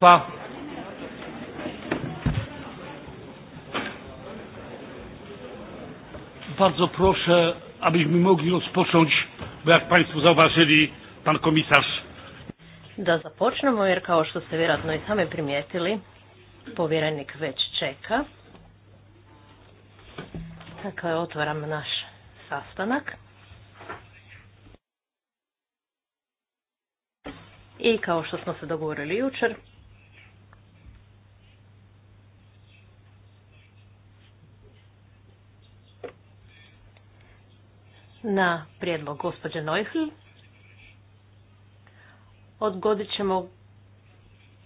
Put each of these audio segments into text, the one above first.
Pa. Bardzo proszę, abyśmy mogli rozpocząć, bo jak Państwo zauważyli, Pan Komisarz. Da započnemo, jer kao što ste vjerojatno i same primijetili, povjerenik već čeka. je dakle, otvaram naš sastanak. I kao što smo se dogovorili jučer, na prijedlog gospođe Neuhl. Odgodit ćemo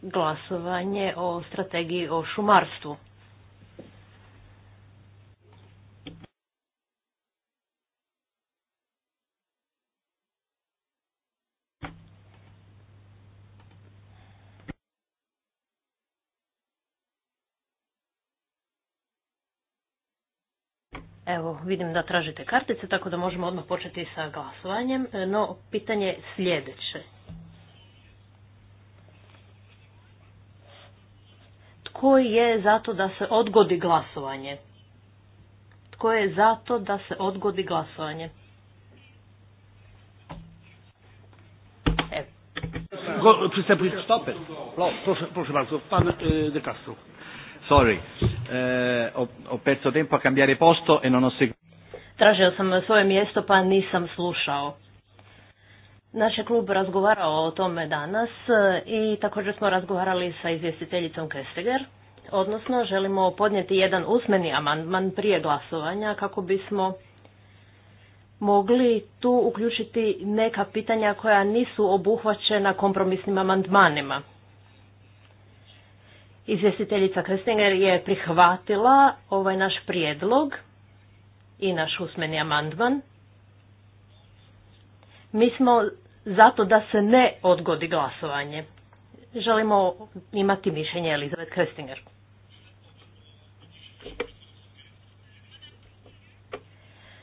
glasovanje o strategiji o šumarstvu. Evo, vidim da tražite kartice, tako da možemo odmah početi sa glasovanjem, e, no pitanje je sljedeće. Tko je zato da se odgodi glasovanje? Tko je zato da se odgodi glasovanje? Evo. Proszę pan e, De Castro. Sorry eh, ho, ho perso tempo a cambiare posto e non ho seguito. Tražio sam svoje mjesto pa nisam slušao. Naš je klub razgovarao o tome danas eh, i također smo razgovarali sa izvjestiteljicom Kesteger, odnosno želimo podnijeti jedan usmeni amandman prije glasovanja kako bismo mogli tu uključiti neka pitanja koja nisu obuhvaćena kompromisnim amandmanima. Izvjestiteljica Krestinger je prihvatila ovaj naš prijedlog i naš usmeni amandman. Mi smo zato da se ne odgodi glasovanje. Želimo imati mišljenje Elizabet Kristinger.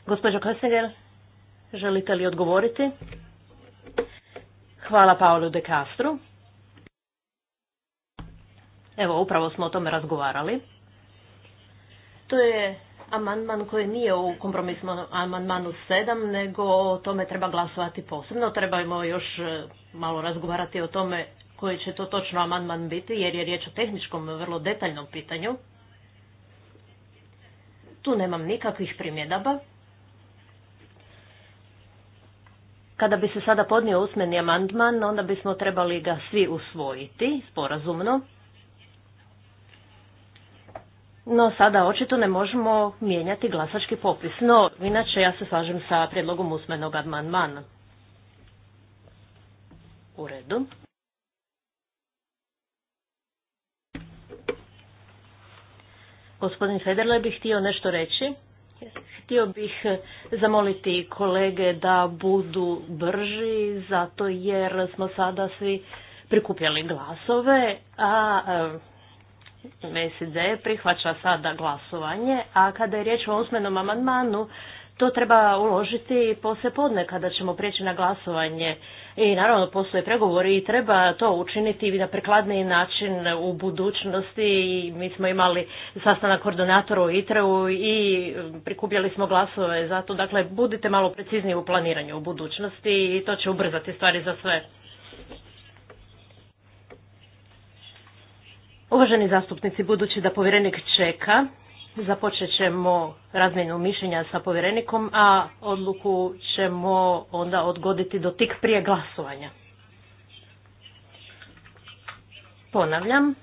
Gospođo Kristinger, želite li odgovoriti? Hvala Paulu de Castro. Evo, upravo smo o tome razgovarali. To je amandman koji nije u kompromisnom amandmanu 7, nego o tome treba glasovati posebno. Trebamo još e, malo razgovarati o tome koji će to točno amandman biti, jer je riječ o tehničkom, vrlo detaljnom pitanju. Tu nemam nikakvih primjedaba. Kada bi se sada podnio usmeni amandman, onda bismo trebali ga svi usvojiti sporazumno no sada očito ne možemo mijenjati glasački popis. No, inače ja se slažem sa prijedlogom usmenog amandmana. U redu. Gospodin Federle bih htio nešto reći. Htio bih zamoliti kolege da budu brži, zato jer smo sada svi prikupljali glasove, a MSD prihvaća sada glasovanje, a kada je riječ o osmenom amandmanu, to treba uložiti poslije podne kada ćemo prijeći na glasovanje. I naravno postoje pregovori i treba to učiniti na prikladniji način u budućnosti. I mi smo imali sastanak koordinatora u ITRE-u i prikupljali smo glasove za to. Dakle, budite malo precizniji u planiranju u budućnosti i to će ubrzati stvari za sve. Uvaženi zastupnici, budući da povjerenik čeka, započet ćemo razmjenu mišljenja sa povjerenikom, a odluku ćemo onda odgoditi do tik prije glasovanja. Ponavljam,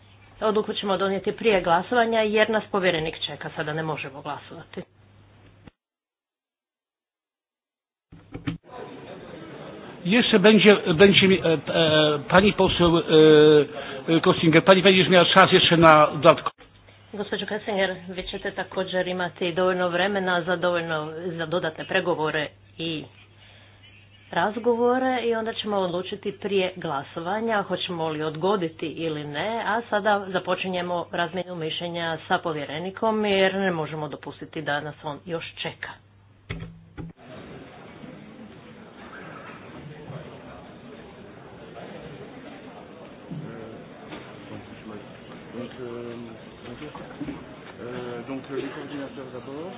odluku ćemo donijeti prije glasovanja jer nas povjerenik čeka, sada ne možemo glasovati. Jeszcze będzie, będzie e, e, pani e, E, Kosinger, pani będzie czas jeszcze na Gospođo Kessinger, vi ćete također imati dovoljno vremena za, dovoljno, za dodatne pregovore i razgovore i onda ćemo odlučiti prije glasovanja hoćemo li odgoditi ili ne, a sada započinjemo razmjenu mišljenja sa povjerenikom jer ne možemo dopustiti da nas on još čeka. euh, euh, donc euh, les coordinateurs d'abord.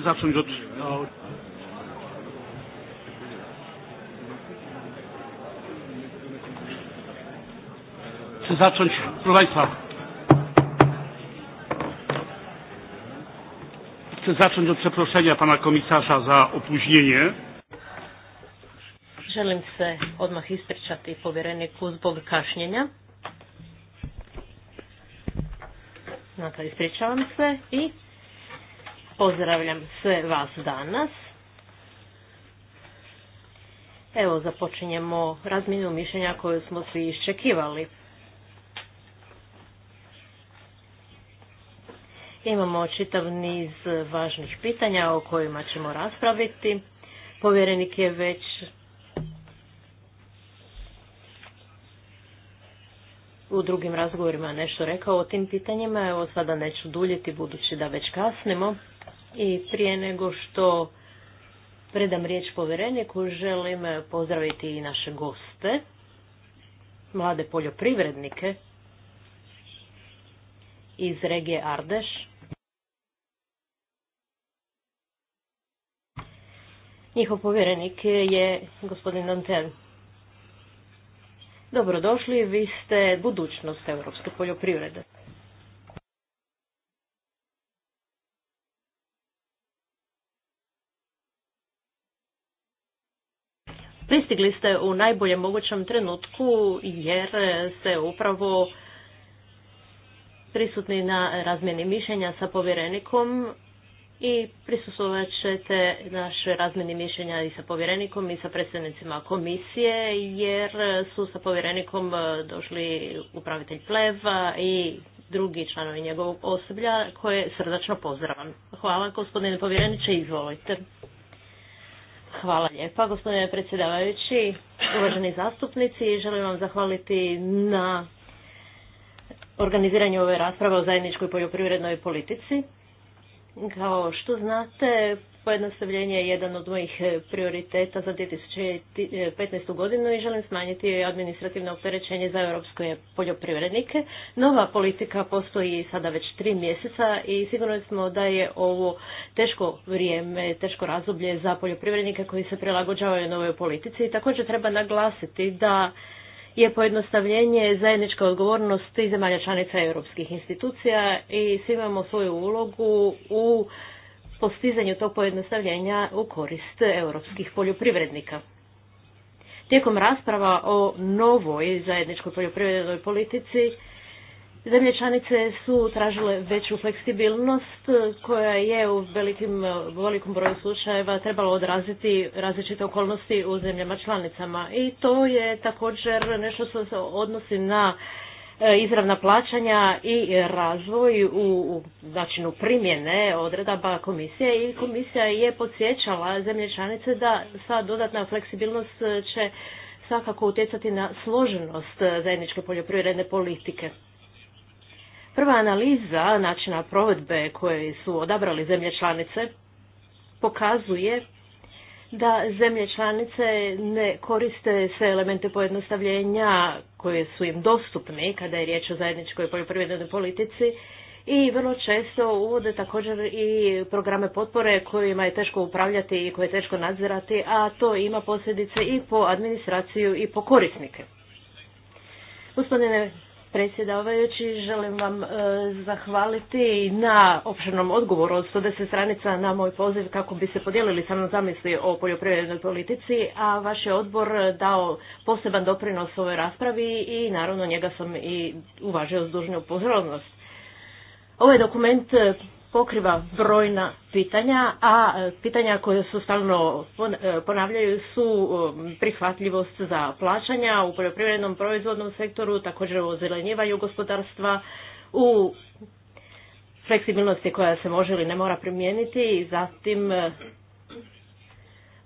chcę zacząć od... Chcę zacząć, proszę Państwa, chcę zacząć od przeproszenia Pana Komisarza za opóźnienie. Želim se odmah ispričati povjereniku zbog kašnjenja. Nata, ispričavam se i Pozdravljam sve vas danas. Evo započinjemo razminu mišljenja koju smo svi iščekivali. Imamo čitav niz važnih pitanja o kojima ćemo raspraviti. Povjerenik je već u drugim razgovorima nešto rekao o tim pitanjima. Evo sada neću duljiti budući da već kasnimo. I prije nego što predam riječ povjereniku, želim pozdraviti i naše goste, mlade poljoprivrednike iz regije Ardeš. Njihov povjerenik je gospodin Dantel. Dobrodošli, vi ste budućnost europske poljoprivrede. pristigli ste u najboljem mogućem trenutku jer ste upravo prisutni na razmjeni mišljenja sa povjerenikom i prisustvovat ćete naše razmjeni mišljenja i sa povjerenikom i sa predsjednicima komisije jer su sa povjerenikom došli upravitelj pleva i drugi članovi njegovog osoblja koje srdačno pozdravam. Hvala gospodine povjereniče, izvolite. Hvala lijepa, gospodine predsjedavajući, uvaženi zastupnici. Želim vam zahvaliti na organiziranju ove rasprave o zajedničkoj poljoprivrednoj politici. Kao što znate, Pojednostavljenje je jedan od mojih e, prioriteta za 2015. godinu i želim smanjiti administrativno opterećenje za europske poljoprivrednike. Nova politika postoji sada već tri mjeseca i sigurno smo da je ovo teško vrijeme, teško razoblje za poljoprivrednike koji se prilagođavaju novoj politici također treba naglasiti da je pojednostavljenje zajednička odgovornost i zemalja članica europskih institucija i svi imamo svoju ulogu u postizanju tog pojednostavljenja u korist europskih poljoprivrednika. Tijekom rasprava o novoj zajedničkoj poljoprivrednoj politici zemlje članice su tražile veću fleksibilnost koja je u velikim, velikom broju slučajeva trebalo odraziti različite okolnosti u zemljama članicama. I to je također nešto što se odnosi na E, izravna plaćanja i razvoj u načinu primjene odredaba komisije i komisija je podsjećala zemlje članice da sva dodatna fleksibilnost će svakako utjecati na složenost zajedničke poljoprivredne politike. Prva analiza načina provedbe koje su odabrali zemlje članice pokazuje da zemlje članice ne koriste sve elemente pojednostavljenja koje su im dostupni kada je riječ o zajedničkoj poljoprivrednoj politici i vrlo često uvode također i programe potpore kojima je teško upravljati i koje je teško nadzirati, a to ima posljedice i po administraciju i po korisnike. Gospodine predsjedavajući, želim vam e, zahvaliti na opširnom odgovoru od 110 stranica na moj poziv kako bi se podijelili sa mnom zamisli o poljoprivrednoj politici, a vaš je odbor dao poseban doprinos ovoj raspravi i naravno njega sam i uvažio s dužnju pozornost. Ovaj dokument pokriva brojna pitanja, a e, pitanja koje su stalno e, ponavljaju su e, prihvatljivost za plaćanja u poljoprivrednom proizvodnom sektoru, također o gospodarstva, u fleksibilnosti koja se može ili ne mora primijeniti i zatim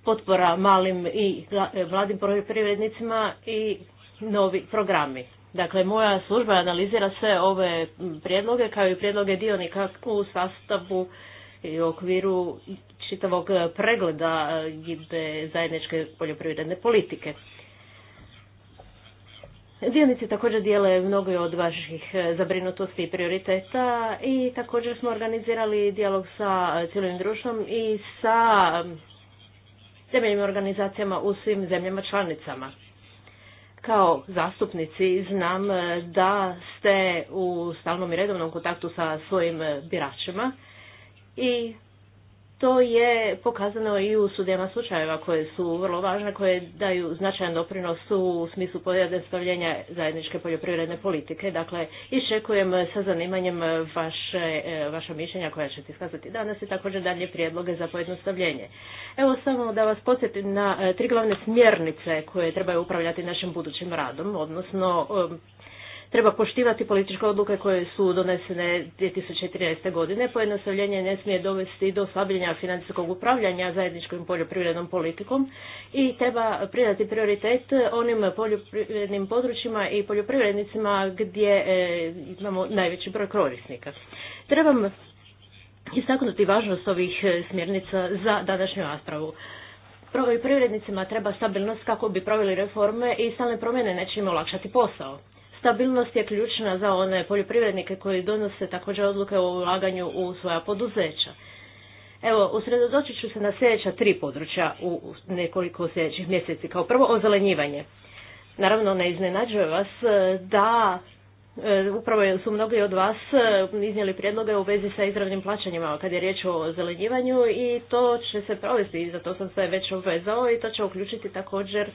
potpora malim i vladim poljoprivrednicima i novi programi. Dakle, moja služba analizira sve ove prijedloge kao i prijedloge dionika u sastavu i u okviru čitavog pregleda zajedničke poljoprivredne politike. Dionici također dijele mnogo od vaših zabrinutosti i prioriteta i također smo organizirali dijalog sa cijelim društvom i sa temeljnim organizacijama u svim zemljama članicama kao zastupnici znam e, da ste u stalnom i redovnom kontaktu sa svojim biračima i to je pokazano i u sudjema slučajeva koje su vrlo važne, koje daju značajan doprinos u smislu pojednostavljenja zajedničke poljoprivredne politike. Dakle, iščekujem sa zanimanjem vaše, e, vaša mišljenja koja ćete iskazati danas i također dalje prijedloge za pojednostavljenje. Evo samo da vas podsjetim na e, tri glavne smjernice koje trebaju upravljati našim budućim radom, odnosno e, treba poštivati političke odluke koje su donesene 2013. godine. Pojednostavljenje ne smije dovesti do slabljenja financijskog upravljanja zajedničkom poljoprivrednom politikom i treba pridati prioritet onim poljoprivrednim područjima i poljoprivrednicima gdje e, imamo najveći broj korisnika. Trebam istaknuti važnost ovih e, smjernica za današnju raspravu. Poljoprivrednicima treba stabilnost kako bi proveli reforme i stalne promjene neće im olakšati posao. Stabilnost je ključna za one poljoprivrednike koji donose također odluke o ulaganju u svoja poduzeća. Evo, usredotočit ću se na sljedeća tri područja u nekoliko sljedećih mjeseci. Kao prvo, ozelenjivanje. Naravno, ne iznenađuje vas e, da e, Upravo su mnogi od vas e, iznijeli prijedloge u vezi sa izravnim plaćanjima kad je riječ o zelenjivanju i to će se provesti, za to sam se već obvezao i to će uključiti također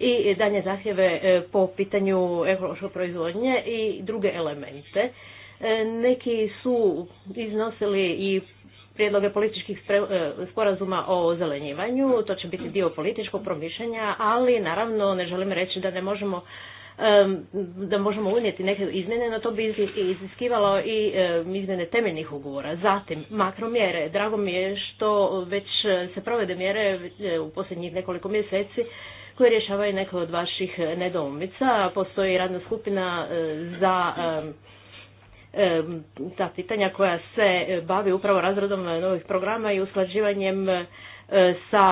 i danje zahtjeve e, po pitanju ekološke proizvodnje i druge elemente. E, neki su iznosili i prijedloge političkih e, sporazuma o zelenjivanju, to će biti dio političkog promišljanja, ali naravno ne želim reći da ne možemo da možemo unijeti neke izmjene, no to bi iziskivalo i izmjene temeljnih ugovora. Zatim, makromjere. Drago mi je što već se provede mjere u posljednjih nekoliko mjeseci koje rješavaju neke od vaših e, nedoumica. Postoji radna skupina e, za ta pitanja koja se e, bavi upravo razredom novih programa i usklađivanjem sa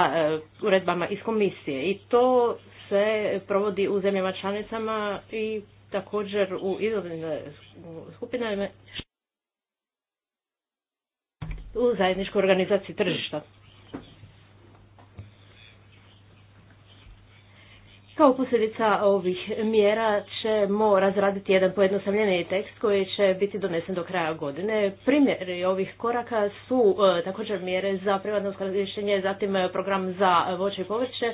uredbama iz komisije. I to se provodi u zemljama članicama i također u izobnim skupinama u zajedničkoj organizaciji tržišta. Kao posljedica ovih mjera ćemo razraditi jedan pojednostavljeni tekst koji će biti donesen do kraja godine. Primjeri ovih koraka su e, također mjere za privatno skladištenje, zatim e, program za voće i povrće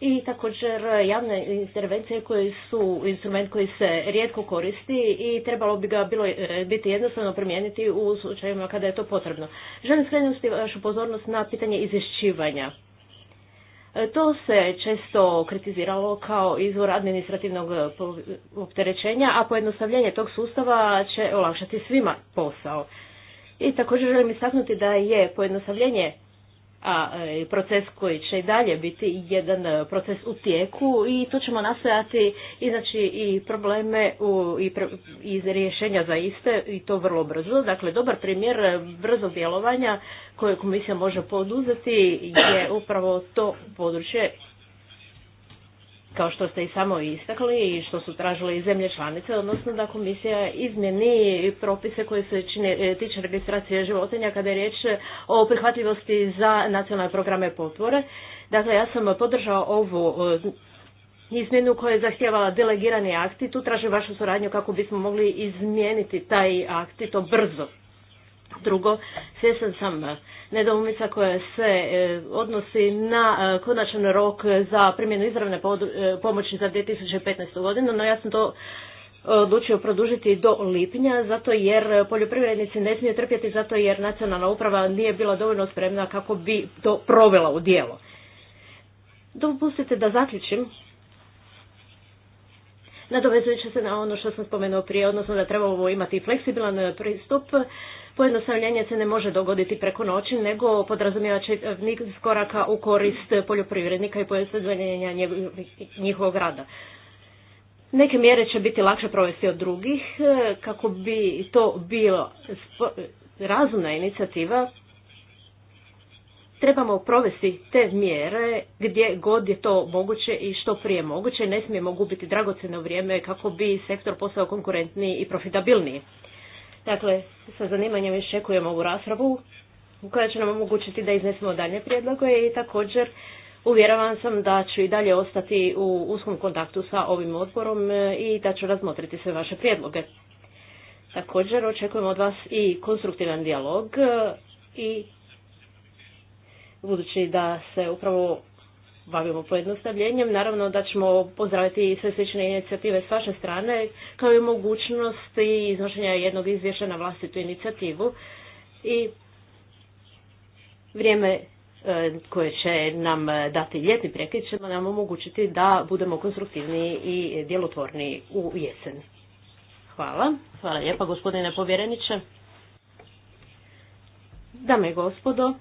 i također javne intervencije koje su instrument koji se rijetko koristi i trebalo bi ga bilo, e, biti jednostavno primijeniti u slučajevima kada je to potrebno. Želim skrenuti vašu pozornost na pitanje izvješćivanja. E, to se često kritiziralo kao izvor administrativnog e, opterećenja, a pojednostavljenje tog sustava će olakšati svima posao. I također želim istaknuti da je pojednostavljenje a e, proces koji će i dalje biti jedan e, proces u tijeku i tu ćemo nastojati znači i probleme u, i, i rješenja za iste i to vrlo brzo. Dakle, dobar primjer brzo djelovanja koje komisija može poduzeti je upravo to područje kao što ste i samo istakli i što su tražile i zemlje članice, odnosno da komisija izmjeni propise koje se čine, e, tiče registracije životinja kada je riječ o prihvatljivosti za nacionalne programe potvore. Dakle, ja sam podržao ovu e, izmjenu koja je zahtijevala delegirani akti. Tu tražim vašu suradnju kako bismo mogli izmijeniti taj akt to brzo. Drugo, svjestan sam eh, nedoumica koja se eh, odnosi na eh, konačan rok za primjenu izravne pomoći za 2015. godinu, no ja sam to odlučio produžiti do lipnja, zato jer poljoprivrednici ne smiju trpjeti, zato jer nacionalna uprava nije bila dovoljno spremna kako bi to provela u dijelo. Dopustite da zaključim nadovezujući se na ono što sam spomenuo prije, odnosno da ovo imati fleksibilan e, pristup. Pojednostavljenje se ne može dogoditi preko noći, nego podrazumijeva čitav niz koraka u korist poljoprivrednika i pojednostavljenja njihovog rada. Neke mjere će biti lakše provesti od drugih e, kako bi to bilo razumna inicijativa trebamo provesti te mjere gdje god je to moguće i što prije moguće. Ne smijemo gubiti dragoceno vrijeme kako bi sektor postao konkurentniji i profitabilniji. Dakle, sa zanimanjem iščekujemo ovu raspravu koja će nam omogućiti da iznesemo dalje prijedloge i također uvjeravam sam da ću i dalje ostati u uskom kontaktu sa ovim odborom e, i da ću razmotriti sve vaše prijedloge. Također očekujemo od vas i konstruktivan dijalog e, i budući da se upravo bavimo pojednostavljenjem. Naravno da ćemo pozdraviti sve slične inicijative s vaše strane, kao i mogućnost i iznošenja jednog izvješća na vlastitu inicijativu. I vrijeme e, koje će nam dati ljetni prekid će nam omogućiti da budemo konstruktivniji i djelotvorniji u jesen. Hvala. Hvala lijepa gospodine povjereniče. Dame i gospodo,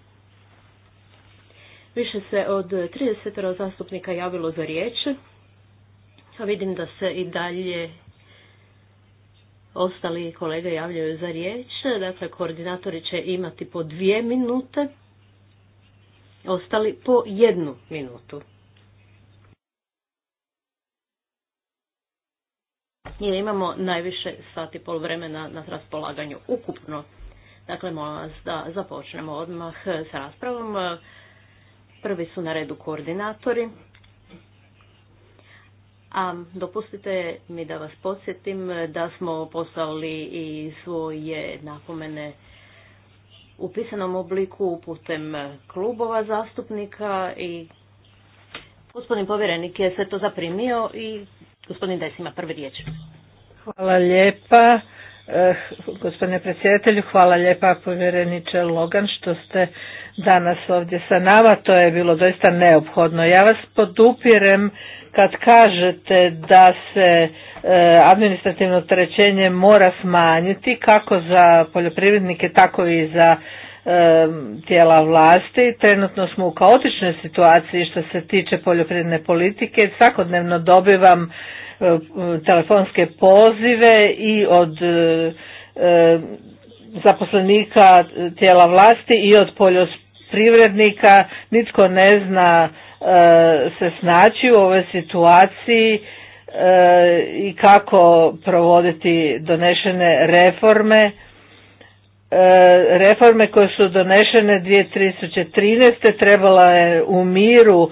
Više se od 30 zastupnika javilo za riječ. A vidim da se i dalje ostali kolege javljaju za riječ. Dakle, koordinatori će imati po dvije minute, ostali po jednu minutu. Jer imamo najviše sati pol vremena na raspolaganju ukupno. Dakle, molim vas da započnemo odmah s raspravom. Prvi su na redu koordinatori. A dopustite mi da vas podsjetim da smo poslali i svoje napomene u pisanom obliku putem klubova zastupnika i gospodin povjerenik je sve to zaprimio i gospodin ima prvi riječ. Hvala lijepa. Eh, gospodine predsjedatelju, hvala lijepa povjereniče Logan što ste danas ovdje sa nama, to je bilo doista neophodno. Ja vas podupirem kad kažete da se eh, administrativno trećenje mora smanjiti kako za poljoprivrednike, tako i za eh, tijela vlasti. Trenutno smo u kaotičnoj situaciji što se tiče poljoprivredne politike. Svakodnevno dobivam telefonske pozive i od e, e, zaposlenika tijela vlasti i od poljoprivrednika. Nitko ne zna e, se snaći u ovoj situaciji i kako provoditi donešene reforme reforme koje su donešene 2013. trebala je u miru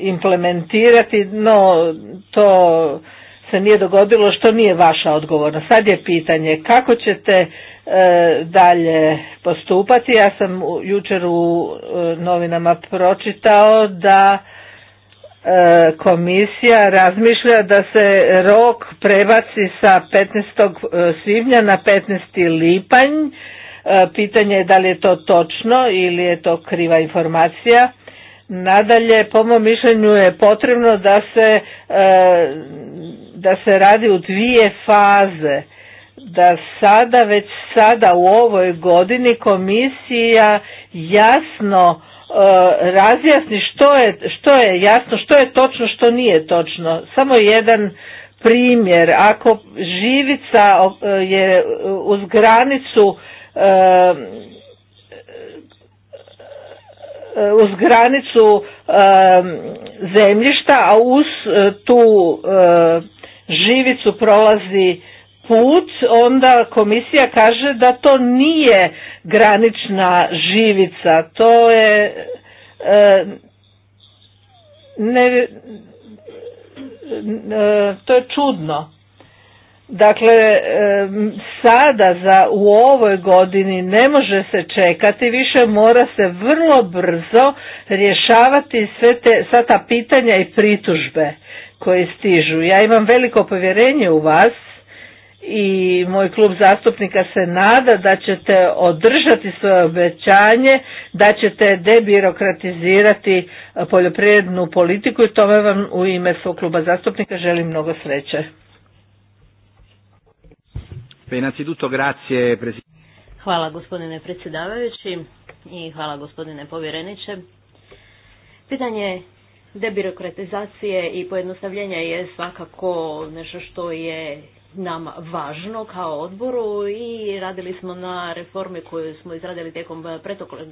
implementirati, no to se nije dogodilo što nije vaša odgovornost. Sad je pitanje kako ćete e, dalje postupati. Ja sam jučer u e, novinama pročitao da e, komisija razmišlja da se rok prebaci sa 15. svibnja na 15. lipanj. Pitanje je da li je to točno ili je to kriva informacija. Nadalje, po mom mišljenju je potrebno da se, e, da se radi u dvije faze. Da sada, već sada u ovoj godini komisija jasno e, razjasni što je, što je jasno, što je točno, što nije točno. Samo jedan primjer, ako živica e, je uz granicu Eh, uz granicu eh, zemljišta, a uz eh, tu živicu prolazi put, onda komisija kaže da to nije granična živica, to je ne, to je čudno. Dakle, sada za u ovoj godini ne može se čekati, više mora se vrlo brzo rješavati sve te, sva ta pitanja i pritužbe koje stižu. Ja imam veliko povjerenje u vas i moj klub zastupnika se nada da ćete održati svoje obećanje, da ćete debirokratizirati e, poljoprivrednu politiku i tome vam u ime svog kluba zastupnika želim mnogo sreće. E, hvala gospodine predsjedavajući i hvala gospodine povjereniče. Pitanje debirokratizacije i pojednostavljenja je svakako nešto što je nam važno kao odboru i radili smo na reformi koju smo izradili tijekom pretoklog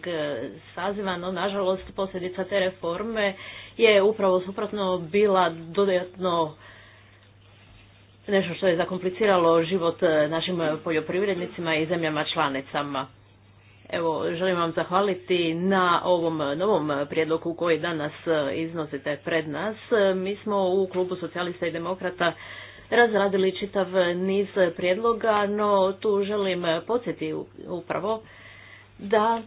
saziva, no nažalost posljedica te reforme je upravo suprotno bila dodatno nešto što je zakompliciralo život e, našim poljoprivrednicima i zemljama članicama. Evo, želim vam zahvaliti na ovom novom prijedlogu koji danas e, iznosite pred nas. E, mi smo u klubu socijalista i demokrata razradili čitav niz prijedloga, no tu želim podsjetiti upravo da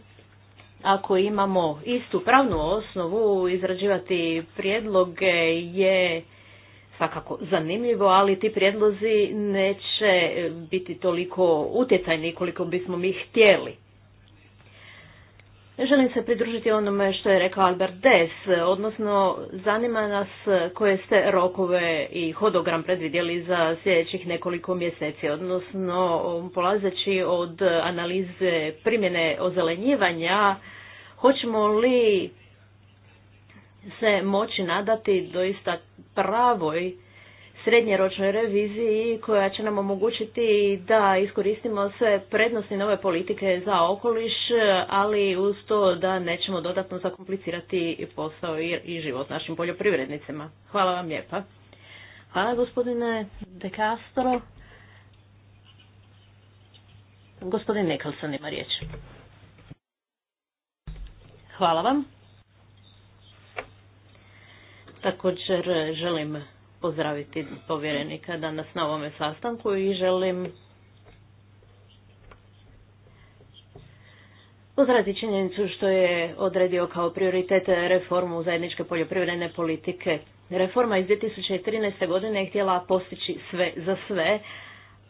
ako imamo istu pravnu osnovu, izrađivati prijedloge je svakako zanimljivo, ali ti prijedlozi neće biti toliko utjecajni koliko bismo mi htjeli. Želim se pridružiti onome što je rekao Albert Des, odnosno zanima nas koje ste rokove i hodogram predvidjeli za sljedećih nekoliko mjeseci, odnosno polazeći od analize primjene ozelenjivanja, hoćemo li se moći nadati doista pravoj srednjeročnoj reviziji koja će nam omogućiti da iskoristimo sve prednosti nove politike za okoliš, ali uz to da nećemo dodatno zakomplicirati posao i život našim poljoprivrednicima. Hvala vam lijepa. Hvala gospodine De Castro. Gospodin Nikolson ima riječ. Hvala vam. Također želim pozdraviti povjerenika danas na ovome sastanku i želim pozdraviti činjenicu što je odredio kao prioritet reformu zajedničke poljoprivredne politike. Reforma iz 2013. godine je htjela postići sve za sve,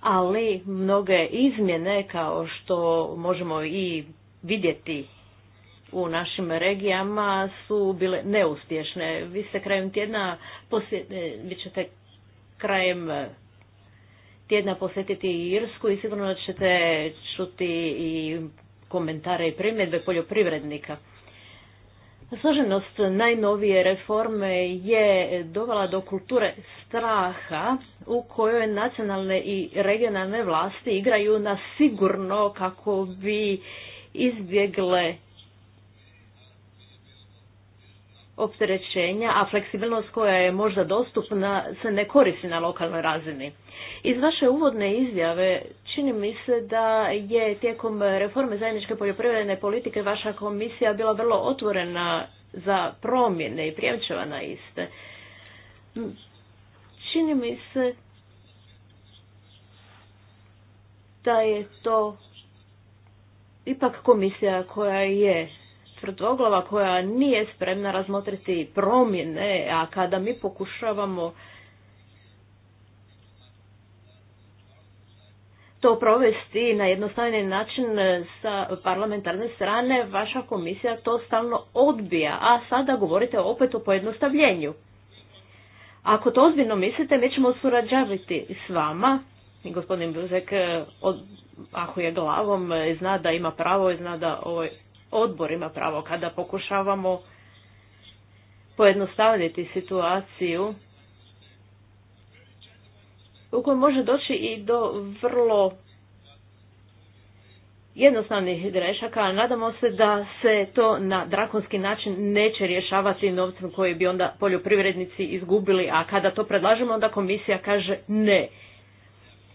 ali mnoge izmjene kao što možemo i vidjeti u našim regijama su bile neuspješne. Vi ste krajem tjedna, e, vi ćete krajem e, tjedna posjetiti Irsku i sigurno da ćete čuti i komentare i primjedbe poljoprivrednika. Složenost najnovije reforme je dovela do kulture straha u kojoj nacionalne i regionalne vlasti igraju na sigurno kako bi izbjegle opterećenja, a fleksibilnost koja je možda dostupna se ne koristi na lokalnoj razini. Iz vaše uvodne izjave čini mi se da je tijekom reforme zajedničke poljoprivredne politike vaša komisija bila vrlo otvorena za promjene i prijemčevana iste. Čini mi se da je to ipak komisija koja je tvrdoglava koja nije spremna razmotriti promjene, a kada mi pokušavamo to provesti na jednostavni način sa parlamentarne strane, vaša komisija to stalno odbija, a sada govorite opet o pojednostavljenju. Ako to ozbiljno mislite, mi ćemo surađaviti s vama. I gospodin Bruzek, eh, ako je glavom, eh, zna da ima pravo i zna da ovaj odborima pravo kada pokušavamo pojednostavljati situaciju u kojoj može doći i do vrlo jednostavnih grešaka. Nadamo se da se to na drakonski način neće rješavati novcem koji bi onda poljoprivrednici izgubili, a kada to predlažemo onda komisija kaže ne.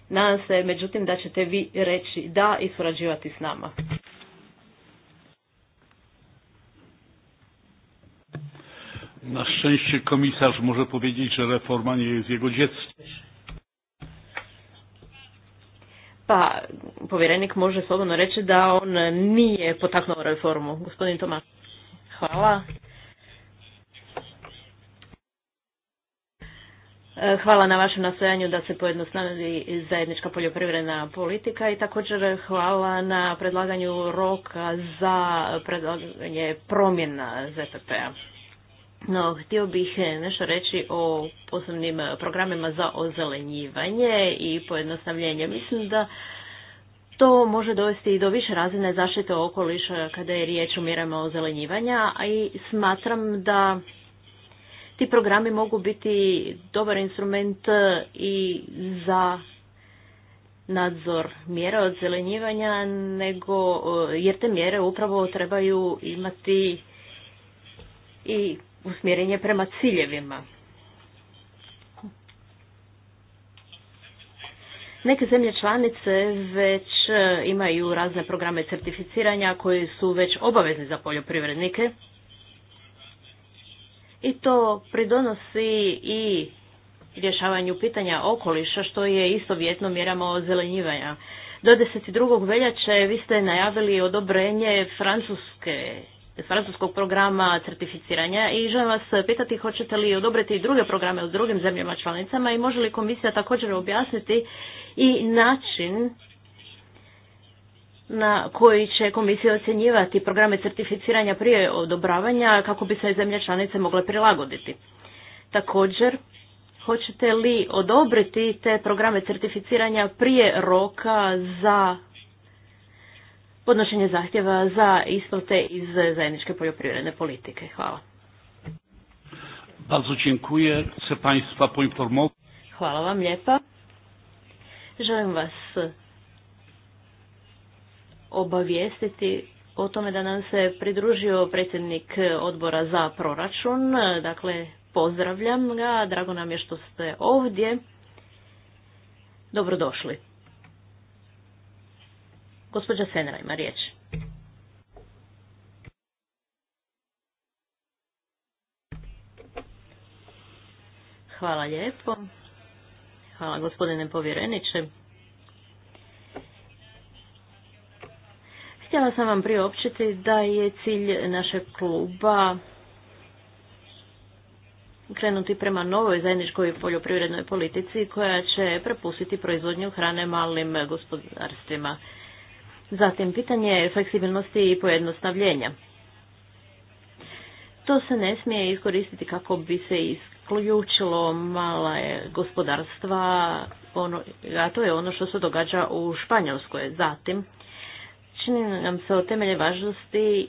Nadam se međutim da ćete vi reći da i surađivati s nama. Na szczęście komisarz może powiedzieć, że reforma nie jest jego dzieckiem. Pa, povjerenik može slobodno reći da on nije potaknuo reformu. Gospodin Tomas, hvala. E, hvala na vašem nastojanju da se pojednostavi zajednička poljoprivredna politika i također hvala na predlaganju roka za predlaganje promjena ZPP-a. No, htio bih e, nešto reći o posebnim e, programima za ozelenjivanje i pojednostavljenje. Mislim da to može dovesti i do više razine zaštite okoliša kada je riječ o mjerama ozelenjivanja, a i smatram da ti programi mogu biti dobar instrument e, i za nadzor mjera ozelenjivanja, nego, jer te mjere upravo trebaju imati i usmjerenje prema ciljevima. Neke zemlje članice već e, imaju razne programe certificiranja koji su već obavezni za poljoprivrednike i to pridonosi i rješavanju pitanja okoliša što je istovjetno mjerama ozelenjivanja. Do 22. veljače vi ste najavili odobrenje francuske francuskog programa certificiranja i želim vas pitati hoćete li odobriti i druge programe u drugim zemljama članicama i može li komisija također objasniti i način na koji će komisija ocjenjivati programe certificiranja prije odobravanja kako bi se zemlje članice mogle prilagoditi. Također, hoćete li odobriti te programe certificiranja prije roka za podnošenje zahtjeva za isplate iz zajedničke poljoprivredne politike. Hvala. Bardzo dziękuję. Chcę Państwa poinformować. Hvala vam lijepa. Želim vas obavijestiti o tome da nam se pridružio predsjednik odbora za proračun. Dakle, pozdravljam ga, drago nam je što ste ovdje. Dobrodošli. Gospođa Senra ima riječ. Hvala lijepo. Hvala gospodine povjereniče. Htjela sam vam priopćiti da je cilj našeg kluba krenuti prema novoj zajedničkoj poljoprivrednoj politici koja će prepustiti proizvodnju hrane malim gospodarstvima. Zatim, pitanje fleksibilnosti i pojednostavljenja. To se ne smije iskoristiti kako bi se isključilo mala gospodarstva, ono, a to je ono što se događa u Španjolskoj. Zatim, čini nam se o temelje važnosti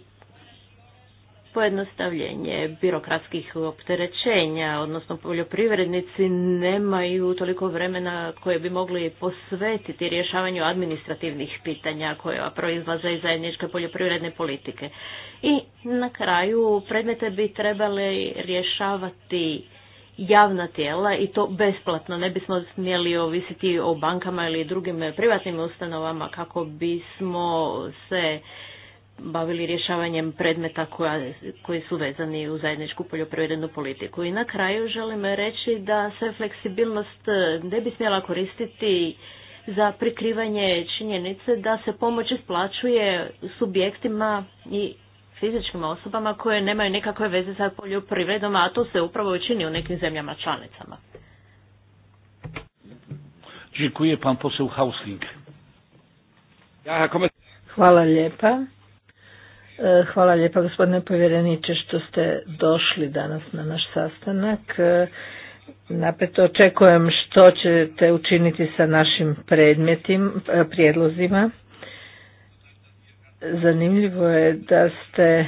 pojednostavljenje birokratskih opterećenja, odnosno poljoprivrednici nemaju toliko vremena koje bi mogli posvetiti rješavanju administrativnih pitanja koja proizlaze iz zajedničke poljoprivredne politike. I na kraju predmete bi trebali rješavati javna tijela i to besplatno. Ne bismo smjeli ovisiti o bankama ili drugim privatnim ustanovama kako bismo se bavili rješavanjem predmeta koja, koji su vezani u zajedničku poljoprivrednu politiku. I na kraju želim reći da se fleksibilnost e, ne bi smjela koristiti za prikrivanje činjenice da se pomoć isplaćuje subjektima i fizičkim osobama koje nemaju nikakve veze sa poljoprivredom, a to se upravo i čini u nekim zemljama članicama. Dziękuję pan Hausling. Hvala lijepa. E, hvala lijepa gospodine povjereniče što ste došli danas na naš sastanak. E, Napet očekujem što ćete učiniti sa našim predmetim, e, prijedlozima. Zanimljivo je da ste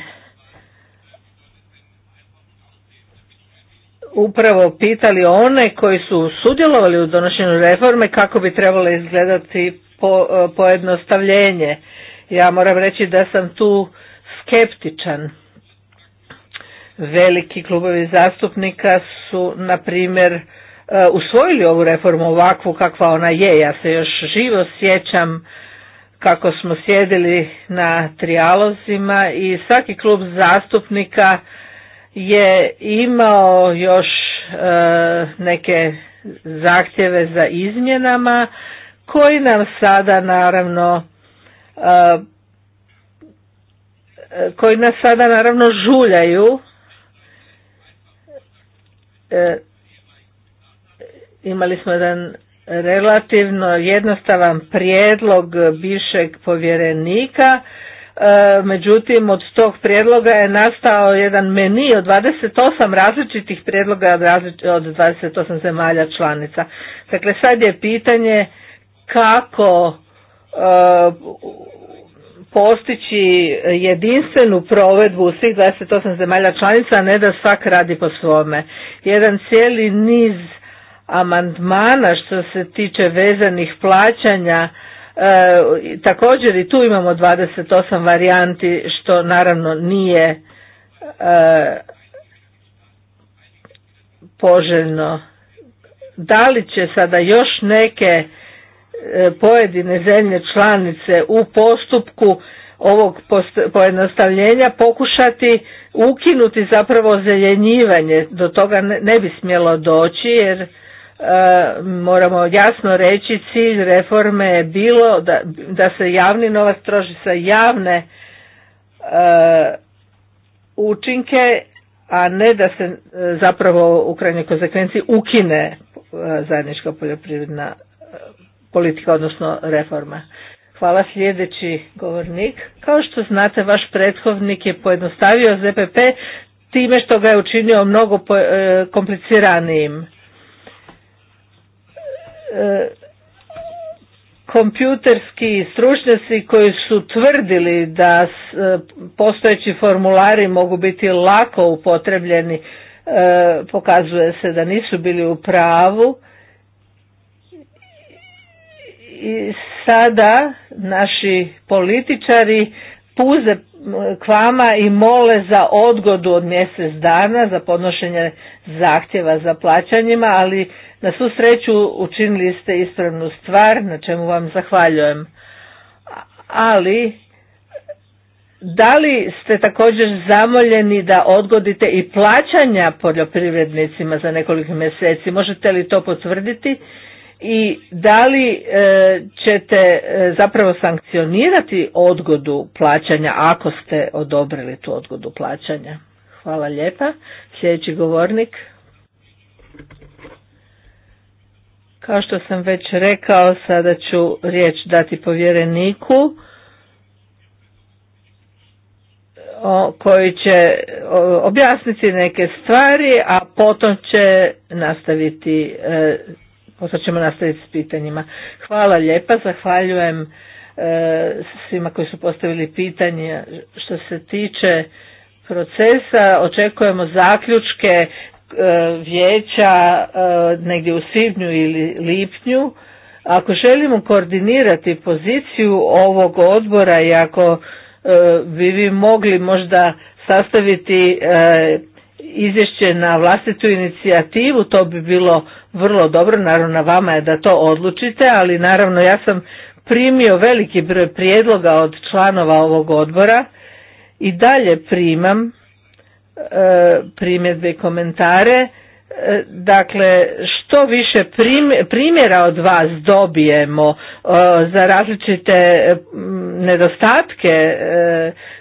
upravo pitali one koji su sudjelovali u donošenju reforme kako bi trebalo izgledati pojednostavljenje. Ja moram reći da sam tu skeptičan. Veliki klubovi zastupnika su, na primjer, e, usvojili ovu reformu ovakvu kakva ona je. Ja se još živo sjećam kako smo sjedili na trijalozima i svaki klub zastupnika je imao još e, neke zahtjeve za izmjenama koji nam sada naravno e, koji nas sada naravno žuljaju. E, imali smo jedan relativno jednostavan prijedlog bivšeg povjerenika, e, međutim od tog prijedloga je nastao jedan meni od 28 različitih prijedloga od 28 zemalja članica. Dakle sad je pitanje kako e, postići jedinstvenu provedbu svih 28 zemalja članica, a ne da svak radi po svome. Jedan cijeli niz amandmana što se tiče vezanih plaćanja, e, također i tu imamo 28 varijanti što naravno nije e, poželjno. Da li će sada još neke E, pojedine zemlje članice u postupku ovog pojednostavljenja pokušati ukinuti zapravo zeljenjivanje. Do toga ne bi smjelo doći jer e, moramo jasno reći cilj reforme je bilo da, se javni novac troši sa javne e, učinke, a ne da se zapravo u krajnjoj konsekvenciji ukine zajednička poljoprivredna politika, odnosno reforma. Hvala sljedeći govornik. Kao što znate, vaš prethodnik je pojednostavio ZPP time što ga je učinio mnogo e, kompliciranijim. E, kompjuterski stručnjaci koji su tvrdili da e, postojeći formulari mogu biti lako upotrebljeni, pokazuje se da nisu bili u pravu i sada naši političari puze k vama i mole za odgodu od mjesec dana za podnošenje zahtjeva za plaćanjima, ali na svu sreću učinili ste ispravnu stvar, na čemu vam zahvaljujem. Ali, da li ste također zamoljeni da odgodite i plaćanja poljoprivrednicima za nekoliko mjeseci? Možete li to potvrditi? i da li e, ćete e, zapravo sankcionirati odgodu plaćanja ako ste odobrili tu odgodu plaćanja? Hvala lijepa. Sljedeći govornik. Kao što sam već rekao, sada ću riječ dati povjereniku koji će objasniti neke stvari, a potom će nastaviti e, poslije ćemo nastaviti s pitanjima. Hvala lijepa, zahvaljujem e, svima koji su postavili pitanje što se tiče procesa. Očekujemo zaključke e, vijeća e, negdje u svibnju ili lipnju. Ako želimo koordinirati poziciju ovog odbora i ako bi vi mogli možda sastaviti izvješće na vlastitu inicijativu, to bi bilo vrlo dobro, naravno na vama je da to odlučite, ali naravno ja sam primio veliki broj prijedloga od članova ovog odbora i dalje primam e, primjedbe i komentare. E, dakle, što više primjera od vas dobijemo e, za različite nedostatke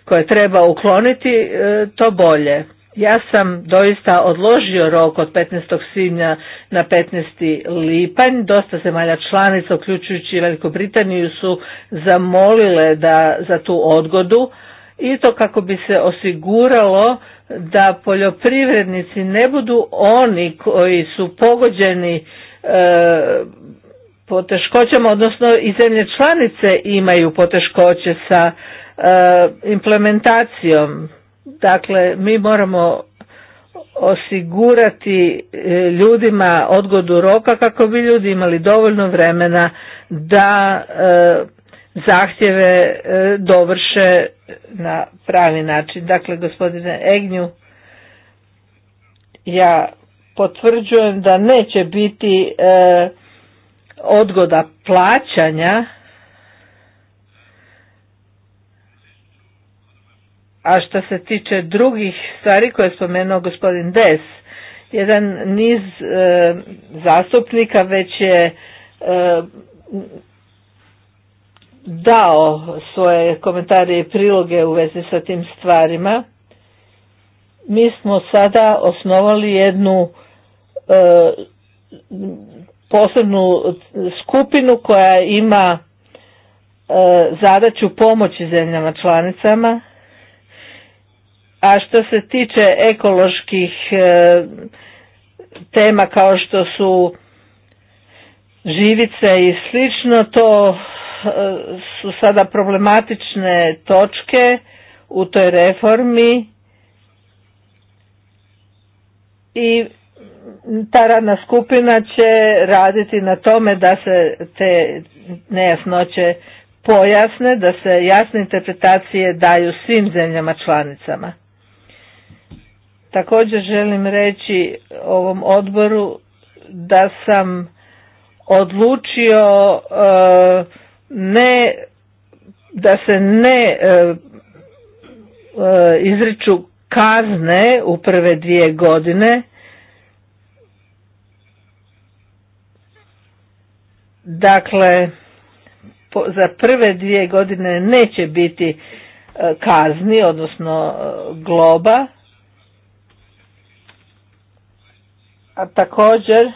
koje treba ukloniti, to bolje. Ja sam doista odložio rok od 15. svibnja na 15. lipanj. Dosta zemalja članica, uključujući Veliku Britaniju, su zamolile da, za tu odgodu i to kako bi se osiguralo da poljoprivrednici ne budu oni koji su pogođeni e, poteškoćama, odnosno i zemlje članice imaju poteškoće sa e, implementacijom Dakle, mi moramo osigurati e, ljudima odgodu roka kako bi ljudi imali dovoljno vremena da e, zahtjeve e, dovrše na pravi način. Dakle, gospodine Egnju, ja potvrđujem da neće biti odgoda plaćanja A što se tiče drugih stvari koje je spomenuo gospodin Des, jedan niz e, zastupnika već je e, dao svoje komentare i priloge u vezi sa tim stvarima. Mi smo sada osnovali jednu e, posebnu skupinu koja ima zadaću pomoći zemljama članicama a što se tiče ekoloških e, tema kao što su živice i slično, to e, su sada problematične točke u toj reformi i ta radna skupina će raditi na tome da se te nejasnoće pojasne, da se jasne interpretacije daju svim zemljama članicama. Također želim reći ovom odboru da sam odlučio e, ne da se ne e, e, izriču kazne u prve dvije godine dakle za prve dvije godine neće biti kazni odnosno globa A također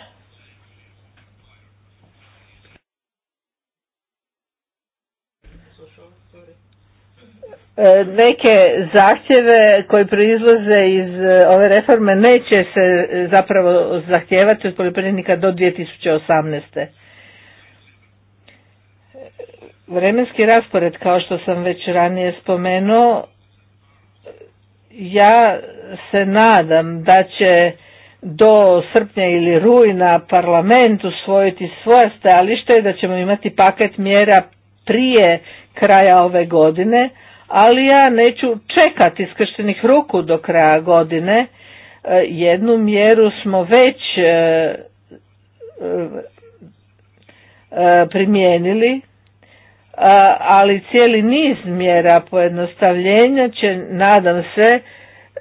e, neke zahtjeve koji proizlaze iz e, ove reforme neće se e, zapravo zahtijevati od poljoprivrednika do 2018. Vremenski raspored, kao što sam već ranije spomenuo, ja se nadam da će do srpnja ili rujna parlament usvojiti svoje stajalište i da ćemo imati paket mjera prije kraja ove godine, ali ja neću čekati skrštenih ruku do kraja godine. E, jednu mjeru smo već e, e, primijenili, ali cijeli niz mjera pojednostavljenja će, nadam se,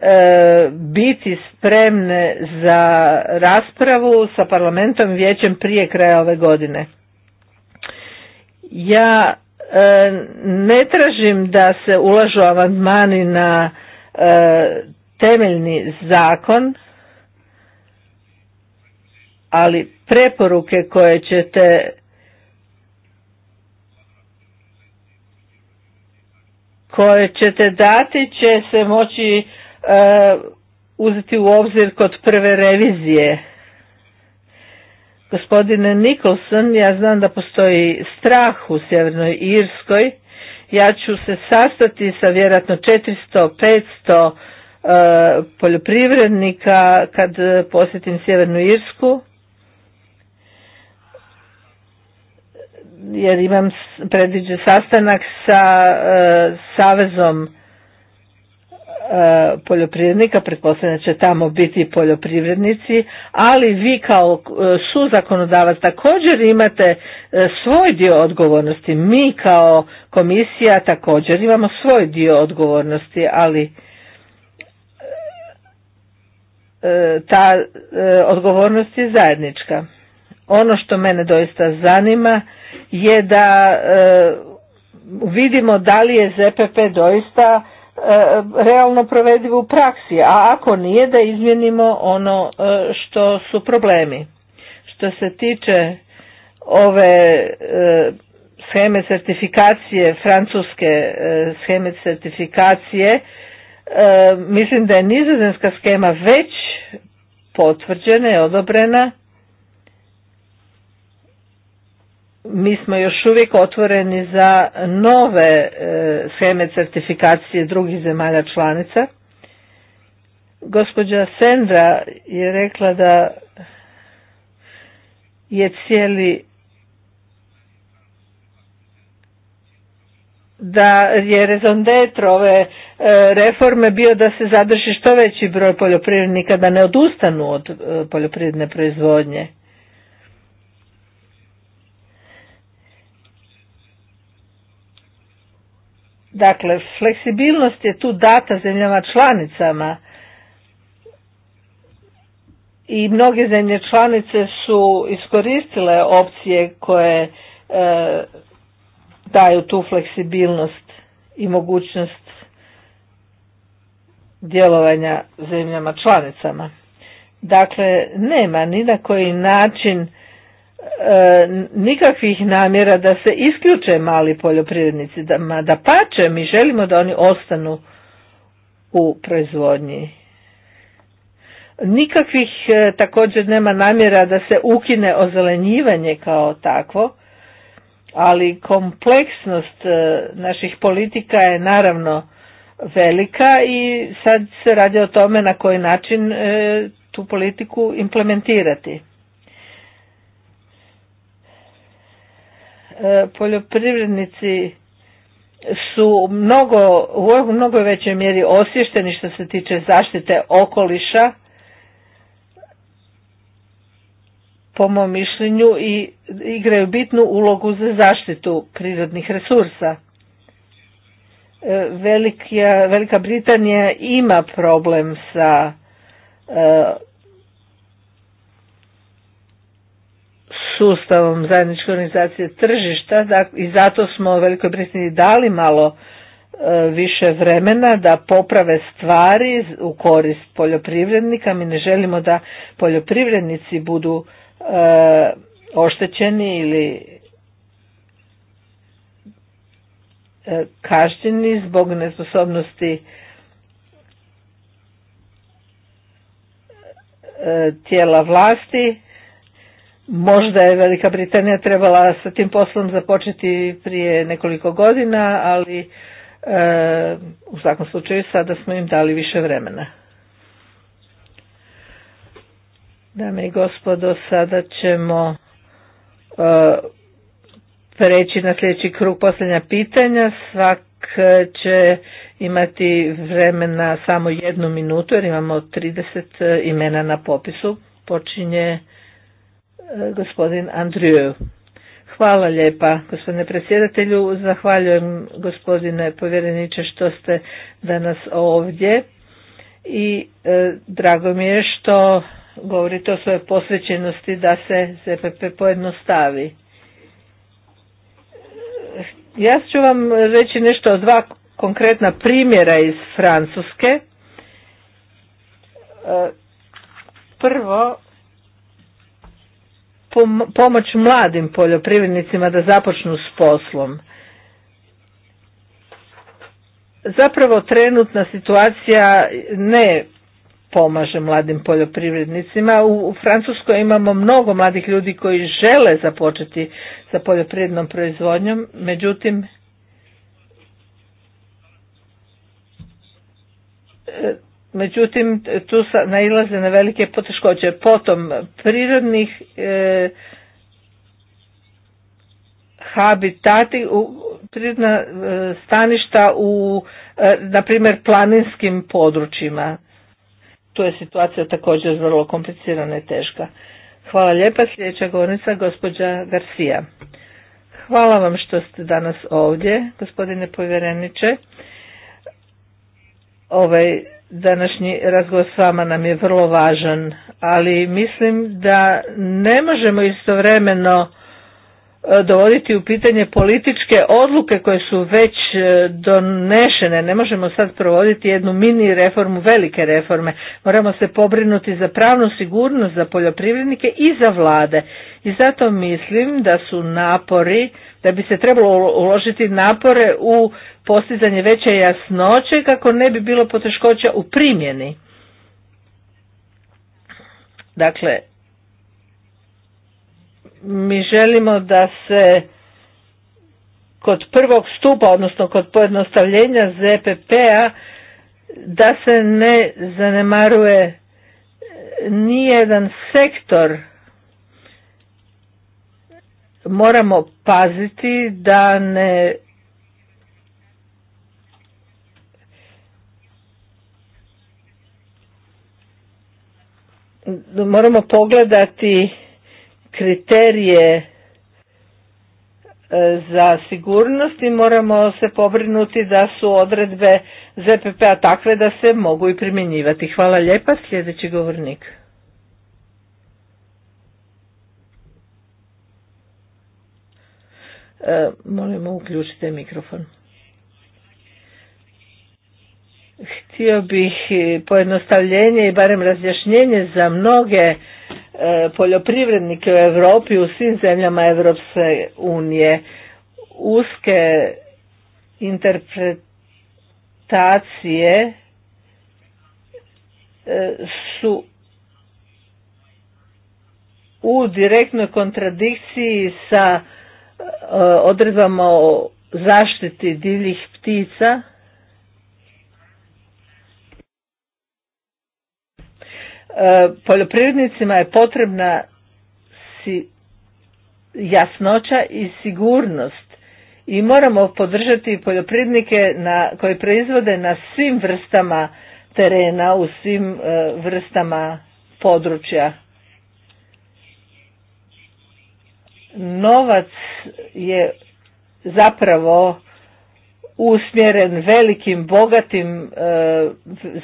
E, biti spremne za raspravu sa parlamentom i vijećem prije kraja ove godine. Ja e, ne tražim da se ulažu amandmani na e, temeljni zakon, ali preporuke koje ćete koje ćete dati će se moći E, uzeti u obzir kod prve revizije. Gospodine Nicholson, ja znam da postoji strah u Sjevernoj Irskoj. Ja ću se sastati sa vjerojatno 400-500 e, poljoprivrednika kad posjetim Sjevernu Irsku. Jer imam predviđen sastanak sa e, Savezom E, poljoprivrednika, pretpostavljam da će tamo biti poljoprivrednici, ali vi kao e, suzakonodavac također imate e, svoj dio odgovornosti. Mi kao komisija također imamo svoj dio odgovornosti, ali ta odgovornost je zajednička. Ono što mene doista zanima je da vidimo da li je ZPP doista E, realno provedivo u praksi, a ako nije da izmjenimo ono e, što su problemi. Što se tiče ove e, scheme certifikacije, francuske scheme certifikacije, mislim da je nizozemska skema već potvrđena i odobrena mi smo još uvijek otvoreni za nove e, scheme certifikacije drugih zemalja članica. Gospođa Sendra je rekla da je cijeli da je rezondetro ove e, reforme bio da se zadrži što veći broj poljoprivrednika da ne odustanu od e, poljoprivredne proizvodnje. Dakle, fleksibilnost je tu data zemljama članicama i mnoge zemlje članice su iskoristile opcije koje e, daju tu fleksibilnost i mogućnost djelovanja zemljama članicama. Dakle, nema ni na koji način E, nikakvih namjera da se isključe mali poljoprivrednici, da, da pače, mi želimo da oni ostanu u proizvodnji. Nikakvih e, također nema namjera da se ukine ozelenjivanje kao takvo, ali kompleksnost e, naših politika je naravno velika i sad se radi o tome na koji način tu politiku implementirati. E, poljoprivrednici su mnogo, u mnogo većoj mjeri osvješteni što se tiče zaštite okoliša, po mom mišljenju, i igraju bitnu ulogu za zaštitu prirodnih resursa. E, Velika, Velika Britanija ima problem sa e, sustavom zajedničke organizacije tržišta i zato smo Velikoj Britaniji dali malo e, više vremena da poprave stvari u korist poljoprivrednika. Mi ne želimo da poljoprivrednici budu e, oštećeni ili e, kažnjeni zbog nesposobnosti tijela vlasti Možda je Velika Britanija trebala sa tim poslom započeti prije nekoliko godina, ali e, u svakom slučaju sada smo im dali više vremena. Dame i gospodo, sada ćemo e, preći na sljedeći krug posljednja pitanja. Svak će imati vremena samo jednu minutu jer imamo 30 e, imena na popisu. Počinje gospodin Andriju. Hvala lijepa gospodine predsjedatelju, zahvaljujem gospodine povjereniče što ste danas ovdje i e, drago mi je što govorite o svojoj posvećenosti da se ZPP pojednostavi. Ja ću vam reći nešto o dva konkretna primjera iz Francuske. E, prvo, pomoć mladim poljoprivrednicima da započnu s poslom. Zapravo trenutna situacija ne pomaže mladim poljoprivrednicima. U Francuskoj imamo mnogo mladih ljudi koji žele započeti sa poljoprivrednom proizvodnjom, međutim e, međutim tu nailaze na velike poteškoće. Potom prirodnih e, habitati, u, prirodna e, staništa u, e, na primjer, planinskim područjima. Tu je situacija također vrlo komplicirana i teška. Hvala lijepa, sljedeća govornica, gospođa Garcia. Hvala vam što ste danas ovdje, gospodine povjereniče. Ovaj današnji razgovor s vama nam je vrlo važan, ali mislim da ne možemo istovremeno e, dovoditi u pitanje političke odluke koje su već e, donešene. Ne možemo sad provoditi jednu mini reformu, velike reforme. Moramo se pobrinuti za pravnu sigurnost za poljoprivrednike i za vlade. I zato mislim da su napori da bi se trebalo uložiti napore u postizanje veće jasnoće kako ne bi bilo poteškoća u primjeni. Dakle, mi želimo da se kod prvog stupa, odnosno kod pojednostavljenja ZPP-a, da se ne zanemaruje nijedan sektor moramo paziti da ne moramo pogledati kriterije e, za sigurnost i moramo se pobrinuti da su odredbe ZPP-a takve da se mogu i primjenjivati. Hvala lijepa, sljedeći govornik. E, molimo, uključite mikrofon. Htio bih e, pojednostavljenje i barem razjašnjenje za mnoge e, poljoprivrednike u Europi u svim zemljama Europske unije. Uske interpretacije su u direktnoj kontradikciji sa Eh, odredbama o zaštiti divljih ptica eh, poljoprivrednicima je potrebna jasnoća i sigurnost i moramo podržati poljoprivrednike na, koji proizvode na svim vrstama terena u svim eh, vrstama područja novac je zapravo usmjeren velikim bogatim e,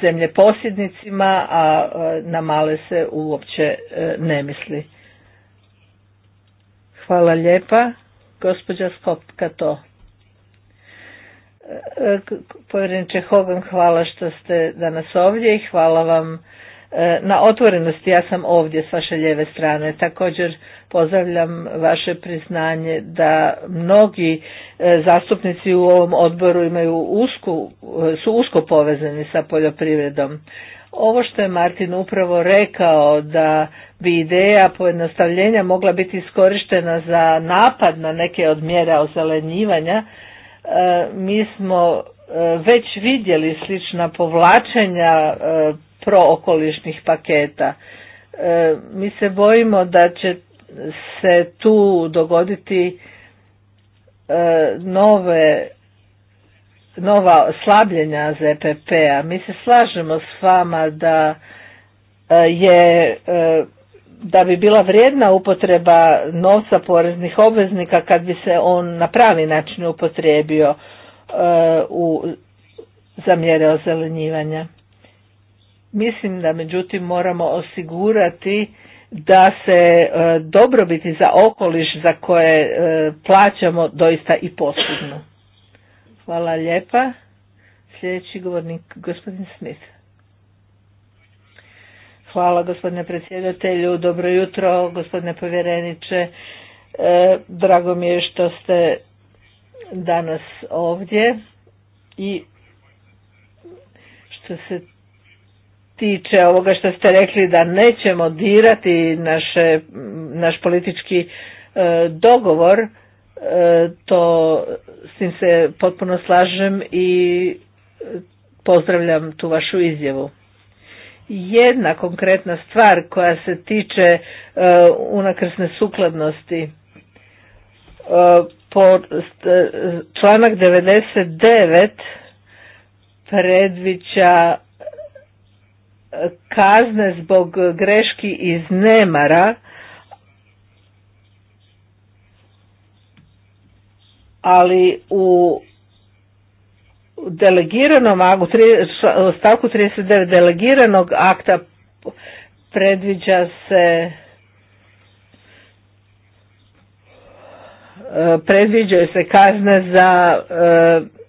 zemljeposjednicima a e, na male se uopće e, ne misli. Hvala lijepa. Gospođa Skopka to. E, povjereniče Hogan, hvala što ste danas ovdje i hvala vam na otvorenosti. Ja sam ovdje s vaše lijeve strane. Također Pozdravljam vaše priznanje da mnogi e, zastupnici u ovom odboru imaju usku, e, su usko povezani sa poljoprivredom. Ovo što je Martin upravo rekao da bi ideja pojednostavljenja mogla biti iskorištena za napad na neke od mjera ozelenjivanja, e, mi smo već vidjeli slična povlačenja prookolišnih paketa. Mi se bojimo da će se tu dogoditi e, nove nova slabljenja ZPP-a. Mi se slažemo s vama da e, je e, da bi bila vrijedna upotreba novca poreznih obveznika kad bi se on na pravi način upotrijebio u, za mjere ozelenjivanja. Mislim da međutim moramo osigurati da se e, dobrobiti za okoliš za koje e, plaćamo doista i postignu. Hvala lijepa. Sljedeći govornik, gospodin Smith. Hvala gospodine predsjedatelju, dobro jutro gospodine povjereniče. E, drago mi je što ste danas ovdje i što se tiče ovoga što ste rekli da nećemo dirati naše, naš politički e, dogovor, e, to s tim se potpuno slažem i pozdravljam tu vašu izjavu. Jedna konkretna stvar koja se tiče e, unakrsne sukladnosti. Po st, članak 99 predviđa kazne zbog greški iz nemara ali u delegiranom u stavku 39 delegiranog akta predviđa se e, predviđaju se kazne za e,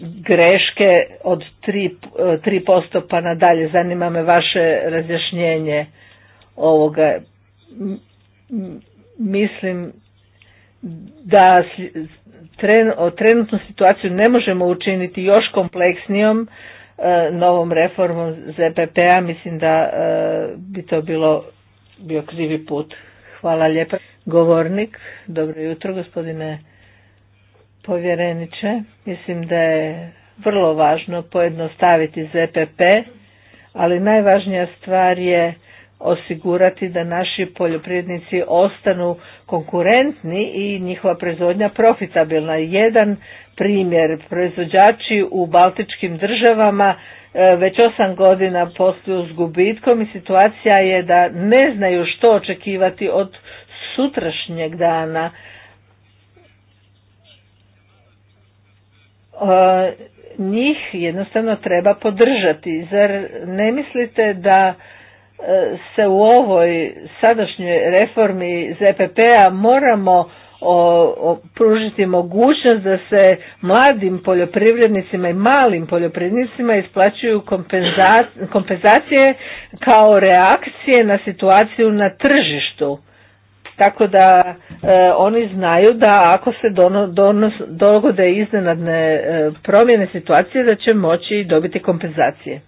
greške od 3%, 3 pa nadalje. Zanima me vaše razjašnjenje ovoga. Mislim da trenutnu situaciju ne možemo učiniti još kompleksnijom e, novom reformom ZPP-a. Mislim da e, bi to bilo bio krivi put. Hvala lijepa. Govornik, dobro jutro gospodine povjereniče. Mislim da je vrlo važno pojednostaviti ZPP, ali najvažnija stvar je osigurati da naši poljoprivrednici ostanu konkurentni i njihova proizvodnja profitabilna. Jedan primjer, proizvođači u baltičkim državama e, već osam godina posluju s gubitkom i situacija je da ne znaju što očekivati od sutrašnjeg dana E, njih jednostavno treba podržati. Zar ne mislite da e, se u ovoj sadašnjoj reformi ZPP-a e moramo pružiti mogućnost da se mladim poljoprivrednicima i malim poljoprivrednicima isplaćuju kompenzacije kao reakcije na situaciju na tržištu tako da e, oni znaju da ako se donos, dogode iznenadne e, promjene situacije da će moći dobiti kompenzacije.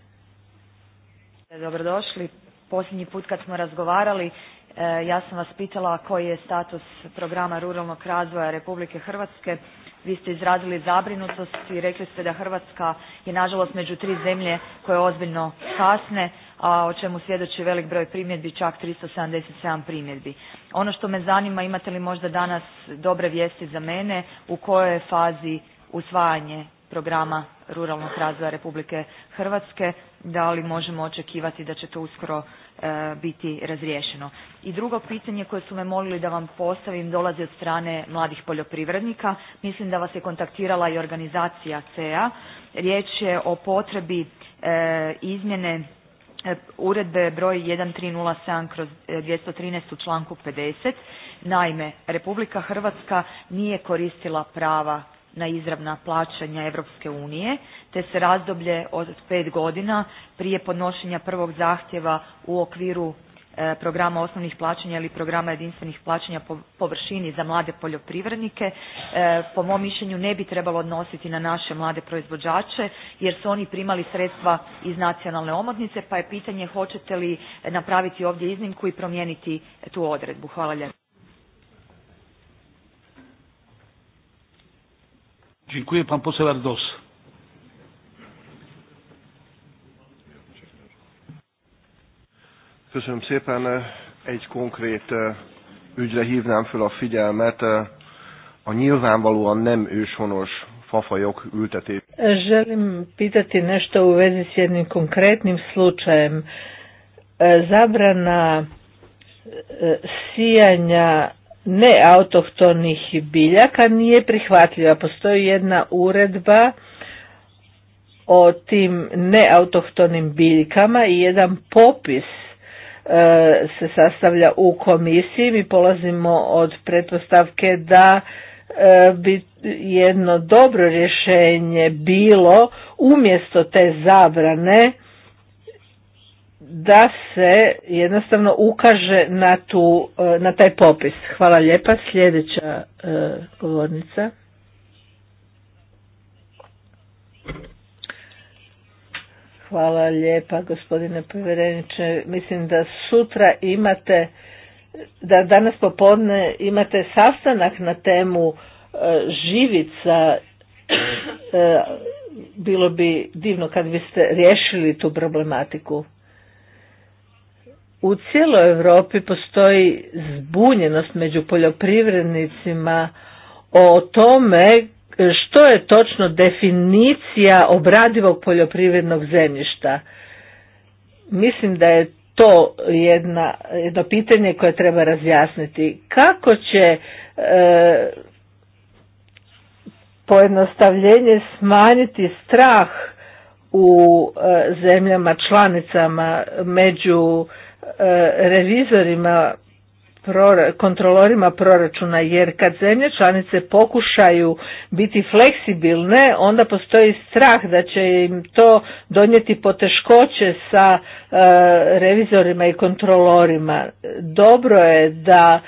Dobrodošli. Posljednji put kad smo razgovarali e, ja sam vas pitala koji je status programa ruralnog razvoja Republike Hrvatske. Vi ste izrazili zabrinutost i rekli ste da Hrvatska je nažalost među tri zemlje koje ozbiljno kasne a o čemu svjedoči velik broj primjedbi, čak 377 primjedbi. Ono što me zanima, imate li možda danas dobre vijesti za mene, u kojoj je fazi usvajanje programa ruralnog razvoja Republike Hrvatske, da li možemo očekivati da će to uskoro e, biti razriješeno. I drugo pitanje koje su me molili da vam postavim dolazi od strane mladih poljoprivrednika. Mislim da vas je kontaktirala i organizacija CEA. Riječ je o potrebi e, izmjene E, uredbe broj 1307 kroz 213 e, u članku 50. Naime, Republika Hrvatska nije koristila prava na izravna plaćanja Europske unije, te se razdoblje od 5 godina prije podnošenja prvog zahtjeva u okviru E, programa osnovnih plaćanja ili programa jedinstvenih plaćanja po površini za mlade poljoprivrednike e, po mom mišljenju ne bi trebalo odnositi na naše mlade proizvođače jer su oni primali sredstva iz nacionalne omotnice pa je pitanje hoćete li napraviti ovdje iznimku i promijeniti tu odredbu. Hvala lijepo. Dziękuję pan Köszönöm szépen. Egy konkrét eh, ügyre hívnám fel a figyelmet. Eh, a nyilvánvalóan nem őshonos fafajok ültetés. Eh, želim pitati nešto u vezi s jednim konkretnim slučajem. Zabrana sijanja neautohtonih biljaka nije prihvatljiva. Postoji jedna uredba o tim neautohtonim biljkama i jedan popis E, se sastavlja u komisiji. Mi polazimo od pretpostavke da e, bi jedno dobro rješenje bilo umjesto te zabrane da se jednostavno ukaže na, tu, e, na taj popis. Hvala lijepa. Sljedeća govornica. Hvala lijepa gospodine povjereniče. Mislim da sutra imate, da danas popodne imate sastanak na temu e, živica. E, bilo bi divno kad biste riješili tu problematiku. U cijeloj Europi postoji zbunjenost među poljoprivrednicima o tome što je točno definicija obradivog poljoprivrednog zemljišta? Mislim da je to jedna, jedno pitanje koje treba razjasniti. Kako će e, pojednostavljenje smanjiti strah u e, zemljama članicama među e, revizorima kontrolorima proračuna jer kad zemlje članice pokušaju biti fleksibilne onda postoji strah da će im to donijeti poteškoće sa e, revizorima i kontrolorima. Dobro je da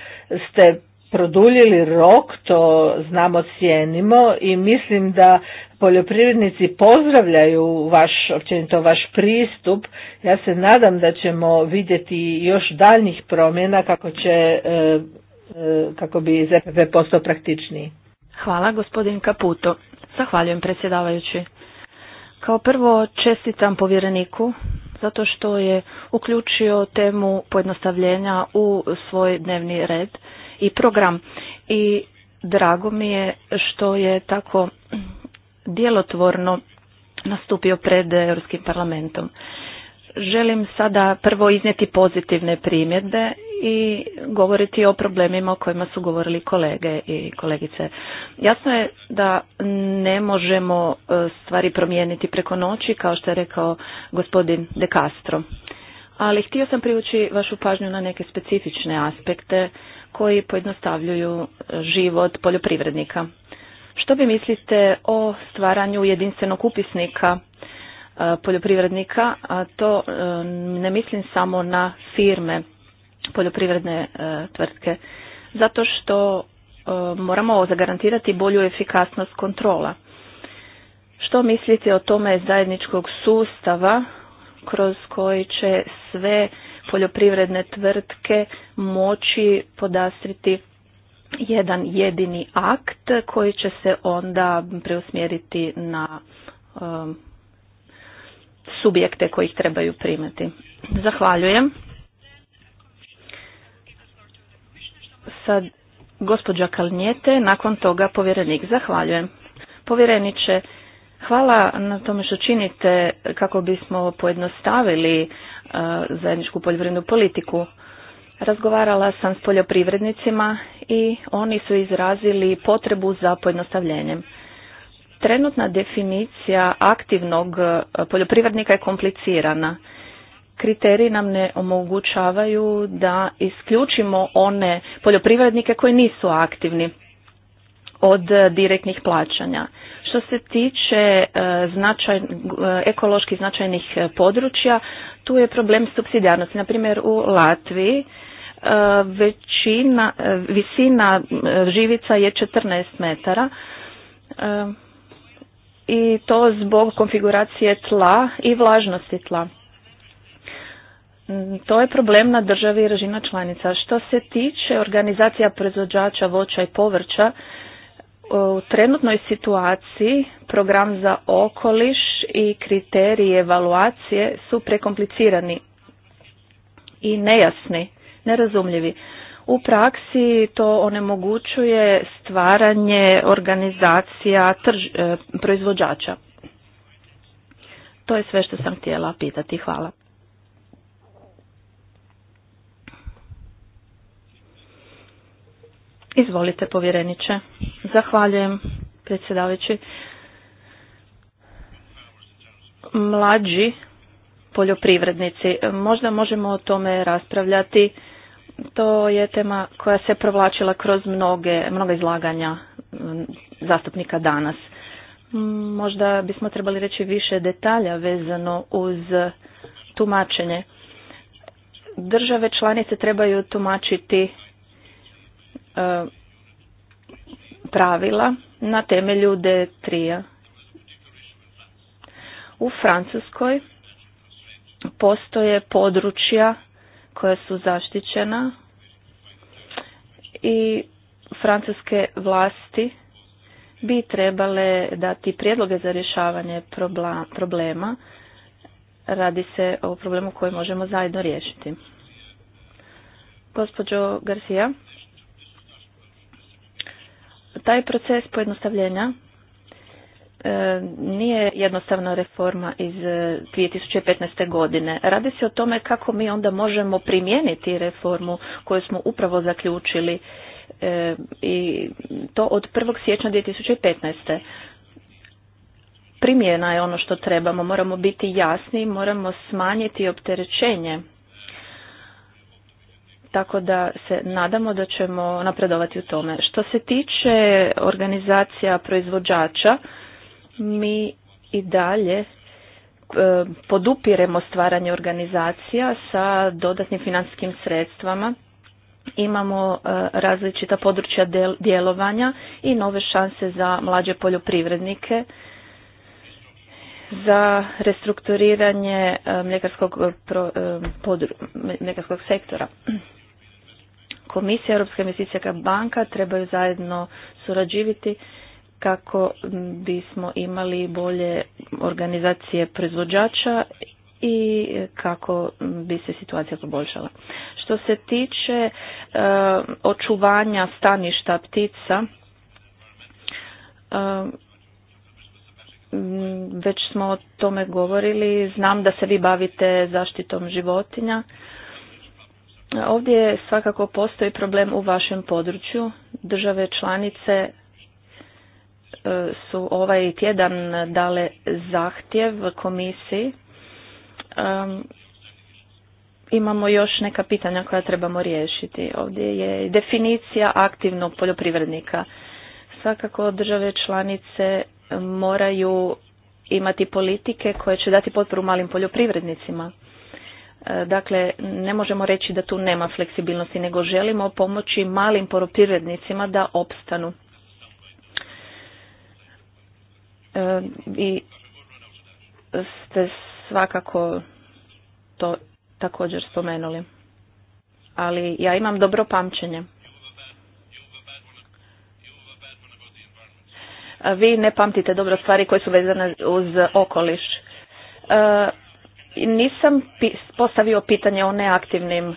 ste produljili rok, to znamo cijenimo i mislim da poljoprivrednici pozdravljaju vaš, općenito vaš pristup. Ja se nadam da ćemo vidjeti još daljnjih promjena kako će e, e, kako bi ZPP postao praktičniji. Hvala gospodin Kaputo. Zahvaljujem predsjedavajući. Kao prvo čestitam povjereniku zato što je uključio temu pojednostavljenja u svoj dnevni red i program. I drago mi je što je tako djelotvorno nastupio pred Europskim parlamentom. Želim sada prvo iznijeti pozitivne primjedbe i govoriti o problemima o kojima su govorili kolege i kolegice. Jasno je da ne možemo e, stvari promijeniti preko noći, kao što je rekao gospodin De Castro. Ali htio sam privući vašu pažnju na neke specifične aspekte koji pojednostavljuju e, život poljoprivrednika. Što vi mislite o stvaranju jedinstvenog upisnika e, poljoprivrednika, a to e, ne mislim samo na firme poljoprivredne tvrtke, zato što moramo zagarantirati bolju efikasnost kontrola. Što mislite o tome zajedničkog sustava kroz koji će sve poljoprivredne tvrtke moći podastriti jedan jedini akt koji će se onda preusmjeriti na um, subjekte koji ih trebaju primati. Zahvaljujem. Sad gospođa Kalnjete, nakon toga povjerenik. Zahvaljujem. Povjereniče, hvala na tome što činite kako bismo pojednostavili E, zajedničku poljoprivrednu politiku. Razgovarala sam s poljoprivrednicima i oni su izrazili potrebu za pojednostavljenjem. Trenutna definicija aktivnog e, poljoprivrednika je komplicirana. Kriteriji nam ne omogućavaju da isključimo one poljoprivrednike koji nisu aktivni od direktnih plaćanja. Što se tiče e, značaj, e, ekološki značajnih e, područja, tu je problem subsidijarnosti. Na primjer u Latviji većina, visina živica je 14 metara i to zbog konfiguracije tla i vlažnosti tla. Mm, to je problem na državi i režima članica. Što se tiče organizacija proizvođača voća i povrća, u trenutnoj situaciji program za okoliš i kriteriji evaluacije su prekomplicirani i nejasni, nerazumljivi. U praksi to onemogućuje stvaranje organizacija e, proizvođača. To je sve što sam htjela pitati. Hvala. Izvolite, povjereniče. Zahvaljujem, predsjedavajući. Mlađi poljoprivrednici, možda možemo o tome raspravljati. To je tema koja se provlačila kroz mnoge, mnoga izlaganja zastupnika danas. Možda bismo trebali reći više detalja vezano uz tumačenje. Države članice trebaju tumačiti E, pravila na temelju d 3 U Francuskoj postoje područja koja su zaštićena i francuske vlasti bi trebale dati prijedloge za rješavanje problema. Radi se o problemu koji možemo zajedno riješiti. Gospođo Garcia, taj proces pojednostavljenja e, nije jednostavna reforma iz 2015. E, godine. Radi se o tome kako mi onda možemo primijeniti reformu koju smo upravo zaključili e, i to od 1. siječnja 2015. Primjena je ono što trebamo, moramo biti jasni, moramo smanjiti opterećenje tako da se nadamo da ćemo napredovati u tome. Što se tiče organizacija proizvođača, mi i dalje e, podupiremo stvaranje organizacija sa dodatnim financijskim sredstvama. Imamo e, različita područja djelovanja i nove šanse za mlađe poljoprivrednike za restrukturiranje e, mljekarskog, mljekarskog sektora komisija, Europska investicijska banka trebaju zajedno surađiviti kako bismo imali bolje organizacije proizvođača i kako bi se situacija poboljšala. Što se tiče e, očuvanja staništa ptica, e, već smo o tome govorili, znam da se vi bavite zaštitom životinja. Ovdje svakako postoji problem u vašem području. Države članice e, su ovaj tjedan dale zahtjev komisiji. imamo još neka pitanja koja trebamo riješiti. Ovdje je definicija aktivnog poljoprivrednika. Svakako države članice moraju imati politike koje će dati potporu malim poljoprivrednicima. E, dakle, ne možemo reći da tu nema fleksibilnosti, nego želimo pomoći malim poljoprivrednicima da opstanu. E, I ste svakako to također spomenuli. Ali ja imam dobro pamćenje. E, vi ne pamtite dobro stvari koje su vezane uz okoliš. Nisam postavio pitanje o neaktivnim e,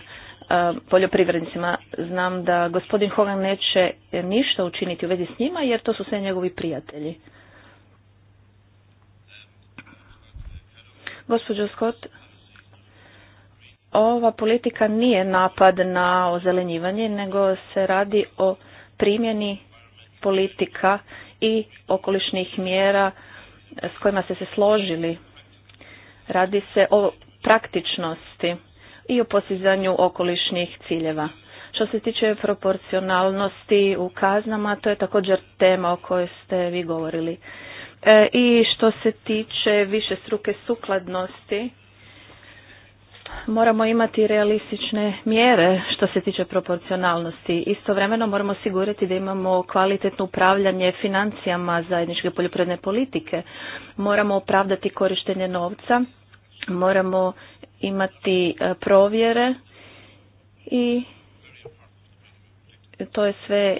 poljoprivrednicima. Znam da gospodin Hogan neće ništa učiniti u vezi s njima jer to su sve njegovi prijatelji. Gospođo Scott, ova politika nije napad na ozelenjivanje, nego se radi o primjeni politika i okolišnih mjera s kojima ste se složili Radi se o praktičnosti i o postizanju okolišnih ciljeva. Što se tiče proporcionalnosti u kaznama, to je također tema o kojoj ste vi govorili. E, I što se tiče više struke sukladnosti, moramo imati realistične mjere što se tiče proporcionalnosti. Istovremeno moramo osigurati da imamo kvalitetno upravljanje financijama zajedničke poljoprivredne politike. Moramo opravdati korištenje novca Moramo imati e, provjere i to je sve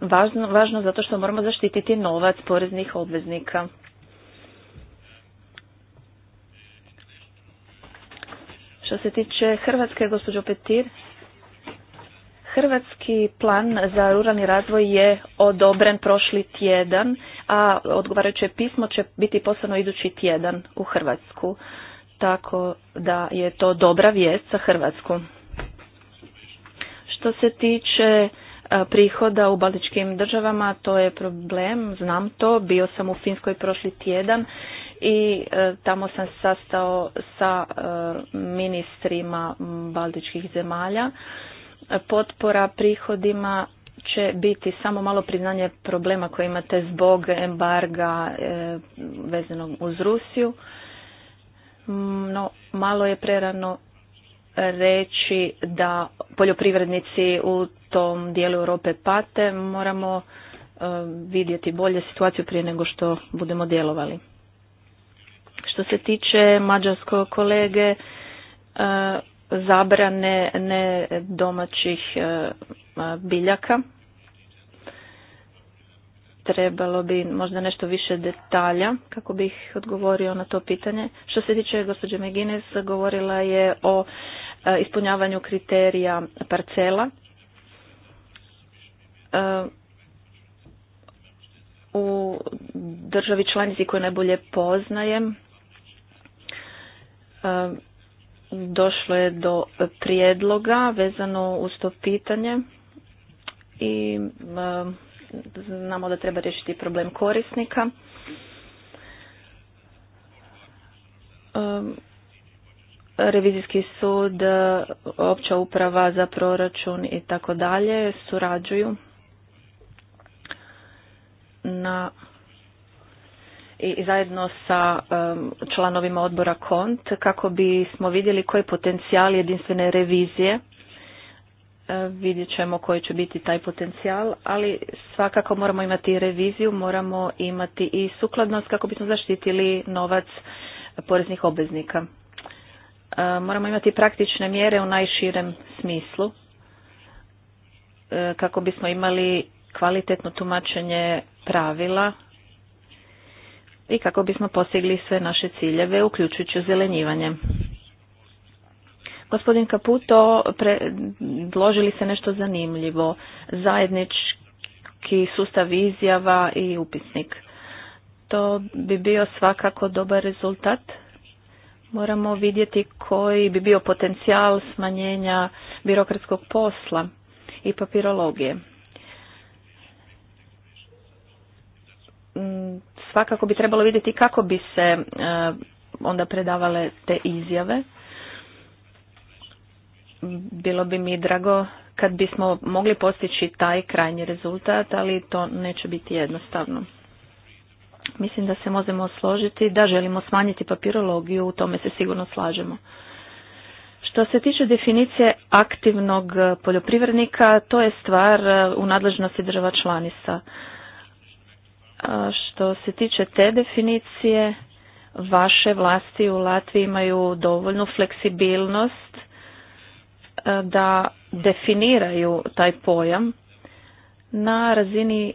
važno, važno zato što moramo zaštititi novac poreznih obveznika. Što se tiče Hrvatske, gospođo Petir, Hrvatski plan za ruralni razvoj je odobren prošli tjedan, a odgovarajuće pismo će biti poslano idući tjedan u Hrvatsku tako da je to dobra vijest za Hrvatsku. Što se tiče e, prihoda u baltičkim državama, to je problem, znam to, bio sam u Finskoj prošli tjedan i e, tamo sam sastao sa e, ministrima baltičkih zemalja. Potpora prihodima će biti samo malo priznanje problema koje imate zbog embarga vezanog uz Rusiju no malo je prerano reći da poljoprivrednici u tom dijelu Europe pate, moramo e, vidjeti bolje situaciju prije nego što budemo djelovali. Što se tiče mađarskog kolege, e, zabrane ne domaćih e, biljaka, trebalo bi možda nešto više detalja kako bih odgovorio na to pitanje. Što se tiče gospođe Megines, govorila je o e, ispunjavanju kriterija parcela. E, u državi članici koju najbolje poznajem e, došlo je do prijedloga vezano uz to pitanje i znamo da treba riješiti problem korisnika. Revizijski sud, opća uprava za proračun i tako dalje surađuju na i zajedno sa članovima odbora KONT kako bismo vidjeli koji je potencijal jedinstvene revizije E, vidjet ćemo koji će biti taj potencijal, ali svakako moramo imati reviziju, moramo imati i sukladnost kako bismo zaštitili novac poreznih obveznika. E, moramo imati praktične mjere u najširem smislu e, kako bismo imali kvalitetno tumačenje pravila i kako bismo postigli sve naše ciljeve uključujući zelenjivanje. Gospodin Kaputo, vložili se nešto zanimljivo, zajednički sustav izjava i upisnik. To bi bio svakako dobar rezultat. Moramo vidjeti koji bi bio potencijal smanjenja birokratskog posla i papirologije. Mm, svakako bi trebalo vidjeti kako bi se e, onda predavale te izjave bilo bi mi drago kad bismo mogli postići taj krajnji rezultat, ali to neće biti jednostavno. Mislim da se možemo složiti da želimo smanjiti papirologiju, u tome se sigurno slažemo. Što se tiče definicije aktivnog poljoprivrednika, to je stvar e, u nadležnosti država članica. E, što se tiče te definicije, vaše vlasti u Latviji imaju dovoljnu fleksibilnost da definiraju taj pojam na razini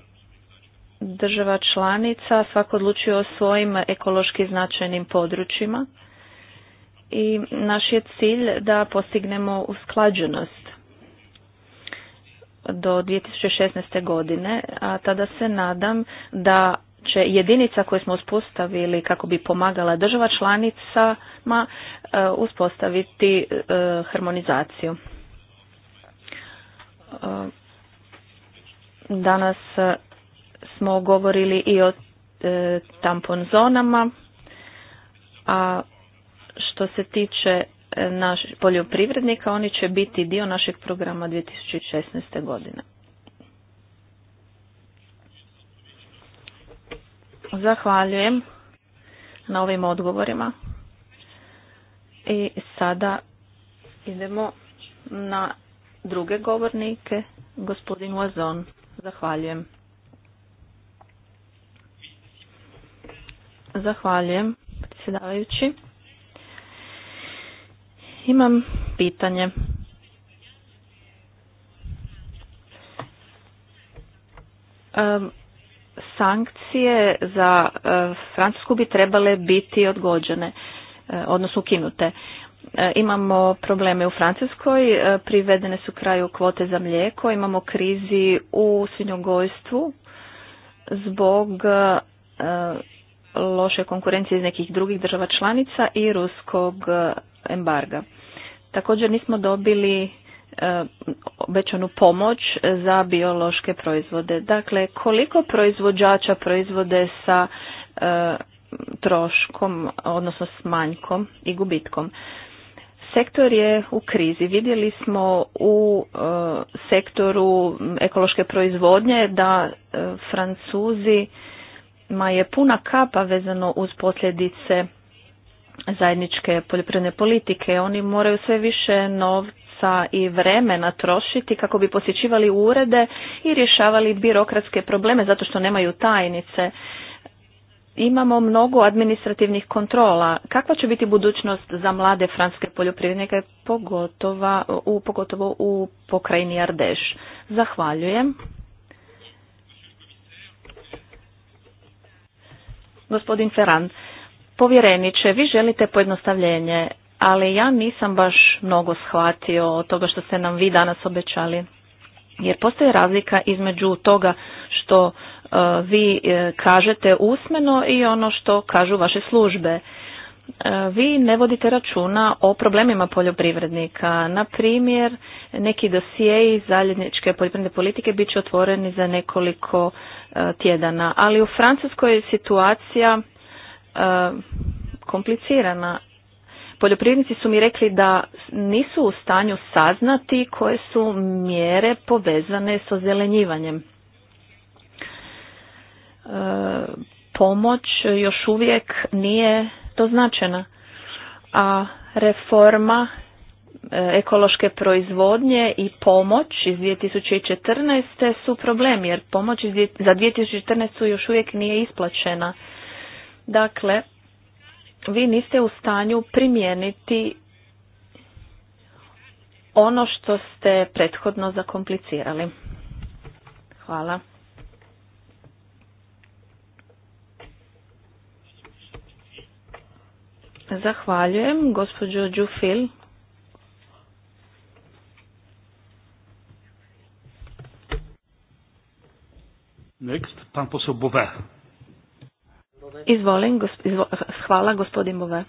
država članica svako odlučuje o svojim ekološki značajnim područjima i naš je cilj da postignemo usklađenost do 2016. godine, a tada se nadam da će jedinica koju smo uspostavili kako bi pomagala država članicama Eh, uspostaviti eh, harmonizaciju. Eh, danas smo govorili i o tampon zonama, a što se tiče naših poljoprivrednika, oni će biti dio našeg programa 2016. godine. Zahvaljujem na ovim odgovorima. I sada idemo na druge govornike. Gospodin Wazon, zahvaljujem. Zahvaljujem, predsjedavajući. Imam pitanje. sankcije za eh, Francusku bi trebale biti odgođene. E, odnosno ukinute. E, imamo probleme u Francuskoj, e, privedene su kraju kvote za mlijeko, imamo krizi u svinjogojstvu zbog loše konkurencije iz nekih drugih država članica i ruskog embarga. Također nismo dobili obećanu pomoć za biološke proizvode. Dakle, koliko proizvođača proizvode sa troškom, odnosno s manjkom i gubitkom. Sektor je u krizi. Vidjeli smo u e, sektoru ekološke proizvodnje da e, Francuzi ma je puna kapa vezano uz posljedice zajedničke poljoprivredne politike. Oni moraju sve više novca i vremena trošiti kako bi posjećivali urede i rješavali birokratske probleme zato što nemaju tajnice imamo mnogo administrativnih kontrola. Kakva će biti budućnost za mlade franske poljoprivrednike, pogotovo u, pogotovo u pokrajini Ardeš? Zahvaljujem. Gospodin Ferran, povjereniče, vi želite pojednostavljenje, ali ja nisam baš mnogo shvatio od toga što ste nam vi danas obećali. Jer postoji razlika između toga što E, vi e, kažete usmeno i ono što kažu vaše službe. E, vi ne vodite računa o problemima poljoprivrednika. Na primjer, neki dosijeji zajedničke poljoprivredne politike bit će otvoreni za nekoliko tjedana, ali u Francuskoj je situacija komplicirana. Poljoprivrednici su mi rekli da nisu u stanju saznati koje su mjere povezane sa zelenjivanjem pomoć još uvijek nije doznačena. A reforma e, ekološke proizvodnje i pomoć iz 2014. su problem jer pomoć za 2014. još uvijek nije isplaćena. Dakle, vi niste u stanju primijeniti ono što ste prethodno zakomplicirali. Hvala. Zahvaljujem, gospođo Đufil. Next, pan posao Bove. Izvolim, hvala gospodin Bove.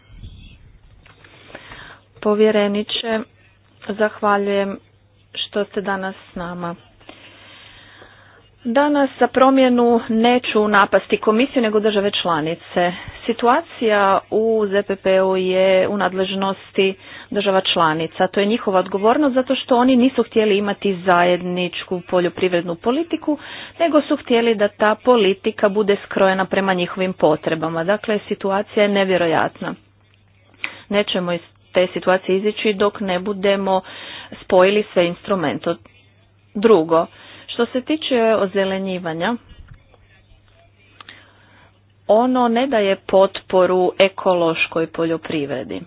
Povjereniče, zahvaljujem što ste danas s nama. Danas za promjenu neću napasti komisiju nego države članice. Situacija u ZPP-u je u nadležnosti država članica. To je njihova odgovornost zato što oni nisu htjeli imati zajedničku poljoprivrednu politiku, nego su htjeli da ta politika bude skrojena prema njihovim potrebama. Dakle, situacija je nevjerojatna. Nećemo iz te situacije izići dok ne budemo spojili sve instrumento Drugo, što se tiče ozelenjivanja, ono ne daje potporu ekološkoj poljoprivredi,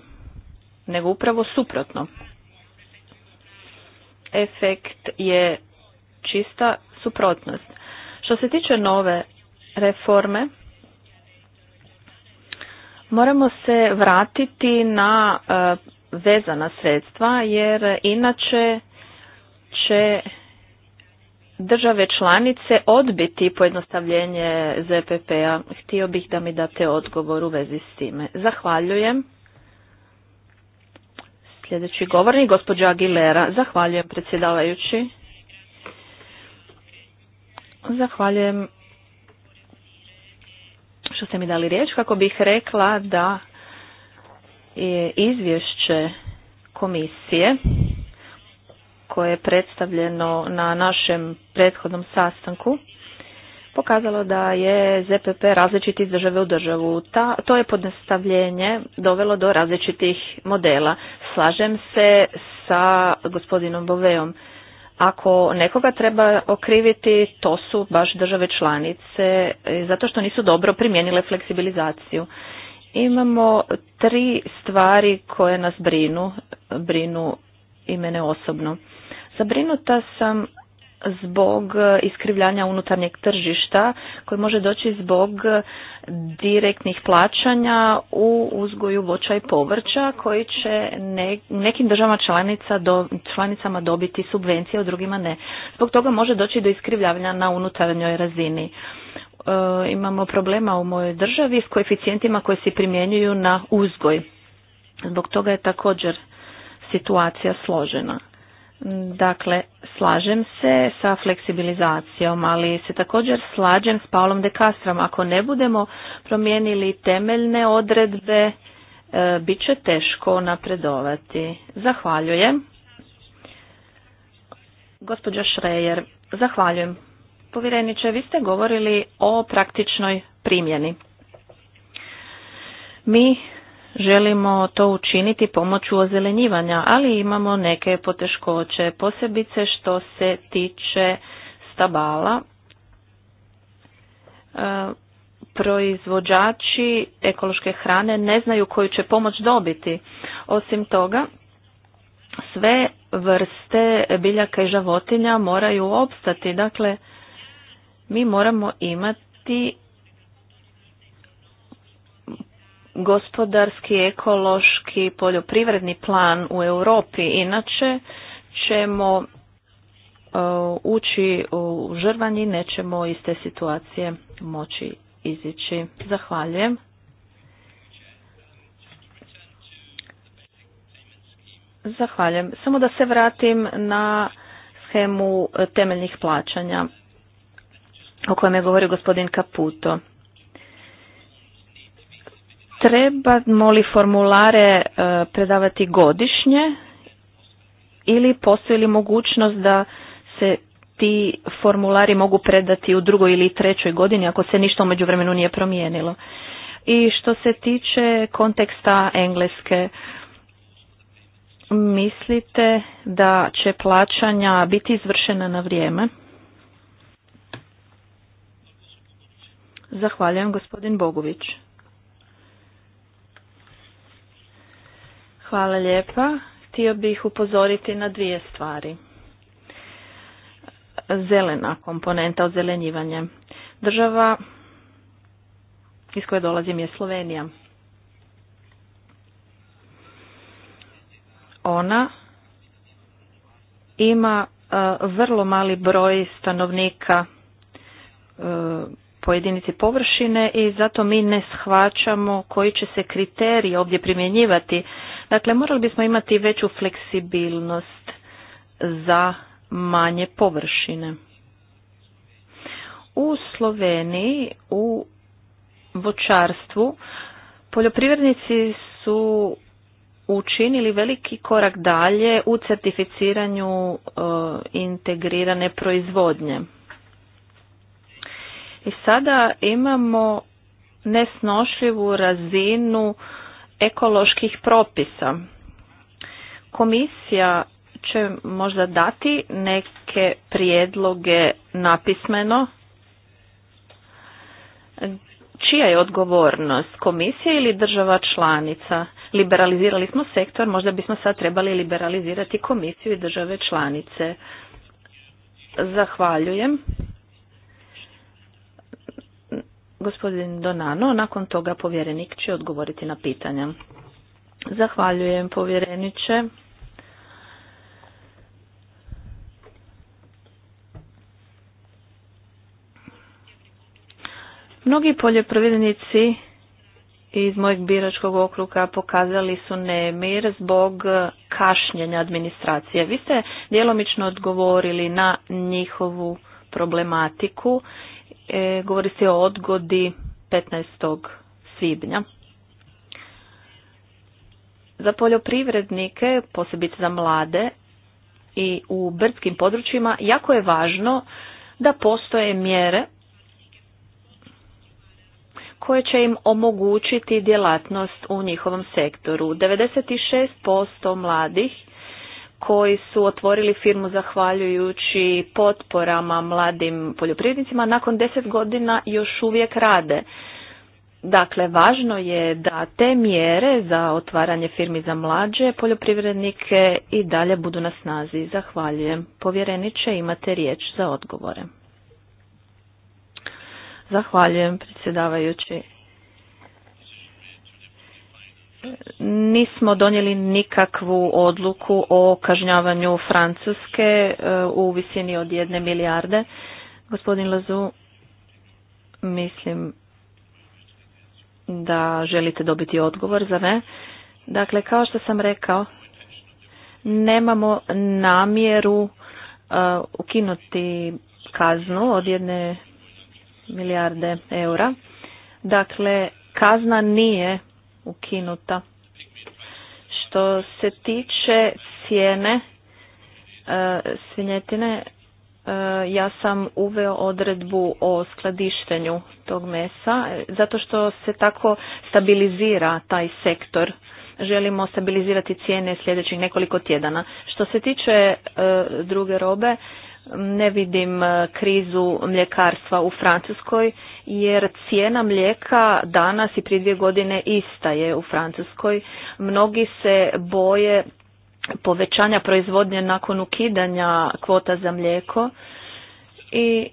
nego upravo suprotno. Efekt je čista suprotnost. Što se tiče nove reforme, moramo se vratiti na e, vezana sredstva jer inače će države članice odbiti pojednostavljenje ZPP-a? Htio bih da mi date odgovor u vezi s time. Zahvaljujem. Sljedeći govornik, gospođa Aguilera. Zahvaljujem predsjedavajući. Zahvaljujem što ste mi dali riječ kako bih rekla da je izvješće komisije koje je predstavljeno na našem prethodnom sastanku pokazalo da je ZPP različiti iz države u državu. Ta, to je podnastavljenje dovelo do različitih modela. Slažem se sa gospodinom Boveom. Ako nekoga treba okriviti, to su baš države članice, e, zato što nisu dobro primijenile fleksibilizaciju. Imamo tri stvari koje nas brinu, brinu i mene osobno. Zabrinuta sam zbog iskrivljanja unutarnjeg tržišta koji može doći zbog direktnih plaćanja u uzgoju voća i povrća koji će nekim državama članica do, članicama dobiti subvencije, a drugima ne. Zbog toga može doći do iskrivljavanja na unutarnjoj razini. E, imamo problema u mojoj državi s koeficijentima koje se primjenjuju na uzgoj. Zbog toga je također situacija složena. Dakle, slažem se sa fleksibilizacijom, ali se također slažem s Paulom de Castrom. Ako ne budemo promijenili temeljne odredbe, e, bit će teško napredovati. Zahvaljujem. Gospođa Šrejer, zahvaljujem. Povjereniče, vi ste govorili o praktičnoj primjeni. Mi želimo to učiniti pomoću ozelenjivanja, ali imamo neke poteškoće, posebice što se tiče stabala. E, proizvođači ekološke hrane ne znaju koju će pomoć dobiti. Osim toga, sve vrste biljaka i životinja moraju opstati. Dakle, mi moramo imati gospodarski, ekološki, poljoprivredni plan u Europi. Inače ćemo e, ući u žrvanji, nećemo iz te situacije moći izići. Zahvaljujem. Zahvaljujem. Samo da se vratim na schemu temeljnih plaćanja o kojem je govorio gospodin Kaputo. Trebamo li formulare e, predavati godišnje ili postoji li mogućnost da se ti formulari mogu predati u drugoj ili trećoj godini ako se ništa u međuvremenu nije promijenilo. I što se tiče konteksta engleske, mislite da će plaćanja biti izvršena na vrijeme? Zahvaljujem gospodin Bogović. Hvala lijepa. Htio bih upozoriti na dvije stvari. Zelena komponenta ozelenjivanje. Država iz koje dolazim je Slovenija. Ona ima e, vrlo mali broj stanovnika e, pojedinici površine i zato mi ne shvaćamo koji će se kriteriji ovdje primjenjivati Dakle, morali bismo imati veću fleksibilnost za manje površine. U Sloveniji u vočarstvu, poljoprivrednici su učinili veliki korak dalje u certificiranju e, integrirane proizvodnje. I sada imamo nesnošljivu razinu ekoloških propisa. Komisija će možda dati neke prijedloge napismeno. Čija je odgovornost? Komisija ili država članica? Liberalizirali smo sektor, možda bismo sad trebali liberalizirati komisiju i države članice. Zahvaljujem. Gospodin Donano, nakon toga povjerenik će odgovoriti na pitanja. Zahvaljujem povjereniče. Mnogi poljoprivrednici iz mojeg biračkog okruga pokazali su nemir zbog kašnjenja administracije. Vi ste djelomično odgovorili na njihovu problematiku E, govori se o odgodi 15. svibnja. Za poljoprivrednike, posebice za mlade i u brdskim područjima, jako je važno da postoje mjere koje će im omogućiti djelatnost u njihovom sektoru. 96% mladih koji su otvorili firmu zahvaljujući potporama mladim poljoprivrednicima, nakon deset godina još uvijek rade. Dakle, važno je da te mjere za otvaranje firmi za mlađe poljoprivrednike i dalje budu na snazi. Zahvaljujem. Povjereniče, imate riječ za odgovore. Zahvaljujem, predsjedavajući nismo donijeli nikakvu odluku o kažnjavanju Francuske e, u visini od jedne milijarde. Gospodin Lazu, mislim da želite dobiti odgovor za ne. Dakle, kao što sam rekao, nemamo namjeru e, ukinuti kaznu od jedne milijarde eura. Dakle, kazna nije ukinuta. Što se tiče cijene e, svinjetine, e, ja sam uveo odredbu o skladištenju tog mesa, e, zato što se tako stabilizira taj sektor. Želimo stabilizirati cijene sljedećih nekoliko tjedana. Što se tiče druge robe, ne vidim e, krizu mljekarstva u Francuskoj jer cijena mlijeka danas i prije dvije godine ista je u Francuskoj. Mnogi se boje povećanja proizvodnje nakon ukidanja kvota za mlijeko i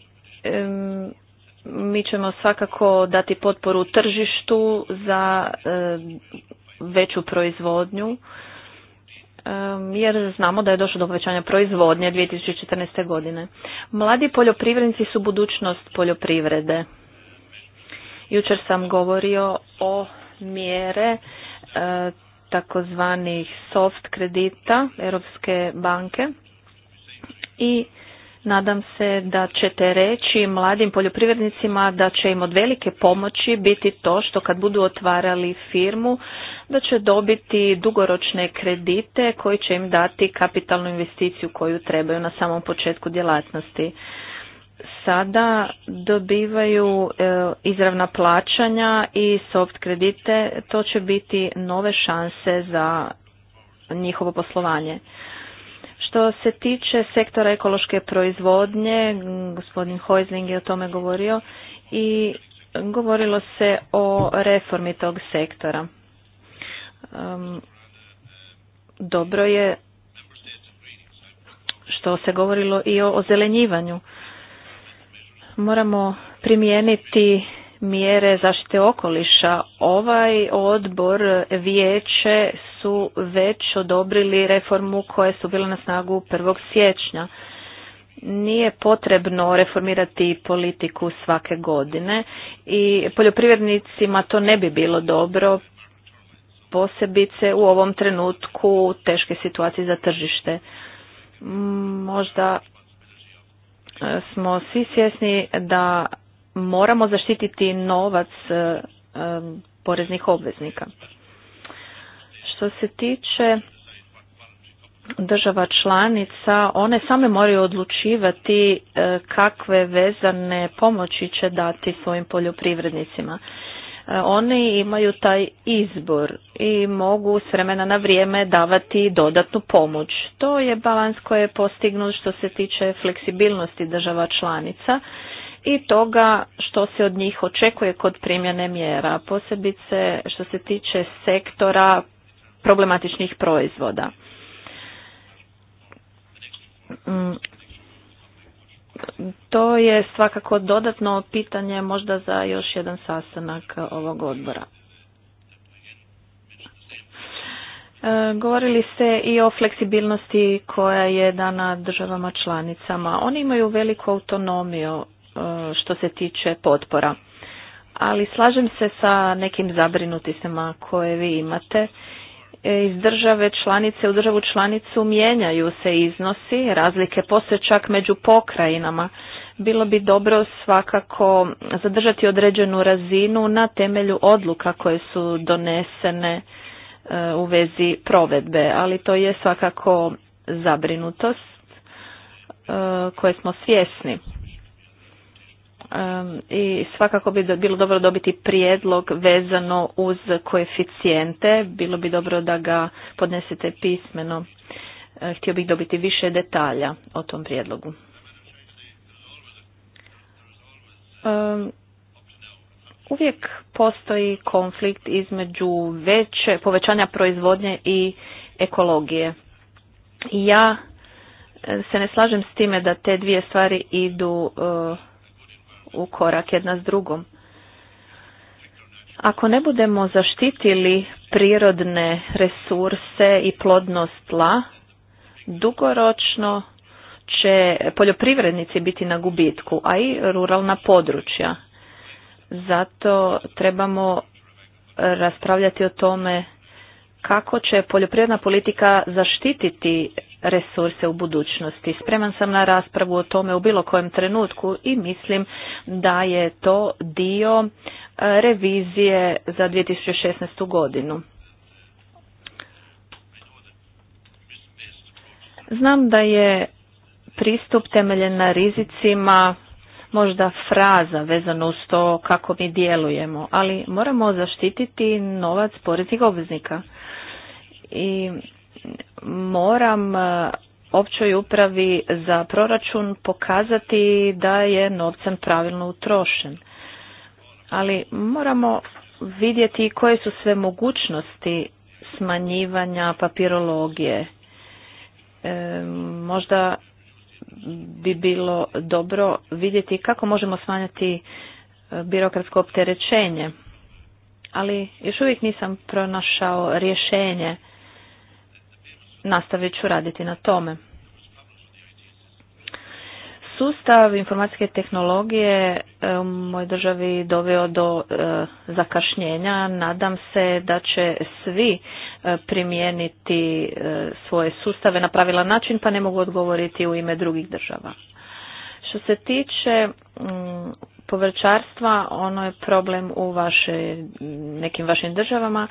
mi ćemo svakako dati potporu tržištu za e, veću proizvodnju jer znamo da je došlo do povećanja proizvodnje 2014. godine. Mladi poljoprivrednici su budućnost poljoprivrede. Jučer sam govorio o mjere e, takozvanih soft kredita Europske banke i nadam se da ćete reći mladim poljoprivrednicima da će im od velike pomoći biti to što kad budu otvarali firmu da će dobiti dugoročne kredite koji će im dati kapitalnu investiciju koju trebaju na samom početku djelatnosti. Sada dobivaju e, izravna plaćanja i soft kredite, to će biti nove šanse za njihovo poslovanje. Što se tiče sektora ekološke proizvodnje, gospodin Hojzling je o tome govorio i govorilo se o reformi tog sektora dobro je što se govorilo i o ozelenjivanju. Moramo primijeniti mjere zaštite okoliša. Ovaj odbor vijeće su već odobrili reformu koje su bile na snagu 1. siječnja. Nije potrebno reformirati politiku svake godine i poljoprivrednicima to ne bi bilo dobro, posebice u ovom trenutku teške situacije za tržište. Možda e, smo svi svjesni da moramo zaštititi novac e, e, poreznih obveznika. Što se tiče država članica, one same moraju odlučivati kakve vezane pomoći će dati svojim poljoprivrednicima. Oni imaju taj izbor i mogu s vremena na vrijeme davati dodatnu pomoć. To je balans koji je postignut što se tiče fleksibilnosti država članica i toga što se od njih očekuje kod primjene mjera, posebice što se tiče sektora problematičnih proizvoda. Mm, to je svakako dodatno pitanje možda za još jedan sastanak ovog odbora. E, govorili ste i o fleksibilnosti koja je dana državama članicama. Oni imaju veliku autonomiju e, što se tiče potpora. Ali slažem se sa nekim zabrinutistima koje vi imate E, iz države članice u državu članicu mijenjaju se iznosi, razlike postoje čak među pokrajinama. Bilo bi dobro svakako zadržati određenu razinu na temelju odluka koje su donesene e, u vezi provedbe, ali to je svakako zabrinutost e, koje smo svjesni i svakako bi bilo dobro dobiti prijedlog vezano uz koeficijente. Bilo bi dobro da ga podnesete pismeno. E, htio bih dobiti više detalja o tom prijedlogu. Uvijek postoji konflikt između veće, povećanja proizvodnje i ekologije. Ja e, se ne slažem s time da te dvije stvari idu e, u korak jedna s drugom. Ako ne budemo zaštitili prirodne resurse i plodnost tla, dugoročno će poljoprivrednici biti na gubitku, a i ruralna područja. Zato trebamo raspravljati o tome kako će poljoprivredna politika zaštititi resurse u budućnosti. Spreman sam na raspravu o tome u bilo kojem trenutku i mislim da je to dio e, revizije za 2016. godinu. Znam da je pristup temeljen na rizicima možda fraza vezano uz to kako mi djelujemo, ali moramo zaštititi novac poreznih obveznika. I moram e, općoj upravi za proračun pokazati da je novcem pravilno utrošen. Ali moramo vidjeti koje su sve mogućnosti smanjivanja papirologije. E, možda bi bilo dobro vidjeti kako možemo smanjati e, birokratsko opterećenje. Ali još uvijek nisam pronašao rješenje nastavit ću raditi na tome. Sustav informacijske tehnologije e, u mojoj državi doveo do e, zakašnjenja. Nadam se da će svi e, primijeniti svoje sustave na pravilan način, pa ne mogu odgovoriti u ime drugih država. Što se tiče mm, povrćarstva, ono je problem u nekim vašim državama.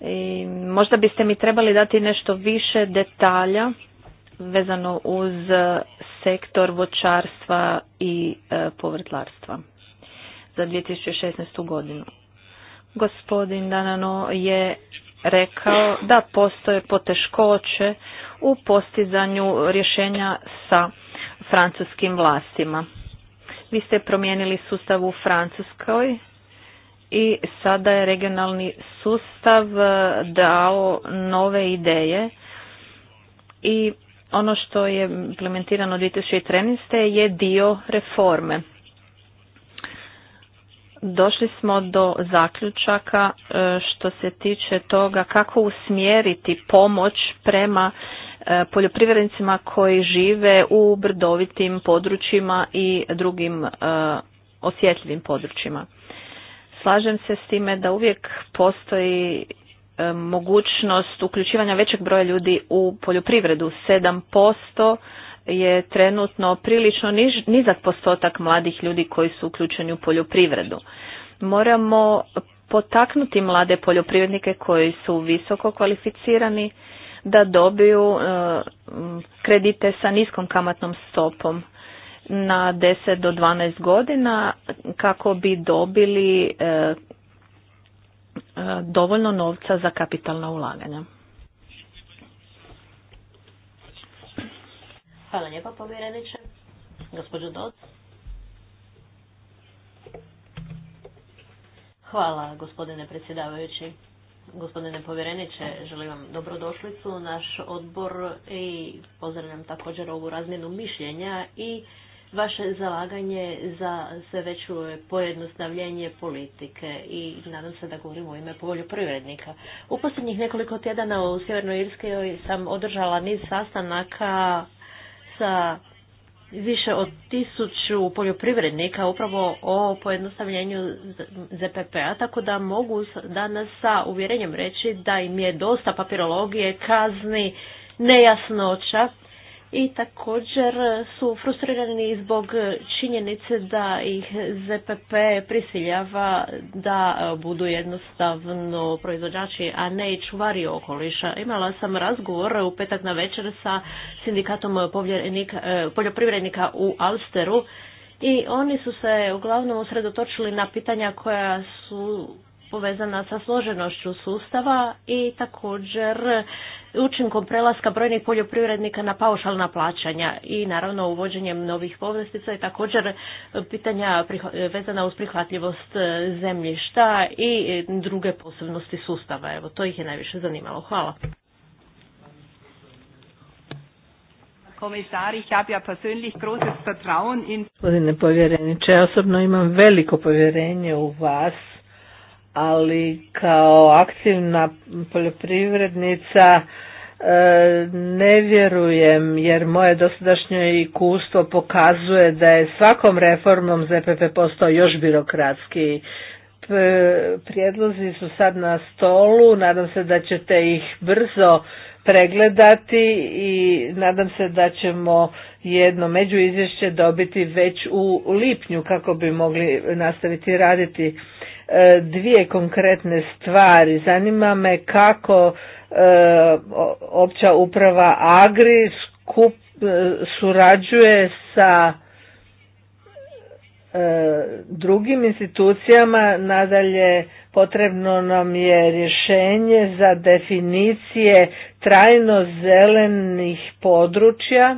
I možda biste mi trebali dati nešto više detalja vezano uz sektor vočarstva i e, povrtlarstva za 2016. godinu. Gospodin Danano je rekao da postoje poteškoće u postizanju rješenja sa francuskim vlastima. Vi ste promijenili sustav u Francuskoj i sada je regionalni sustav e, dao nove ideje i ono što je implementirano 2013. je dio reforme. Došli smo do zaključaka e, što se tiče toga kako usmjeriti pomoć prema e, poljoprivrednicima koji žive u brdovitim područjima i drugim osjetljivim područjima slažem se s time da uvijek postoji e, mogućnost uključivanja većeg broja ljudi u poljoprivredu. 7% je trenutno prilično nizak postotak mladih ljudi koji su uključeni u poljoprivredu. Moramo potaknuti mlade poljoprivrednike koji su visoko kvalificirani da dobiju e, kredite sa niskom kamatnom stopom na 10 do 12 godina kako bi dobili e, e, dovoljno novca za kapitalna ulaganja. Hvala lijepa povjereniče. Gospođo Doc. Hvala gospodine predsjedavajući. Gospodine povjereniče, želim vam dobrodošlicu u naš odbor i pozdravljam također ovu razmjenu mišljenja i vaše zalaganje za sve veću pojednostavljenje politike i nadam se da govorimo u ime poljoprivrednika. U posljednjih nekoliko tjedana u Sjevernoj Irskoj sam održala niz sastanaka sa više od tisuću poljoprivrednika upravo o pojednostavljenju ZPP-a, tako da mogu danas sa uvjerenjem reći da im je dosta papirologije, kazni, nejasnoća i također su frustrirani zbog činjenice da ih ZPP prisiljava da e, budu jednostavno proizvođači, a ne i čuvari okoliša. Imala sam razgovor u petak na večer sa sindikatom e, poljoprivrednika u Alsteru i oni su se uglavnom usredotočili na pitanja koja su povezana sa složenošću sustava i također učinkom prelaska brojnih poljoprivrednika na paušalna plaćanja i naravno uvođenjem novih povlastica i također pitanja vezana uz prihvatljivost e, zemljišta i e, druge posebnosti sustava. Evo, to ih je najviše zanimalo. Hvala. Gospodine povjereniče, osobno imam veliko povjerenje u vas ali kao aktivna poljoprivrednica e, ne vjerujem jer moje dosadašnje ikustvo pokazuje da je svakom reformom ZPP postao još birokratski. Prijedlozi su sad na stolu, nadam se da ćete ih brzo pregledati i nadam se da ćemo jedno međuizvješće dobiti već u lipnju kako bi mogli nastaviti raditi E, dvije konkretne stvari. Zanima me kako e, opća uprava Agri skup e, surađuje sa drugim institucijama nadalje potrebno nam je rješenje za definicije trajno zelenih područja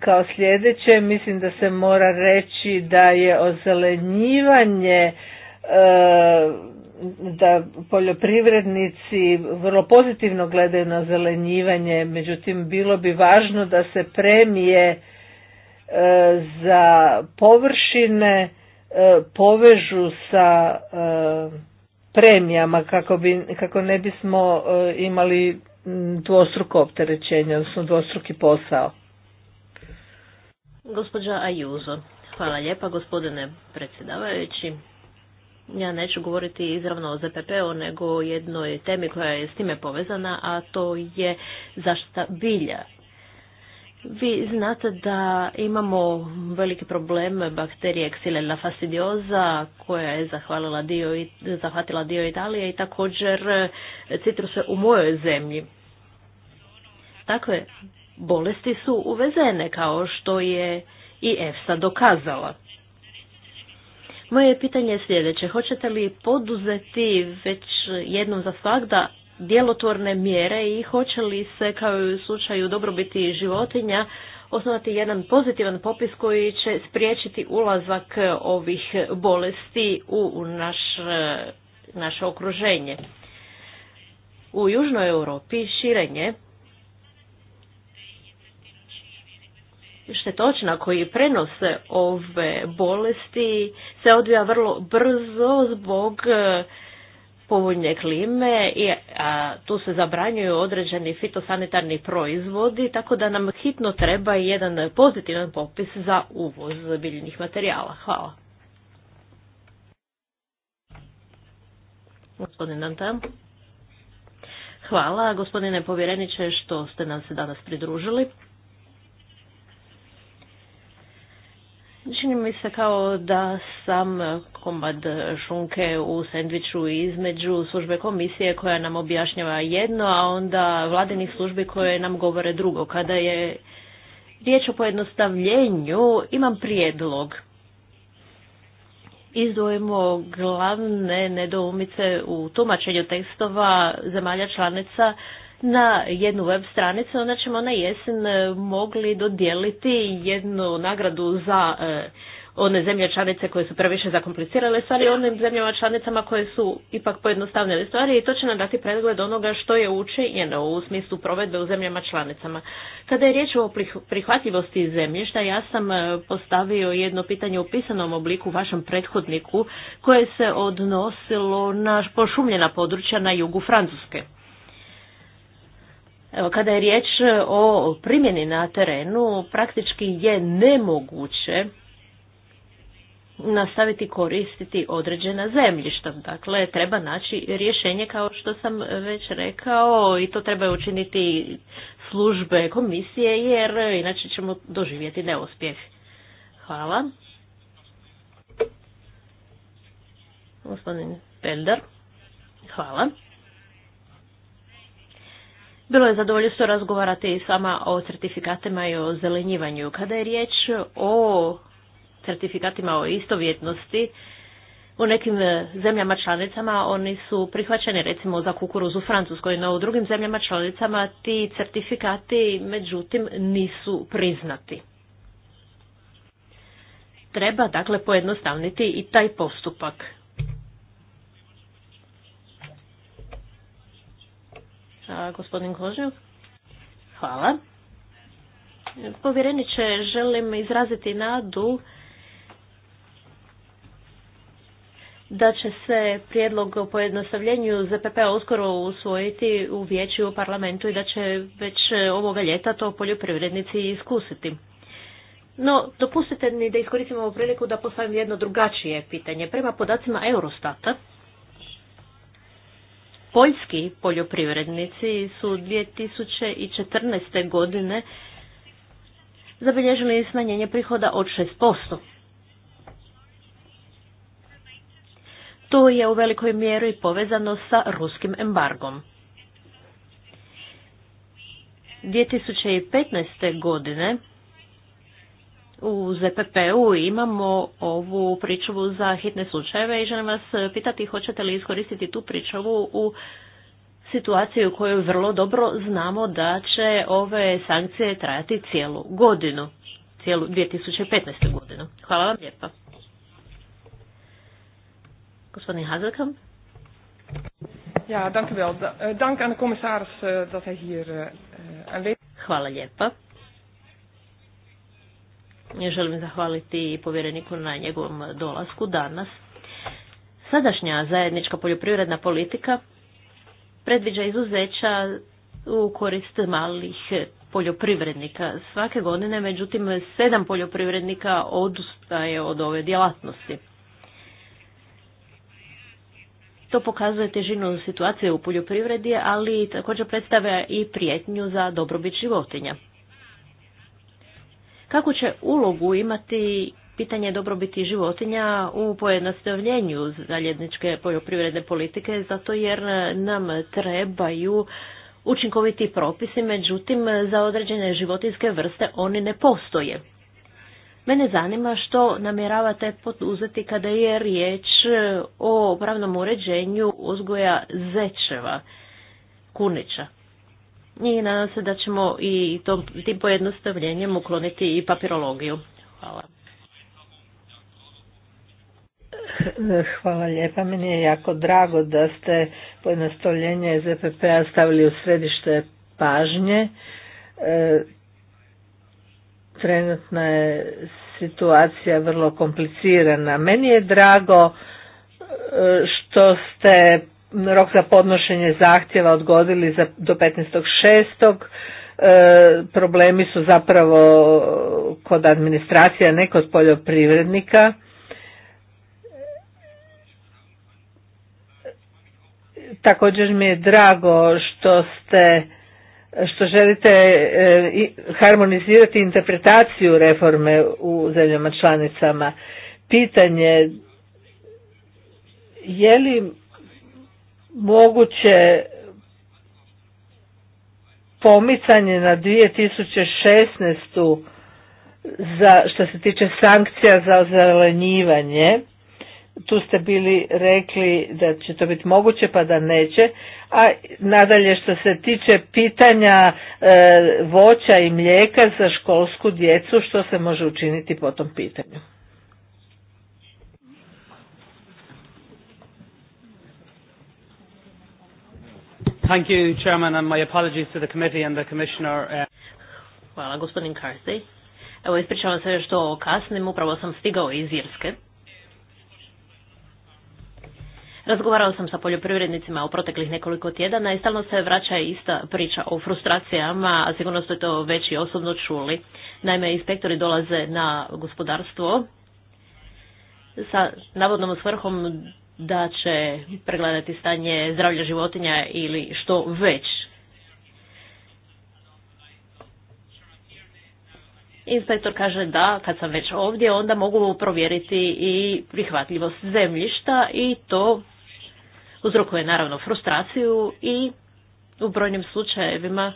kao sljedeće mislim da se mora reći da je ozelenjivanje e, da poljoprivrednici vrlo pozitivno gledaju na ozelenjivanje međutim bilo bi važno da se premije e, za površine e, povežu sa premijama kako, bi, kako ne bismo imali dvostruko opterećenje odnosno dvostruki posao Gospođa Ajuzo. Hvala lijepa gospodine predsjedavajući. Ja neću govoriti izravno o ZPP-u, nego o jednoj temi koja je s time povezana, a to je zaštita bilja. Vi znate da imamo veliki probleme bakterije Xylella fastidiosa koja je zahvalila dio, zahvatila dio Italije i također citruse u mojoj zemlji. Takve bolesti su uvezene kao što je i EFSA dokazala. Moje pitanje je sljedeće. Hoćete li poduzeti već jednom za svakda djelotvorne mjere i hoće li se kao i u slučaju dobrobiti životinja osnovati jedan pozitivan popis koji će spriječiti ulazak ovih bolesti u naš, naše okruženje. U Južnoj Europi širenje štetočina koji prenose ove bolesti se odvija vrlo brzo zbog e, povoljne klime, a tu se zabranjuju određeni fitosanitarni proizvodi, tako da nam hitno treba jedan pozitivan popis za uvoz biljnih materijala. Hvala. Gospodin tam Hvala gospodine povjereniče što ste nam se danas pridružili. Čini mi se kao da sam komad šunke u sandviču između službe komisije koja nam objašnjava jedno, a onda vladinih službi koje nam govore drugo. Kada je riječ o pojednostavljenju, imam prijedlog. Izdvojimo glavne nedoumice u tumačenju tekstova zemalja članica na jednu web stranicu, onda ćemo na jesen e, mogli dodijeliti jednu nagradu za e, one zemlje članice koje su previše zakomplicirale stvari onim zemljama članicama koje su ipak pojednostavnile stvari i to će nam dati pregled onoga što je učinjeno u smislu provedbe u zemljama članicama. Kada je riječ o prihvatljivosti zemljišta, ja sam e, postavio jedno pitanje u pisanom obliku vašem prethodniku koje se odnosilo na pošumljena područja na jugu Francuske. Evo, kada je riječ e, o primjeni na terenu, praktički je nemoguće nastaviti koristiti određena zemljišta. Dakle, treba naći rješenje kao što sam već rekao i to treba učiniti službe komisije jer inače ćemo doživjeti neuspjeh. Hvala. Gospodin Pender, hvala. Bilo je zadovoljstvo razgovarati i s vama o certifikatima i o zelenjivanju. Kada je riječ o certifikatima o istovjetnosti, u nekim zemljama članicama oni su prihvaćeni recimo za kukuruz u Francuskoj, no u drugim zemljama članicama ti certifikati međutim nisu priznati. Treba dakle pojednostavniti i taj postupak. A, gospodin Kožnjuk? Hvala. Povjereniče, želim izraziti nadu da će se prijedlog o pojednostavljenju zpp uskoro usvojiti u vijeću u parlamentu i da će već ovoga ljeta to poljoprivrednici iskusiti. No, dopustite mi da iskoristim ovu priliku da postavim jedno drugačije pitanje. Prema podacima Eurostata, Poljski poljoprivrednici su 2014. godine zabilježili smanjenje prihoda od 6%. To je u velikoj mjeri povezano sa ruskim embargom. 2015. godine u ZPP-u imamo ovu pričavu za hitne slučajeve i želim vas pitati hoćete li iskoristiti tu pričavu u situaciju u kojoj vrlo dobro znamo da će ove sankcije trajati cijelu godinu, cijelu 2015. godinu. Hvala vam lijepa. Gospodin Hazelkamp. Ja, dank u eh, Dank aan de commissaris eh, dat hij hier eh, aanwezig Hvala lijepa. Želim zahvaliti i povjereniku na njegovom dolasku danas. Sadašnja zajednička poljoprivredna politika predviđa izuzeća u korist malih poljoprivrednika. Svake godine, međutim, sedam poljoprivrednika odustaje od ove djelatnosti. To pokazuje težinu situacije u poljoprivredi, ali također predstavlja i prijetnju za dobrobit životinja. Kako će ulogu imati pitanje dobrobiti životinja u pojednostavljenju zajedničke poljoprivredne politike, zato jer nam trebaju učinkoviti propisi, međutim za određene životinske vrste oni ne postoje. Mene zanima što namjeravate poduzeti kada je riječ o pravnom uređenju uzgoja zečeva, kunića i nadam se da ćemo i tom, tim pojednostavljenjem ukloniti i papirologiju. Hvala. Hvala lijepa. Meni je jako drago da ste pojednostavljenje ZPP-a stavili u središte pažnje. E, trenutna je situacija vrlo komplicirana. Meni je drago e, što ste rok za podnošenje zahtjeva odgodili za, do 15.6. E, problemi su zapravo kod administracija, ne kod poljoprivrednika. Također mi je drago što ste što želite e, harmonizirati interpretaciju reforme u zemljama članicama. Pitanje je li moguće pomicanje na 2016. za što se tiče sankcija za ozelenjivanje. Tu ste bili rekli da će to biti moguće pa da neće. A nadalje što se tiče pitanja e, voća i mlijeka za školsku djecu, što se može učiniti po tom pitanju? Thank you, Chairman, and my apologies to the committee and the Commissioner. Uh, Hvala, gospodin Carsey. Evo, ispričavam se što kasnim, upravo sam stigao iz Irske. Razgovarao sam sa poljoprivrednicima u proteklih nekoliko tjedana i stalno se vraća ista priča o frustracijama, a sigurno ste to već i osobno čuli. Naime, inspektori dolaze na gospodarstvo sa navodnom svrhom da će pregledati stanje zdravlja životinja ili što već. Inspektor kaže da, kad sam već ovdje, onda mogu provjeriti i prihvatljivost zemljišta i to uzrokuje naravno frustraciju i u brojnim slučajevima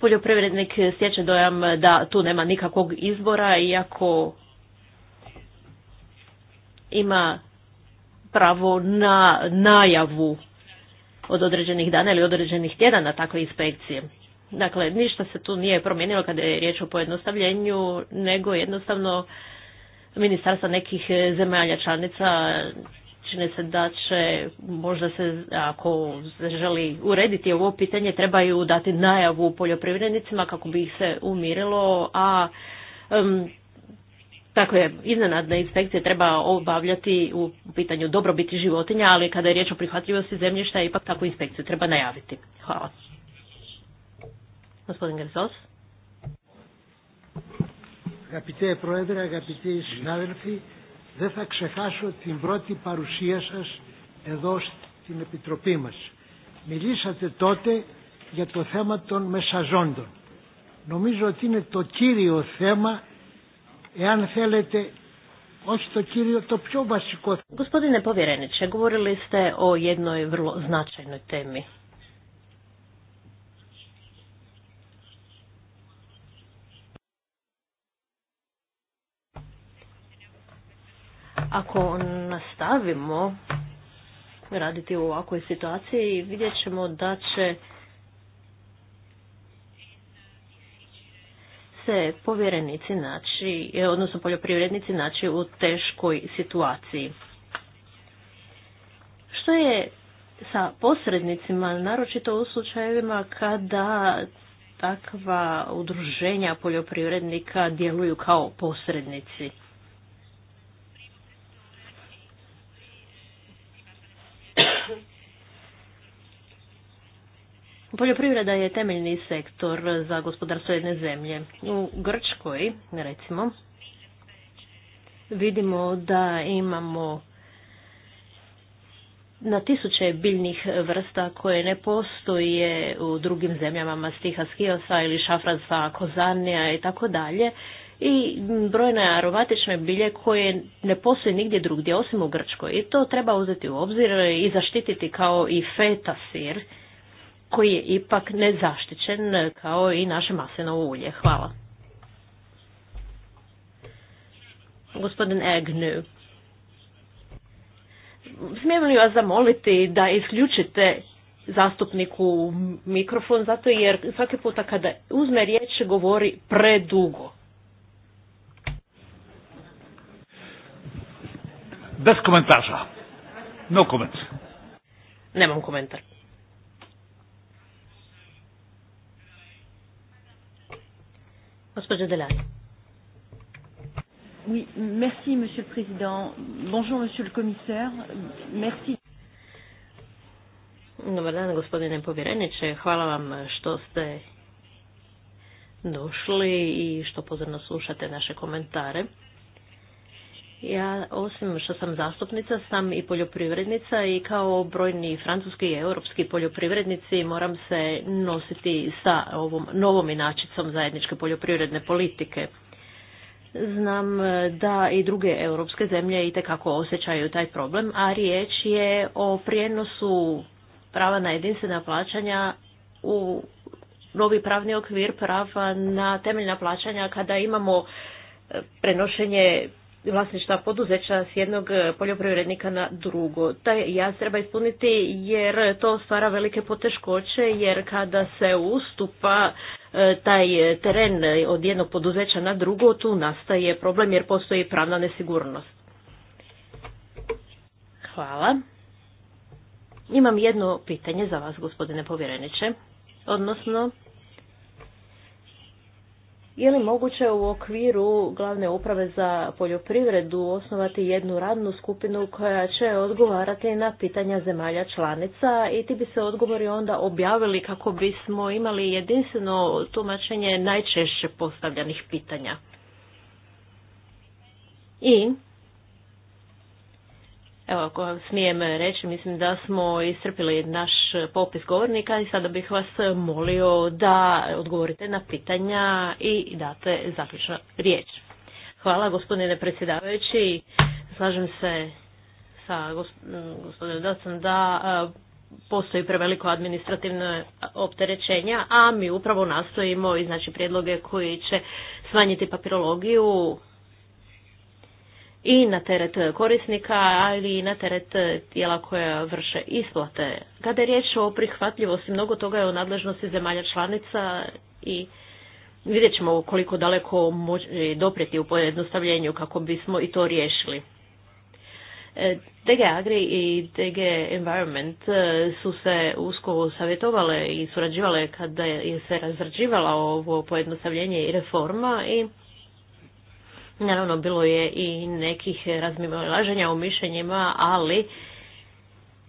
poljoprivrednik stječe dojam da tu nema nikakvog izbora iako ima pravo na najavu od određenih dana ili određenih tjedana takve inspekcije. Dakle, ništa se tu nije promijenilo kada je riječ o pojednostavljenju, nego jednostavno ministarstva nekih zemalja članica čine se da će možda se, ako želi urediti ovo pitanje, trebaju dati najavu poljoprivrednicima kako bi ih se umirilo, a je, iznenadne inspekcije treba obavljati u pitanju dobrobiti životinja, ali kada je riječ o prihvatljivosti zemljišta, ipak takvu inspekciju treba najaviti. Hvala. Gospodin Gersos. Αγαπητέ Πρόεδρε, αγαπητοί συνάδελφοι, δεν θα ξεχάσω την πρώτη παρουσία σας εδώ στην Επιτροπή μας. Μιλήσατε τότε για το θέμα των μεσαζόντων. Νομίζω ότι είναι Gospodine povjereniče, govorili ste o jednoj vrlo značajnoj temi. Ako nastavimo raditi u ovakvoj situaciji, vidjet ćemo da će se povjerenici naći, e, odnosno poljoprivrednici naći u teškoj situaciji. Što je sa posrednicima, naročito u slučajevima kada takva udruženja poljoprivrednika djeluju kao posrednici? Poljoprivreda je temeljni sektor za gospodarstvo jedne zemlje. U Grčkoj, recimo, vidimo da imamo na tisuće biljnih vrsta koje ne postoje u drugim zemljama Stiha skiosa ili šafranska kozanija i tako dalje i brojne aromatične bilje koje ne postoje nigdje drugdje osim u Grčkoj i to treba uzeti u obzir i zaštititi kao i feta sir koji je ipak nezaštićen e, kao i naše maslinovo ulje. Hvala. Gospodin Agnew. Smijem li vas zamoliti da isključite zastupniku mikrofon, zato jer svaki puta kada uzme riječ govori predugo. Bez komentarza. No komentar. Nemam komentar. Gospođa Delari. Oui, merci monsieur le président. Bonjour monsieur le commissaire. Merci. Dobar dan gospodine povjereniče. Hvala vam što ste došli i što pozorno slušate naše komentare. Ja, osim što sam zastupnica, sam i poljoprivrednica i kao brojni francuski i europski poljoprivrednici moram se nositi sa ovom novom inačicom zajedničke poljoprivredne politike. Znam e, da i druge europske zemlje i tekako osjećaju taj problem, a riječ je o prijenosu prava na jedinstvena plaćanja u novi pravni okvir prava na temeljna plaćanja kada imamo e, prenošenje vlasništva poduzeća s jednog e, poljoprivrednika na drugo. Taj jaz treba ispuniti jer to stvara velike poteškoće jer kada se ustupa e, taj teren od jednog poduzeća na drugo tu nastaje problem jer postoji pravna nesigurnost. Hvala. Imam jedno pitanje za vas, gospodine povjereniče, odnosno je li moguće u okviru glavne uprave za poljoprivredu osnovati jednu radnu skupinu koja će odgovarati na pitanja zemalja članica i ti bi se odgovori onda objavili kako bismo imali jedinstveno tumačenje najčešće postavljanih pitanja? I Evo, ako smijem reći, mislim da smo iscrpili naš popis govornika i sada bih vas molio da odgovorite na pitanja i date zaključnu riječ. Hvala gospodine predsjedavajući. Slažem se sa gospodinom Dacom da e, postoji preveliko administrativno opterećenja, a mi upravo nastojimo i znači prijedloge koji će smanjiti papirologiju, i na teret e, korisnika, ali i na teret e, tijela koja vrše isplate. Kada je riječ o prihvatljivosti, mnogo toga je u nadležnosti zemalja članica i vidjet ćemo koliko daleko može doprijeti u pojednostavljenju kako bismo i to riješili. E, DG Agri i DG Environment su se usko savjetovale i surađivale kada je se razrađivala ovo pojednostavljenje i reforma i Naravno, bilo je i nekih razmimoilaženja u mišljenjima, ali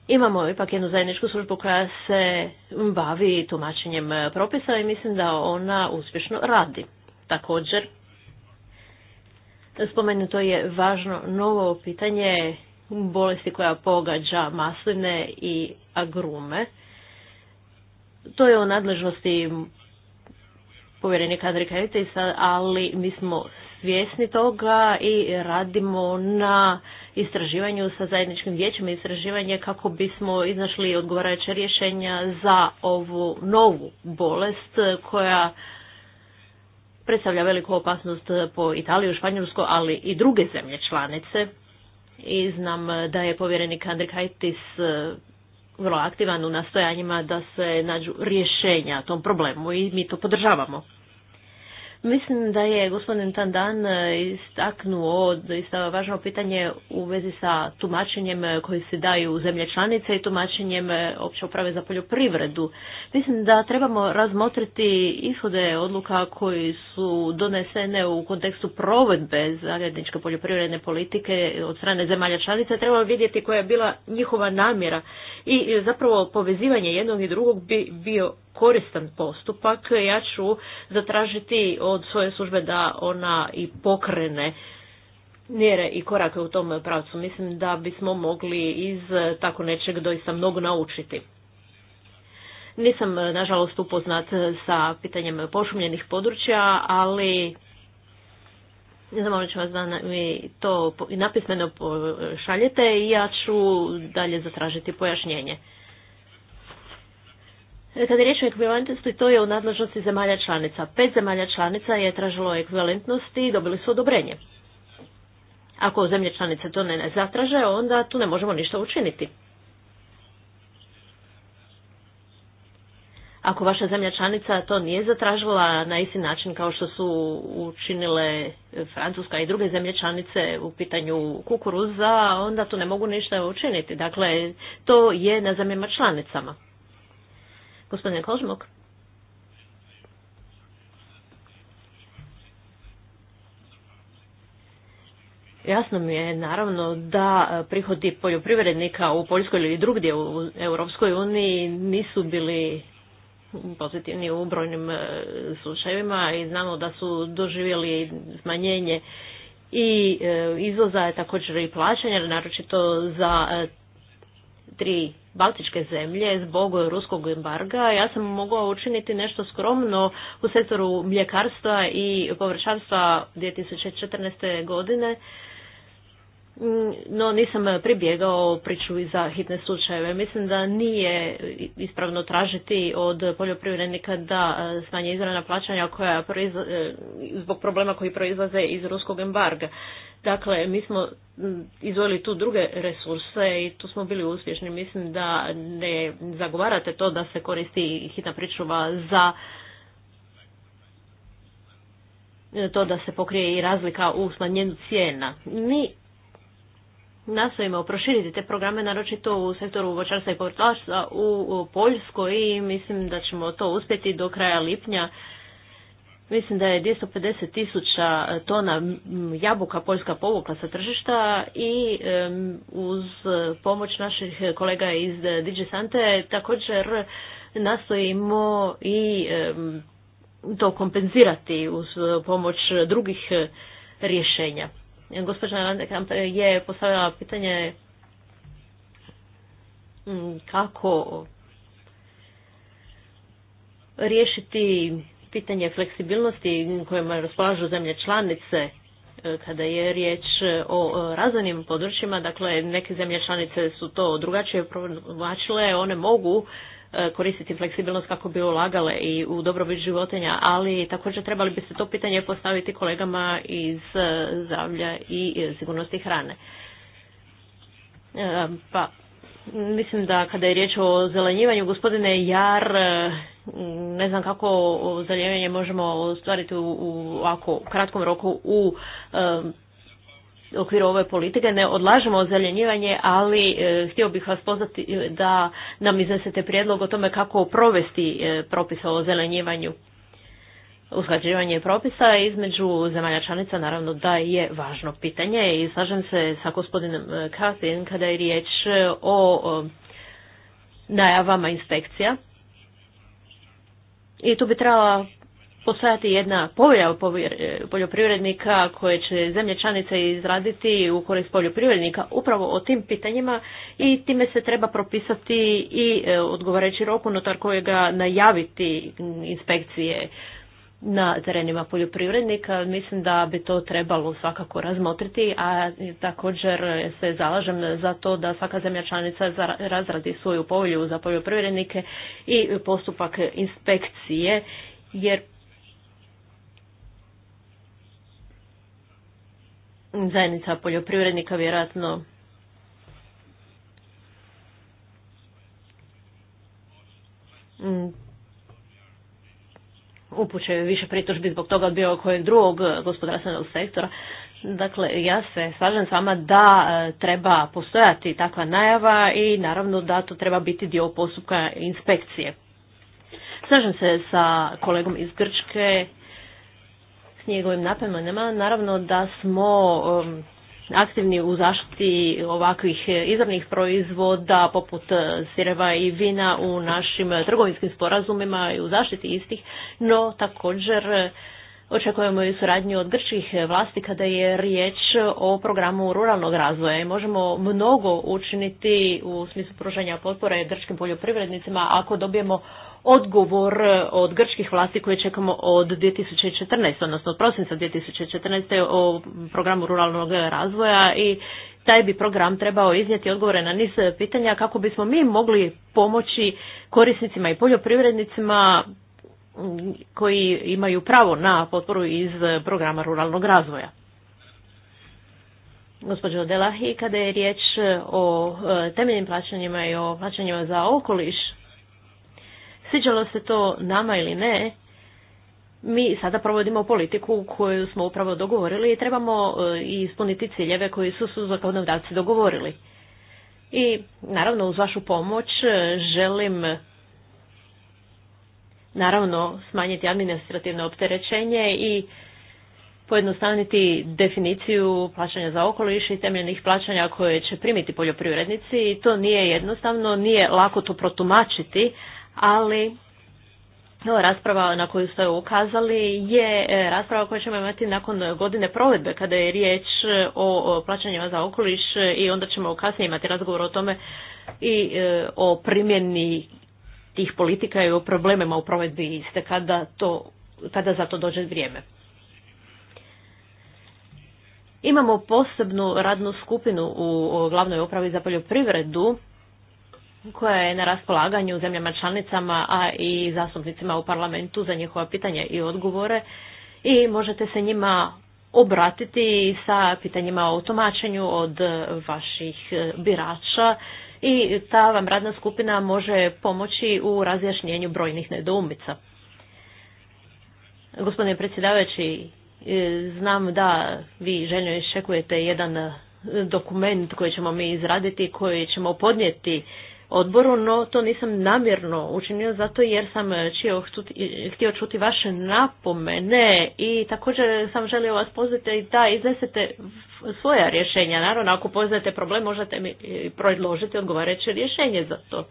imamo ipak jednu zajedničku službu koja se bavi tumačenjem propisa i mislim da ona uspješno radi. Također, spomenuto je važno novo pitanje bolesti koja pogađa masline i agrume. To je o nadležnosti povjerenika Andrika ali mi smo svjesni toga i radimo na istraživanju sa zajedničkim vijećima istraživanje kako bismo iznašli odgovarajuće rješenja za ovu novu bolest koja predstavlja veliku opasnost po Italiju, Španjolsku, ali i druge zemlje članice. I znam da je povjerenik Andrikaitis e, vrlo aktivan u nastojanjima da se nađu rješenja tom problemu i mi to podržavamo. Mislim da je gospodin Tandan e, istaknuo doista važno pitanje u vezi sa tumačenjem e, koji se daju zemlje članice i tumačenjem e, opće uprave za poljoprivredu. Mislim da trebamo razmotriti ishode odluka koji su donesene u kontekstu provedbe zajedničke poljoprivredne politike od strane zemalja članica. Trebamo vidjeti koja je bila njihova namjera i zapravo povezivanje jednog i drugog bi bio koristan postupak. Ja ću zatražiti od od svoje službe da ona i pokrene mjere i korake u tom pravcu. Mislim da bismo mogli iz tako nečeg doista mnogo naučiti. Nisam, nažalost, upoznat sa pitanjem pošumljenih područja, ali zamolit ću vas da mi to i napismeno šaljete i ja ću dalje zatražiti pojašnjenje. Kada je riječ o ekvivalentnosti, to je u nadležnosti zemalja članica. Pet zemalja članica je tražilo ekvivalentnosti i dobili su odobrenje. Ako zemlje članice to ne zatraže, onda tu ne možemo ništa učiniti. Ako vaša zemlja članica to nije zatražila na isti način kao što su učinile Francuska i druge zemlje članice u pitanju kukuruza, onda tu ne mogu ništa učiniti. Dakle, to je na zemljama članicama. Gospodine Kožmok. Jasno mi je naravno da e, prihodi poljoprivrednika u Poljskoj ili drugdje u Europskoj uniji nisu bili pozitivni u brojnim e, slučajevima i znamo da su doživjeli smanjenje i e, izvoza je također i plaćanja, naročito za tri Baltičke zemlje zbog ruskog embarga, ja sam mogla učiniti nešto skromno u sektoru mljekarstva i povrćarstva 2014. godine Mm, no nisam e, pribjegao priču za hitne slučajeve. Mislim da nije ispravno tražiti od poljoprivrednika da e, smanje izravna plaćanja koja proiz e, zbog problema koji proizlaze iz ruskog embarga. Dakle, mi smo mm, izvojili tu druge resurse i tu smo bili uspješni. Mislim da ne zagovarate to da se koristi hitna pričuva za to da se pokrije i razlika u smanjenju cijena. Ni nastojimo proširiti te programe, naročito u sektoru voćarstva i povrtlarstva u Poljskoj i mislim da ćemo to uspjeti do kraja lipnja. Mislim da je 250 tisuća tona jabuka Poljska povukla sa tržišta i uz pomoć naših kolega iz Digisante također nastojimo i to kompenzirati uz pomoć drugih rješenja. Gospođa Landekamp je postavila pitanje mm, kako riješiti pitanje fleksibilnosti kojima raspolažu zemlje članice e, kada je riječ o razvojnim područjima, dakle neke zemlje članice su to drugačije provlačile, one mogu E, koristiti fleksibilnost kako bi ulagale i u dobrobit životinja, ali također trebali bi se to pitanje postaviti kolegama iz e, zdravlja i e, sigurnosti hrane. Pa, mislim da kada je riječ o zelenjivanju, gospodine Jar, ne znam kako zelenjivanje možemo ostvariti u, kratkom roku u okviru ove politike ne odlažemo ozeljenjivanje, ali e, htio bih vas pozvati da nam iznesete prijedlog o tome kako provesti e, propise o ozeljenjivanju Usklađivanje propisa između zemalja članica naravno da je važno pitanje i slažem se sa gospodinom Kasin e, kada je riječ e, o, o najavama inspekcija. I tu bi trebala postojati jedna povelja poljoprivrednika koje će zemlje članice izraditi u korist poljoprivrednika upravo o tim pitanjima i time se treba propisati i e, odgovarajući rok unutar kojega najaviti inspekcije na terenima poljoprivrednika. Mislim da bi to trebalo svakako razmotriti, a također se zalažem za to da svaka zemlja članica razradi svoju povolju za poljoprivrednike i postupak inspekcije, jer zajednica poljoprivrednika vjerojatno mm. upuće više pritužbi zbog toga bio bilo kojeg drugog gospodarstvenog sektora. Dakle, ja se slažem s vama da e, treba postojati takva najava i naravno da to treba biti dio postupka inspekcije. Slažem se sa kolegom iz Grčke njegovim napomenama. Naravno da smo um, aktivni u zaštiti ovakvih izravnih proizvoda poput sireva i vina u našim trgovinskim sporazumima i u zaštiti istih, no također očekujemo i suradnju od grčkih vlasti kada je riječ o programu ruralnog razvoja i možemo mnogo učiniti u smislu pružanja potpore grčkim poljoprivrednicima ako dobijemo odgovor e, od grčkih vlasti koje čekamo od 2014. odnosno od prosinca 2014. o programu ruralnog razvoja i taj bi program trebao iznijeti odgovore na niz pitanja kako bismo mi mogli pomoći korisnicima i poljoprivrednicima mm, koji imaju pravo na potporu iz programa ruralnog razvoja. Gospođo Delahi, kada je riječ o e, temeljnim plaćanjima i o plaćanjima za okoliš, Sviđalo se to nama ili ne, mi sada provodimo politiku koju smo upravo dogovorili i trebamo e, ispuniti ciljeve koji su su zakonodavci dogovorili. I naravno uz vašu pomoć e, želim naravno smanjiti administrativno opterećenje i pojednostavniti definiciju plaćanja za okoliš i temeljnih plaćanja koje će primiti poljoprivrednici i to nije jednostavno, nije lako to protumačiti, ali no rasprava na koju ste ukazali je e, rasprava koju ćemo imati nakon godine provedbe kada je riječ e, o plaćanjima za okoliš e, i onda ćemo kasnije imati razgovor o tome i o primjeni tih politika i o problemima u provedbi iste kada, to, kada za to dođe vrijeme. Imamo posebnu radnu skupinu u glavnoj upravi za poljoprivredu koja je na raspolaganju zemljama članicama, a i zastupnicima u parlamentu za njihova pitanja i odgovore i možete se njima obratiti sa pitanjima o tumačenju od vaših e, birača i ta vam radna skupina može pomoći u razjašnjenju brojnih nedoumica. Gospodine predsjedavajući, e, znam da vi željno iščekujete jedan e, dokument koji ćemo mi izraditi, koji ćemo podnijeti odboru, no to nisam namjerno učinio zato jer sam eh, eh, htio čuti vaše napomene i također sam želio vas pozvati da iznesete svoja rješenja. Naravno, ako poznajete problem, možete mi eh, predložiti odgovarajuće rješenje za to.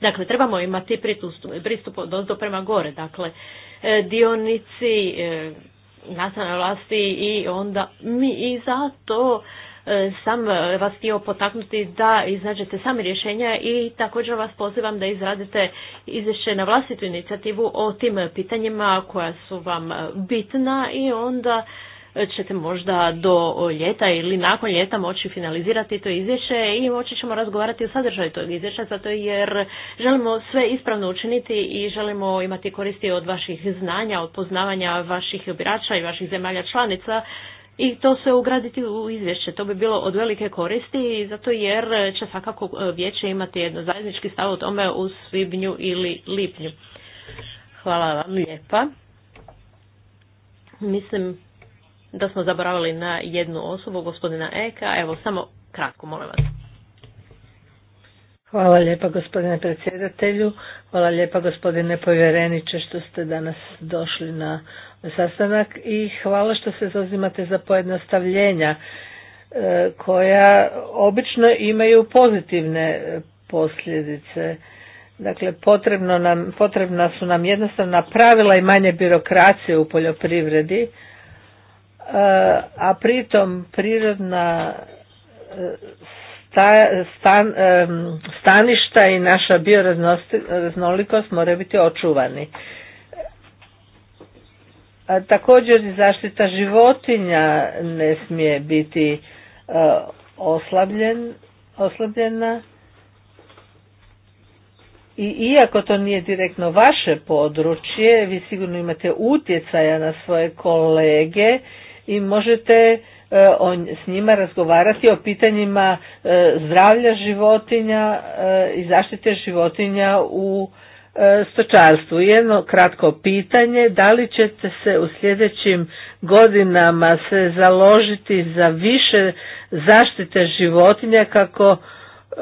Dakle, trebamo imati pristup od ozdo prema gore. Dakle, dionici nacionalne vlasti i onda mi i zato sam e, vas htio potaknuti da iznađete sami rješenja i također vas pozivam da izradite izvješće na vlastitu inicijativu o tim pitanjima koja su vam bitna i onda ćete možda do ljeta ili nakon ljeta moći finalizirati to izvješće i moći ćemo razgovarati o sadržaju tog izvješća zato jer želimo sve ispravno učiniti i želimo imati koristi od vaših znanja, od poznavanja vaših birača i vaših zemalja članica i to se ugraditi u izvješće. To bi bilo od velike koristi zato jer će svakako e, vijeće imati jedno zajednički stav o tome u svibnju ili lipnju. Hvala vam lijepa. Mislim da smo zaboravili na jednu osobu, gospodina Eka. Evo, samo kratko, molim vas. Hvala lijepa gospodine predsjedatelju, hvala lijepa gospodine povjereniče što ste danas došli na sastanak i hvala što se zauzimate za pojednostavljenja e, koja obično imaju pozitivne e, posljedice. Dakle, potrebno nam, potrebna su nam jednostavna pravila i manje birokracije u poljoprivredi, e, a pritom prirodna stan, staništa i naša bioraznolikost moraju biti očuvani. A također zaštita životinja ne smije biti e, oslabljen, oslabljena. I iako to nije direktno vaše područje, vi sigurno imate utjecaja na svoje kolege i možete e, s njima razgovarati o pitanjima e, zdravlja životinja i zaštite životinja u stočarstvu. Jedno kratko pitanje, da li ćete se u sljedećim godinama se založiti za više zaštite životinja kako e,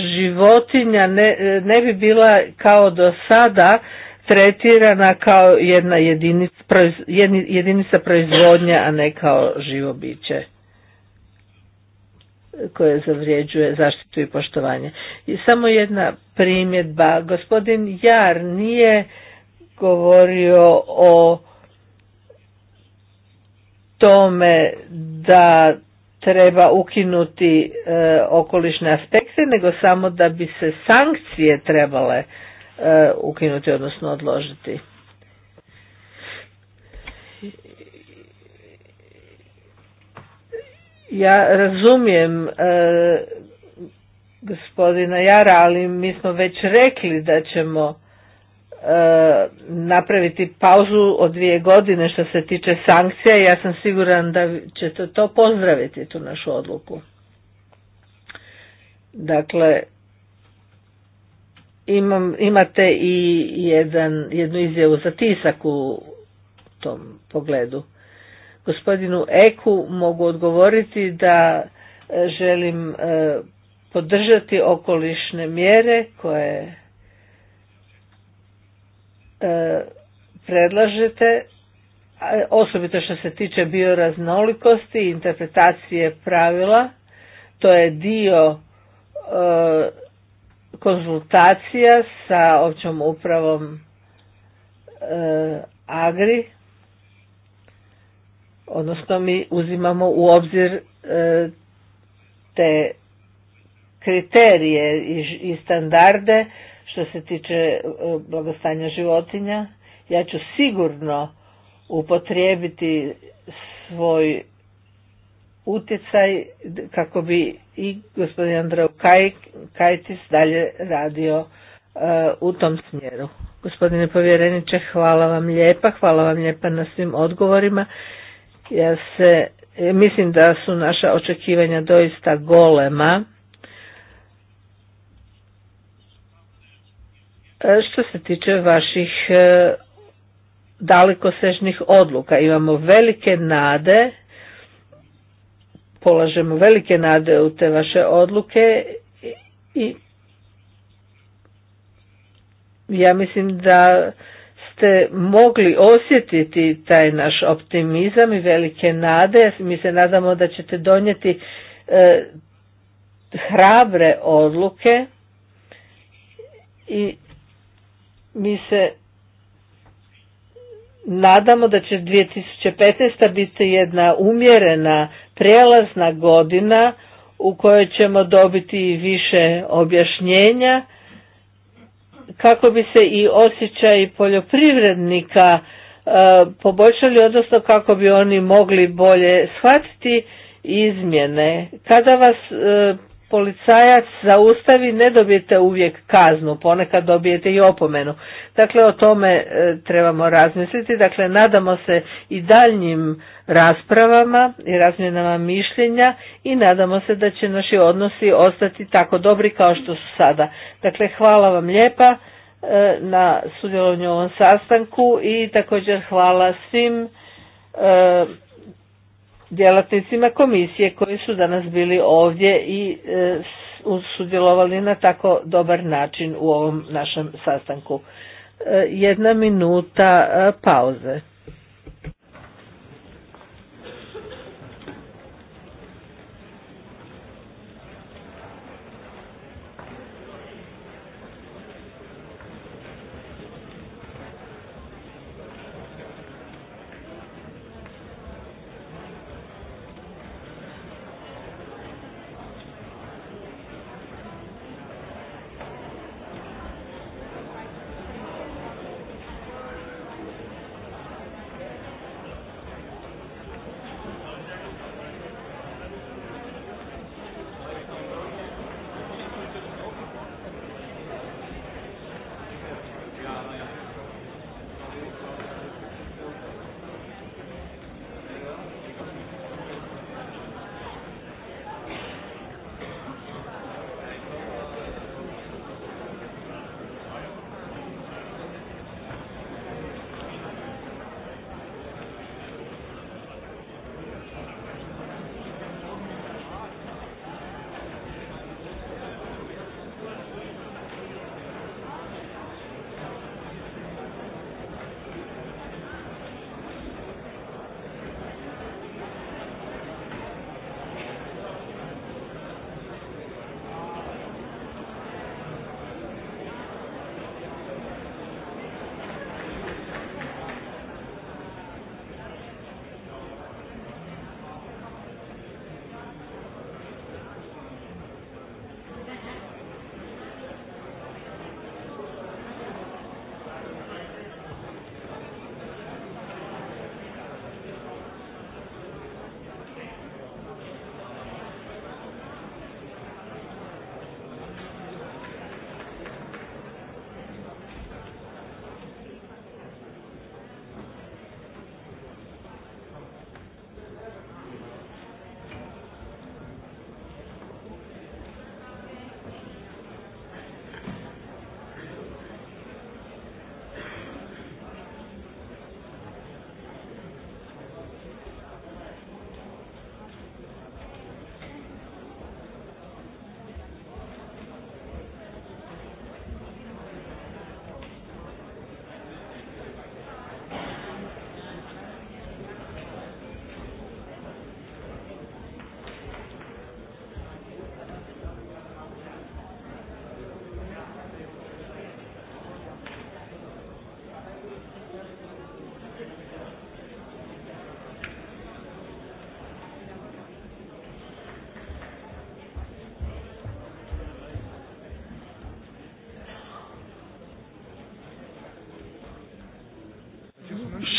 životinja ne, bi bila kao do sada tretirana kao jedna jedinica, jedinica proizvodnja, a ne kao živo biće koje zavrijeđuje zaštitu i poštovanje. I samo jedna primjedba, gospodin Jar nije govorio o tome da treba ukinuti e, okolišne aspekte, nego samo da bi se sankcije trebale e, ukinuti, odnosno odložiti. Ja razumijem e, gospodina Jara, ali mi smo već rekli da ćemo e, napraviti pauzu od dvije godine što se tiče sankcija i ja sam siguran da ćete to pozdraviti, tu našu odluku. Dakle, imam, imate i jedan, jednu izjavu za tisak u tom pogledu gospodinu Eku mogu odgovoriti da e, želim e, podržati okolišne mjere koje e, predlažete, osobito što se tiče bioraznolikosti i interpretacije pravila, to je dio konzultacija sa općom upravom Agri odnosno mi uzimamo u obzir e, te kriterije i standarde što se tiče e, blagostanja životinja. Ja ću sigurno upotrijebiti svoj utjecaj kako bi i gospodin Andrej Kajtis dalje radio e, u tom smjeru. Gospodine povjereniče, hvala vam lijepa, hvala vam lijepa na svim odgovorima. Ja se mislim da su naša očekivanja doista golema. E, što se tiče vaših e, dalekosežnih odluka, imamo velike nade, polažemo velike nade u te vaše odluke i ja mislim da ste mogli osjetiti taj naš optimizam i velike nade. Mi se nadamo da ćete donijeti e, hrabre odluke i mi se nadamo da će 2015. biti jedna umjerena prijelazna godina u kojoj ćemo dobiti više objašnjenja kako bi se i osjećaj poljoprivrednika e, poboljšali, odnosno kako bi oni mogli bolje shvatiti izmjene. Kada vas e, policajac zaustavi, ne dobijete uvijek kaznu, ponekad dobijete i opomenu. Dakle, o tome e, trebamo razmisliti. Dakle, nadamo se i daljnjim raspravama i razmjenama mišljenja i nadamo se da će naši odnosi ostati tako dobri kao što su sada. Dakle, hvala vam lijepa. E, na sudjelovanju u ovom sastanku i također hvala svim e, djelatnicima komisije koji su danas bili ovdje i e, sudjelovali na tako dobar način u ovom našem sastanku. Jedna minuta pauze.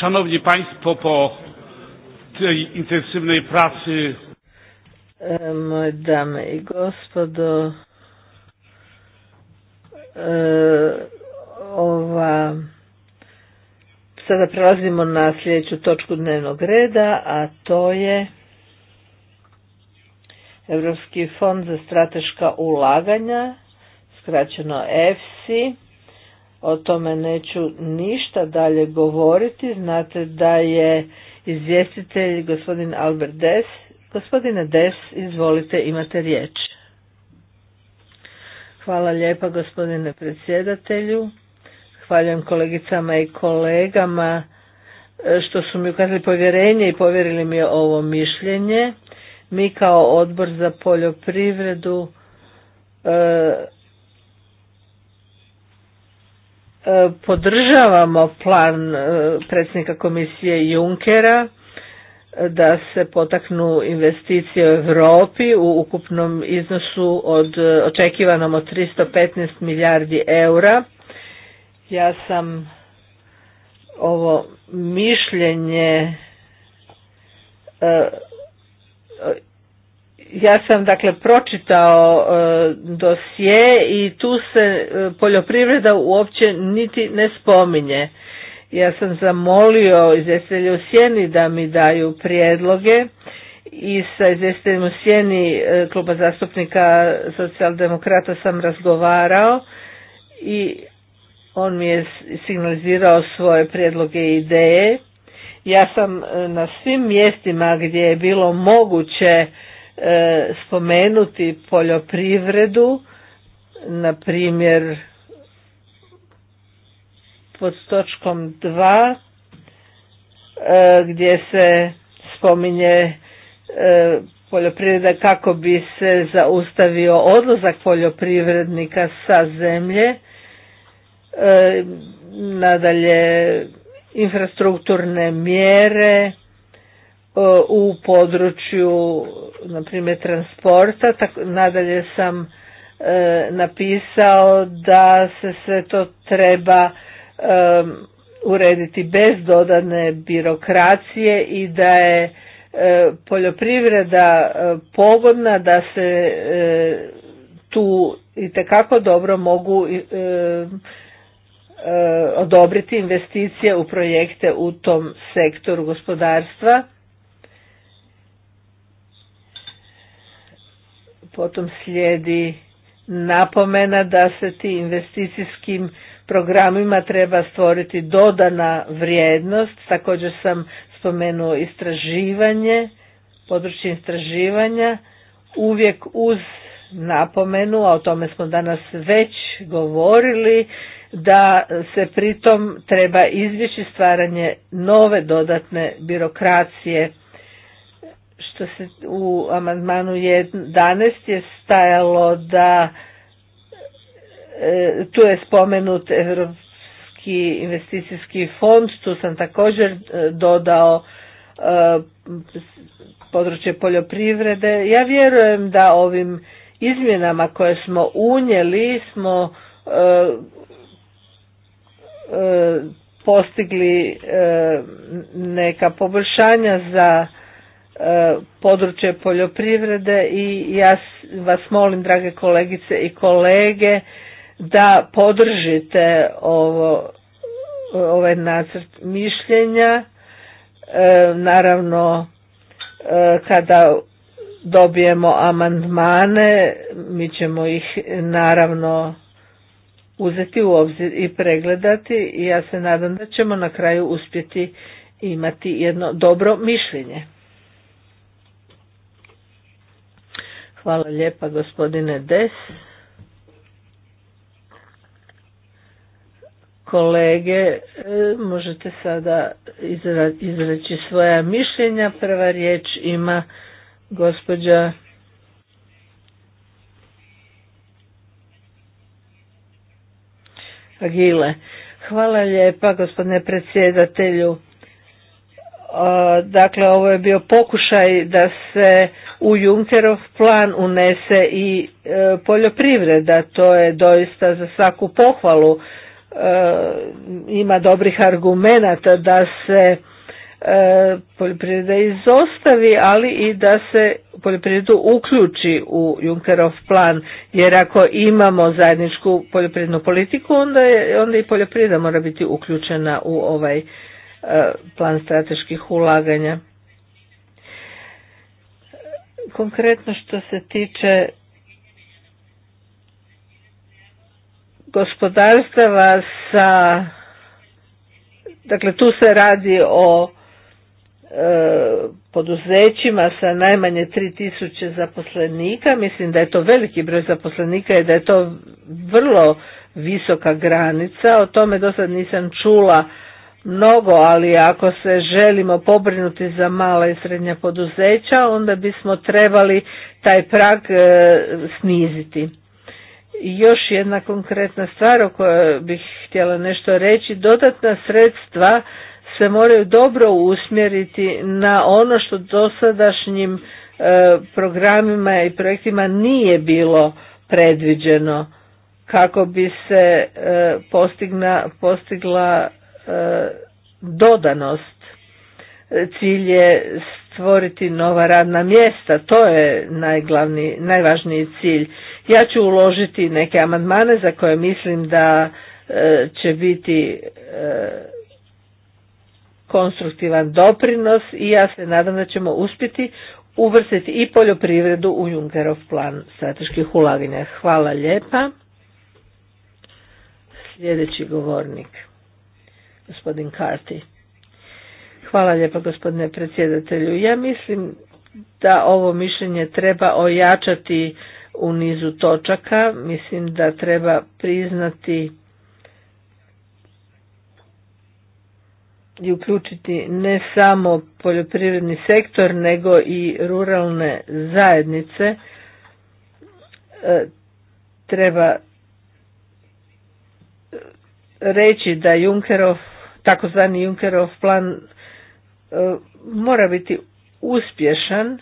Szanowni Państwo, po tej intensywnej pracy. E, moje damy i gospodo, e, ova, sada prelazimo na sljedeću točku dnevnog reda, a to je Europski fond za strateška ulaganja, skraćeno EFSI o tome neću ništa dalje govoriti. Znate da je izvjestitelj gospodin Albert Des. Gospodine Des, izvolite, imate riječ. Hvala lijepa gospodine predsjedatelju. Hvaljujem kolegicama i kolegama e, što su mi ukazali povjerenje i povjerili mi ovo mišljenje. Mi kao odbor za poljoprivredu e, podržavamo plan e, predsjednika komisije Junkera e, da se potaknu investicije u Europi u ukupnom iznosu od e, očekivanom od 315 milijardi eura. Ja sam ovo mišljenje ja sam dakle pročitao e, dosje i tu se e, poljoprivreda uopće niti ne spominje. Ja sam zamolio izvjestitelje u Sjeni da mi daju prijedloge i sa izvjestiteljem u Sjeni e, kluba zastupnika socijaldemokrata sam razgovarao i on mi je signalizirao svoje prijedloge i ideje. Ja sam na svim mjestima gdje je bilo moguće E, spomenuti poljoprivredu, na primjer pod točkom 2 e, gdje se spominje e, poljoprivreda kako bi se zaustavio odlazak poljoprivrednika sa zemlje. Nadalje infrastrukturne mjere E, u području na primjer transporta nadalje sam e, napisao da se sve to treba e, urediti bez dodane birokracije i da je poljoprivreda pogodna da se tu itekako dobro mogu odobriti investicije u projekte u tom sektoru gospodarstva Potom slijedi napomena da se ti investicijskim programima treba stvoriti dodana vrijednost. Također sam spomenuo istraživanje, područje istraživanja, uvijek uz napomenu, a o tome smo danas već govorili, da se pritom treba izvjeći stvaranje nove dodatne birokracije što se u amandmanu 11 je stajalo da e, tu je spomenut Europski investicijski fond, tu sam također e, dodao e, područje poljoprivrede. Ja vjerujem da ovim izmjenama koje smo unijeli smo postigli neka poboljšanja za E, područje poljoprivrede i ja vas molim drage kolegice i kolege da podržite ovo, ovaj nacrt mišljenja. E, naravno e, kada dobijemo amandmane mi ćemo ih naravno uzeti u obzir i pregledati i ja se nadam da ćemo na kraju uspjeti imati jedno dobro mišljenje. Hvala lijepa gospodine Des. Kolege, e, možete sada izreći svoja mišljenja. Prva riječ ima gospođa Agile. Hvala lijepa gospodine predsjedatelju. E, dakle, ovo je bio pokušaj da se u Junkerov plan unese i e, poljoprivreda. To je doista za svaku pohvalu. E, ima dobrih argumenata da se e, poljoprivreda izostavi, ali i da se poljoprivredu uključi u Junkerov plan, jer ako imamo zajedničku poljoprivrednu politiku, onda, je, onda i poljoprivreda mora biti uključena u ovaj plan strateških ulaganja. Konkretno što se tiče gospodarstava sa dakle tu se radi o e, poduzećima sa najmanje 3000 zaposlenika mislim da je to veliki broj zaposlenika i da je to vrlo visoka granica o tome do sad nisam čula mnogo, ali ako se želimo pobrinuti za mala i srednja poduzeća, onda bismo trebali taj prag e, sniziti. Još jedna konkretna stvar o kojoj bih htjela nešto reći, dodatna sredstva se moraju dobro usmjeriti na ono što dosadašnjim e, programima i projektima nije bilo predviđeno kako bi se e, postigla E, dodanost. E, cilj je stvoriti nova radna mjesta, to je najglavni, najvažniji cilj. Ja ću uložiti neke amandmane za koje mislim da e, će biti konstruktivan doprinos i ja se nadam da ćemo uspjeti uvrstiti i poljoprivredu u Junkerov plan strateških ulaganja. Hvala lijepa. Sljedeći govornik gospodin Karti. Hvala lijepa gospodine predsjedatelju. Ja mislim da ovo mišljenje treba ojačati u nizu točaka. Mislim da treba priznati i uključiti ne samo poljoprivredni sektor nego i ruralne zajednice. E, treba reći da Junkerov takozvani Junckerov plan e, mora biti uspješan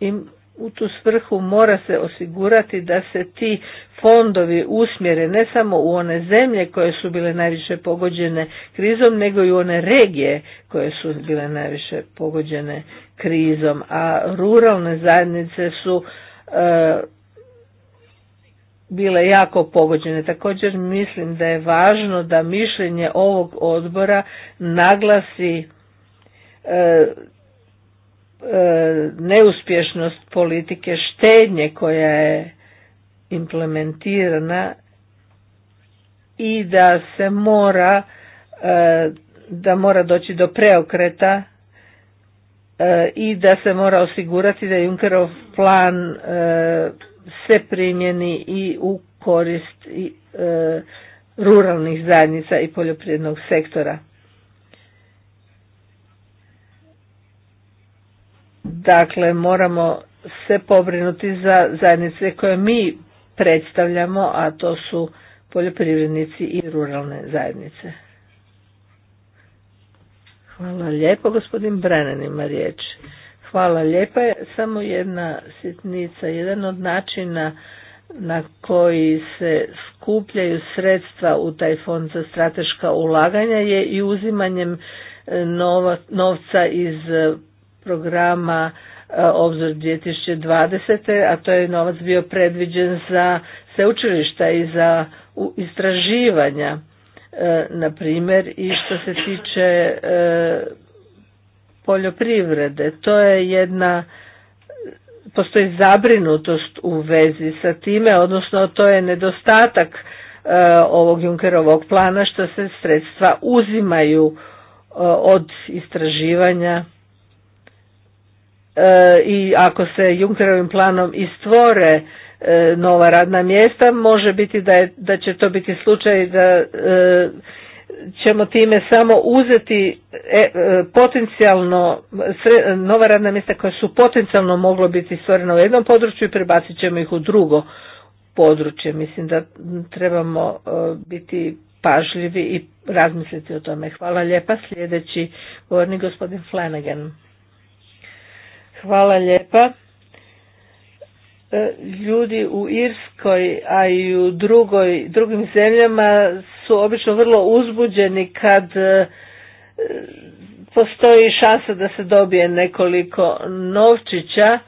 i u tu svrhu mora se osigurati da se ti fondovi usmjere ne samo u one zemlje koje su bile najviše pogođene krizom, nego i u one regije koje su bile najviše pogođene krizom, a ruralne zajednice su e, bile jako pogođene. Također mislim da je važno da mišljenje ovog odbora naglasi e, e, neuspješnost politike štednje koja je implementirana i da se mora e, da mora doći do preokreta e, i da se mora osigurati da Junkerov plan e, se primjeni i u korist i, e, ruralnih zajednica i poljoprivrednog sektora. Dakle, moramo se pobrinuti za zajednice koje mi predstavljamo, a to su poljoprivrednici i ruralne zajednice. Hvala lijepo, gospodin Brennan ima riječ. Hvala lijepa. Samo jedna sitnica, jedan od načina na koji se skupljaju sredstva u taj fond za strateška ulaganja je i uzimanjem e, novca iz e, programa e, Obzor 2020. a to je novac bio predviđen za sveučilišta i za istraživanja, na primjer, i što se tiče poljoprivrede. To je jedna, postoji zabrinutost u vezi sa time, odnosno to je nedostatak e, ovog Junkerovog plana što se sredstva uzimaju e, od istraživanja e, i ako se Junkerovim planom istvore nova radna mjesta, može biti da, je, da će to biti slučaj da ćemo time samo uzeti e, e, potencijalno nova radna mjesta koja su potencijalno moglo biti stvorena u jednom području i prebacit ćemo ih u drugo područje. Mislim da trebamo e, biti pažljivi i razmisliti o tome. Hvala lijepa. Sljedeći govornik gospodin Flanagan. Hvala lijepa. Ljudi u Irskoj, a i u drugoj, drugim zemljama su obično vrlo uzbuđeni kad e, postoji šansa da se dobije nekoliko novčića.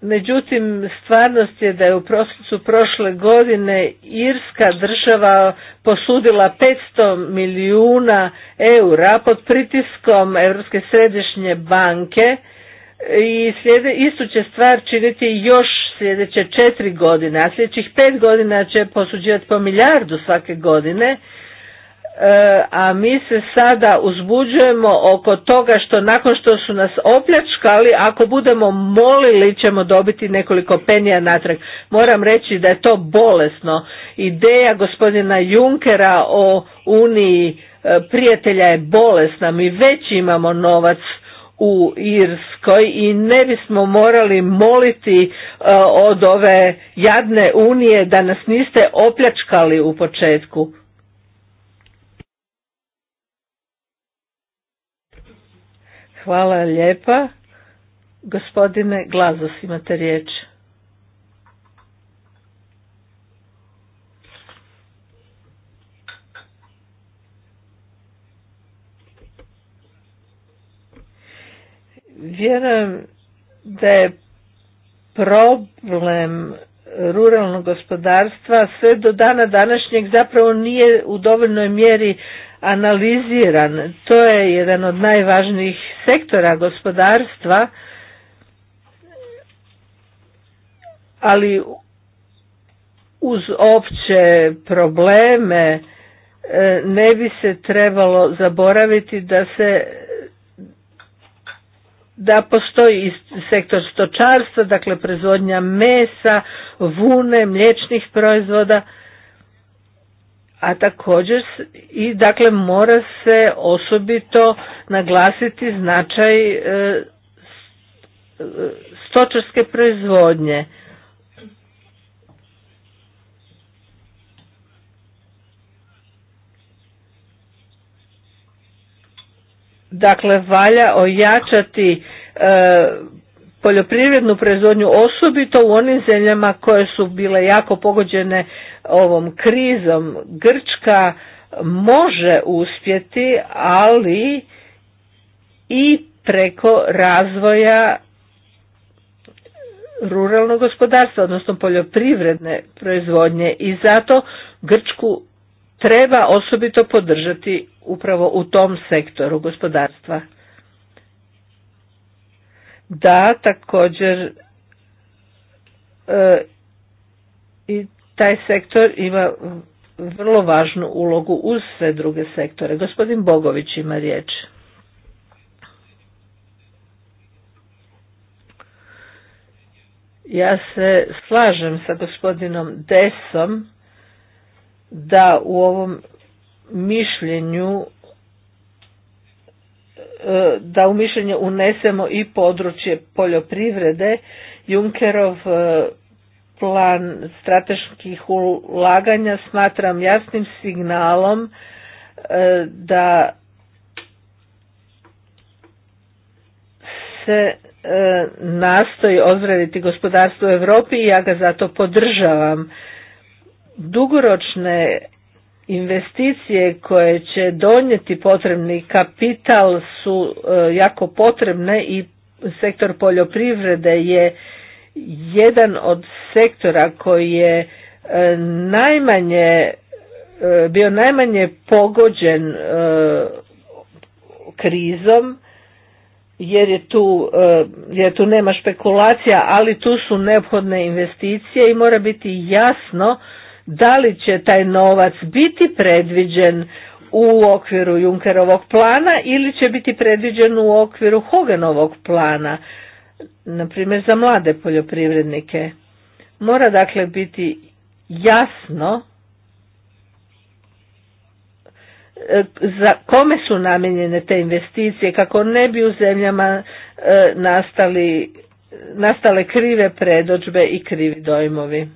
Međutim, stvarnost je da je u prosincu prošle godine Irska država posudila 500 milijuna eura pod pritiskom Europske središnje banke i slijede, istu će stvar činiti još sljedeće četiri godine, a sljedećih pet godina će posuđivati po milijardu svake godine, e, a mi se sada uzbuđujemo oko toga što nakon što su nas opljačkali, ako budemo molili ćemo dobiti nekoliko penija natrag. Moram reći da je to bolesno. Ideja gospodina Junkera o Uniji e, prijatelja je bolesna. Mi već imamo novac u Irskoj i ne bismo morali moliti e, od ove jadne unije da nas niste opljačkali u početku. Hvala lijepa. Gospodine Glazos imate riječ. Vjerujem da je problem ruralnog gospodarstva sve do dana današnjeg zapravo nije u dovoljnoj mjeri analiziran. To je jedan od najvažnijih sektora gospodarstva, ali uz opće probleme e, ne bi se trebalo zaboraviti da se da postoji sektor stočarstva, dakle proizvodnja mesa, vune, mliječnih proizvoda, a također i dakle mora se osobito naglasiti značaj e, e, stočarske proizvodnje. Dakle, valja ojačati e, poljoprivrednu proizvodnju osobito u onim zemljama koje su bile jako pogođene ovom krizom. Grčka može uspjeti, ali i preko razvoja ruralnog gospodarstva, odnosno poljoprivredne proizvodnje i zato Grčku treba osobito podržati upravo u tom sektoru gospodarstva. Da, također e, i taj sektor ima vrlo važnu ulogu uz sve druge sektore. Gospodin Bogović ima riječ. Ja se slažem sa gospodinom Desom da u ovom mišljenju e, da u mišljenje unesemo i područje poljoprivrede. Junkerov e, plan strateških ulaganja smatram jasnim signalom e, da se nastoji ozdraviti gospodarstvo u Europi i ja ga zato podržavam. Dugoročne investicije koje će donijeti potrebni kapital su e, jako potrebne i sektor poljoprivrede je jedan od sektora koji je e, najmanje e, bio najmanje pogođen krizom jer je tu, jer tu nema špekulacija, ali tu su neophodne investicije i mora biti jasno da li će taj novac biti predviđen u okviru Junkerovog plana ili će biti predviđen u okviru Hoganovog plana, na primjer za mlade poljoprivrednike. Mora dakle biti jasno e, za kome su namijenjene te investicije kako ne bi u zemljama e, nastali, nastale krive predođbe i krivi dojmovi.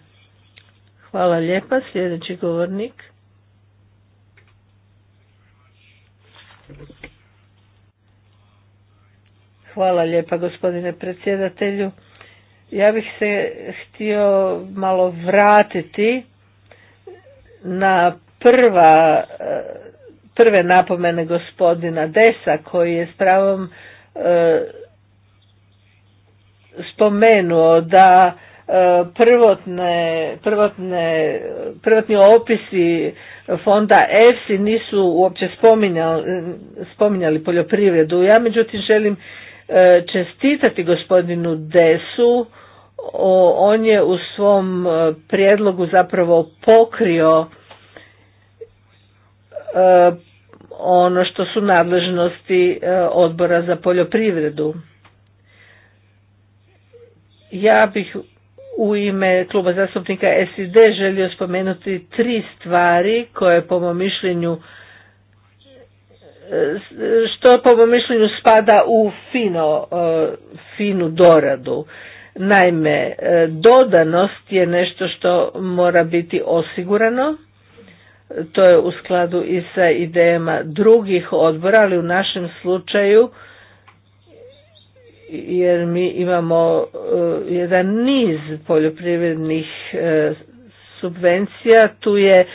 Hvala lijepa. Sljedeći govornik. Hvala lijepa gospodine predsjedatelju. Ja bih se htio malo vratiti na prva, prve napomene gospodina Desa koji je s pravom e, spomenuo da prvotne, prvotne, prvotni opisi fonda EFSI nisu uopće spominjali, spominjali poljoprivredu. Ja međutim želim e, čestitati gospodinu Desu, on je u svom e, prijedlogu zapravo pokrio e, ono što su nadležnosti odbora za poljoprivredu. Ja bih u ime kluba zastupnika SID želio spomenuti tri stvari koje po mom mišljenju što po mom mišljenju spada u fino, e, finu doradu. Naime, e, dodanost je nešto što mora biti osigurano, to je u skladu i sa idejama drugih odbora, ali u našem slučaju jer mi imamo e, jedan niz poljoprivrednih e, subvencija, tu je e,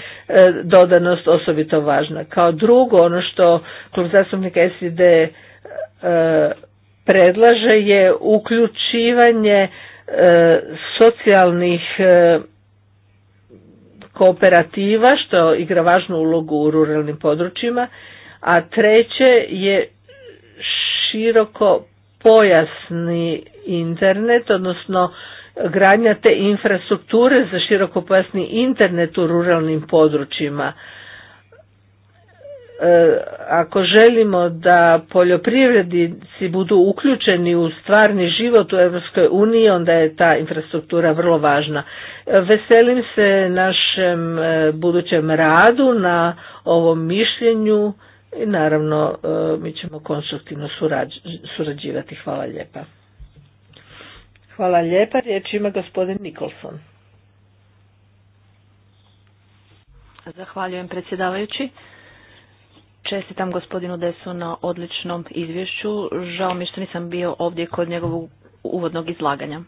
dodanost osobito važna. Kao drugo, ono što klub zastupnika SID predlaže je uključivanje socijalnih kooperativa što igra važnu ulogu u ruralnim područjima, a treće je široko pojasni internet, odnosno gradnja te infrastrukture za širokopojasni internet u ruralnim područjima. E, ako želimo da poljoprivrednici budu uključeni u stvarni život u Europskoj uniji, onda je ta infrastruktura vrlo važna. veselim se našem e, budućem radu na ovom mišljenju i naravno e, mi ćemo konstruktivno surađivati. Hvala lijepa. Hvala lijepa. Riječ ima gospodin Nikolson. Zahvaljujem predsjedavajući. Čestitam gospodinu Desu na odličnom izvješću. Žao mi što nisam bio ovdje kod njegovog uvodnog izlaganja.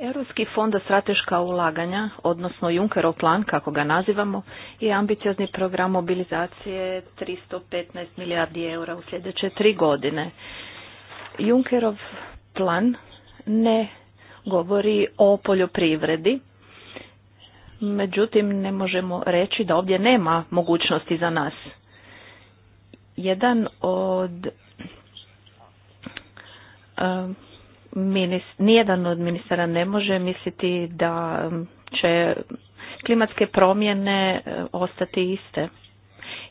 Europski fond za strateška ulaganja, odnosno Junckerov plan, kako ga nazivamo, je ambiciozni program mobilizacije 315 milijardi eura u sljedeće tri godine. Junckerov plan ne govori o poljoprivredi, međutim ne možemo reći da ovdje nema mogućnosti za nas. Jedan od eh, nijedan od ministara ne može misliti da um, će klimatske promjene uh, ostati iste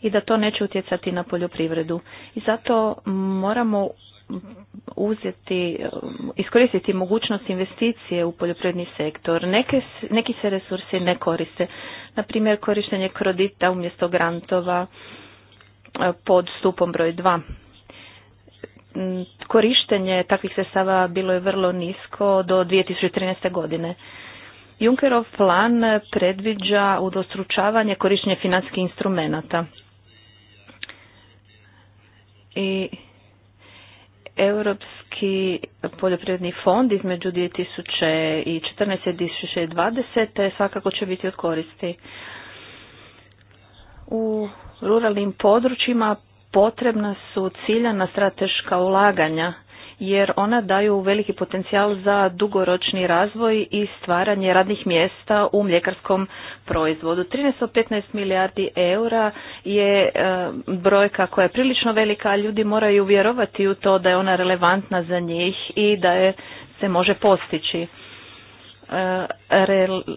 i da to neće utjecati na poljoprivredu. I zato moramo uzeti, um, iskoristiti mogućnost investicije u poljoprivredni sektor. neki se resursi ne koriste. Na korištenje kredita umjesto grantova uh, pod stupom broj dva. Mm, korištenje takvih sredstava bilo je vrlo nisko do 2013. godine. Junckerov plan predviđa udostručavanje korištenja financijskih instrumenata. I Europski poljoprivredni fond između 2014. i 2020. svakako će biti od koristi. U ruralnim područjima potrebna su ciljana strateška ulaganja jer ona daju veliki potencijal za dugoročni razvoj i stvaranje radnih mjesta u mljekarskom proizvodu. 13-15 milijardi eura je e, brojka koja je prilično velika, a ljudi moraju vjerovati u to da je ona relevantna za njih i da je se može postići. E,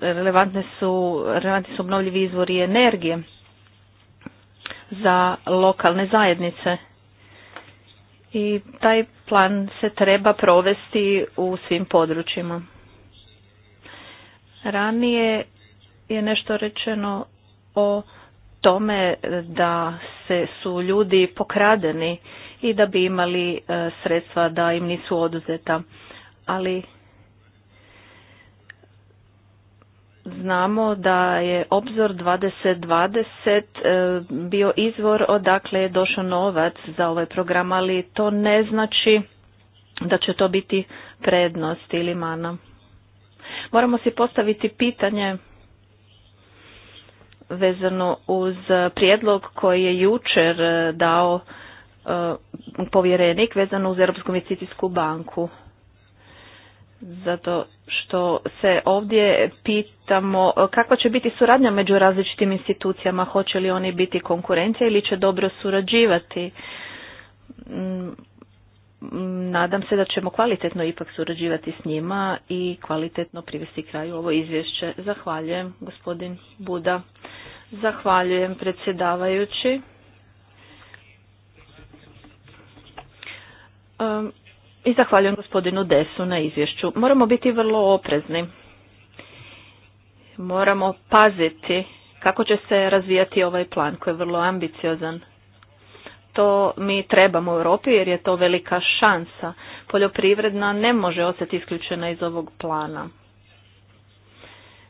relevantne su, relevantni su obnovljivi izvori energije za lokalne zajednice. I taj plan se treba provesti u svim područjima. Ranije je nešto rečeno o tome da se su ljudi pokradeni i da bi imali e, sredstva da im nisu oduzeta. Ali znamo da je obzor 2020 e, bio izvor odakle je došao novac za ovaj program, ali to ne znači da će to biti prednost ili mana. Moramo si postaviti pitanje vezano uz prijedlog koji je jučer e, dao e, povjerenik vezano uz Europsku investicijsku banku. Zato što se ovdje pitamo e, kakva će biti suradnja među različitim institucijama, hoće li oni biti konkurencija ili će dobro surađivati. Mm, mm, nadam se da ćemo kvalitetno ipak surađivati s njima i kvalitetno privesti kraju ovo izvješće. Zahvaljujem gospodin Buda. Zahvaljujem predsjedavajući. I zahvaljujem gospodinu Desu na izvješću. Moramo biti vrlo oprezni. Moramo paziti kako će se razvijati ovaj plan koji je vrlo ambiciozan. To mi trebamo u Europi jer je to velika šansa. Poljoprivredna ne može ostati isključena iz ovog plana.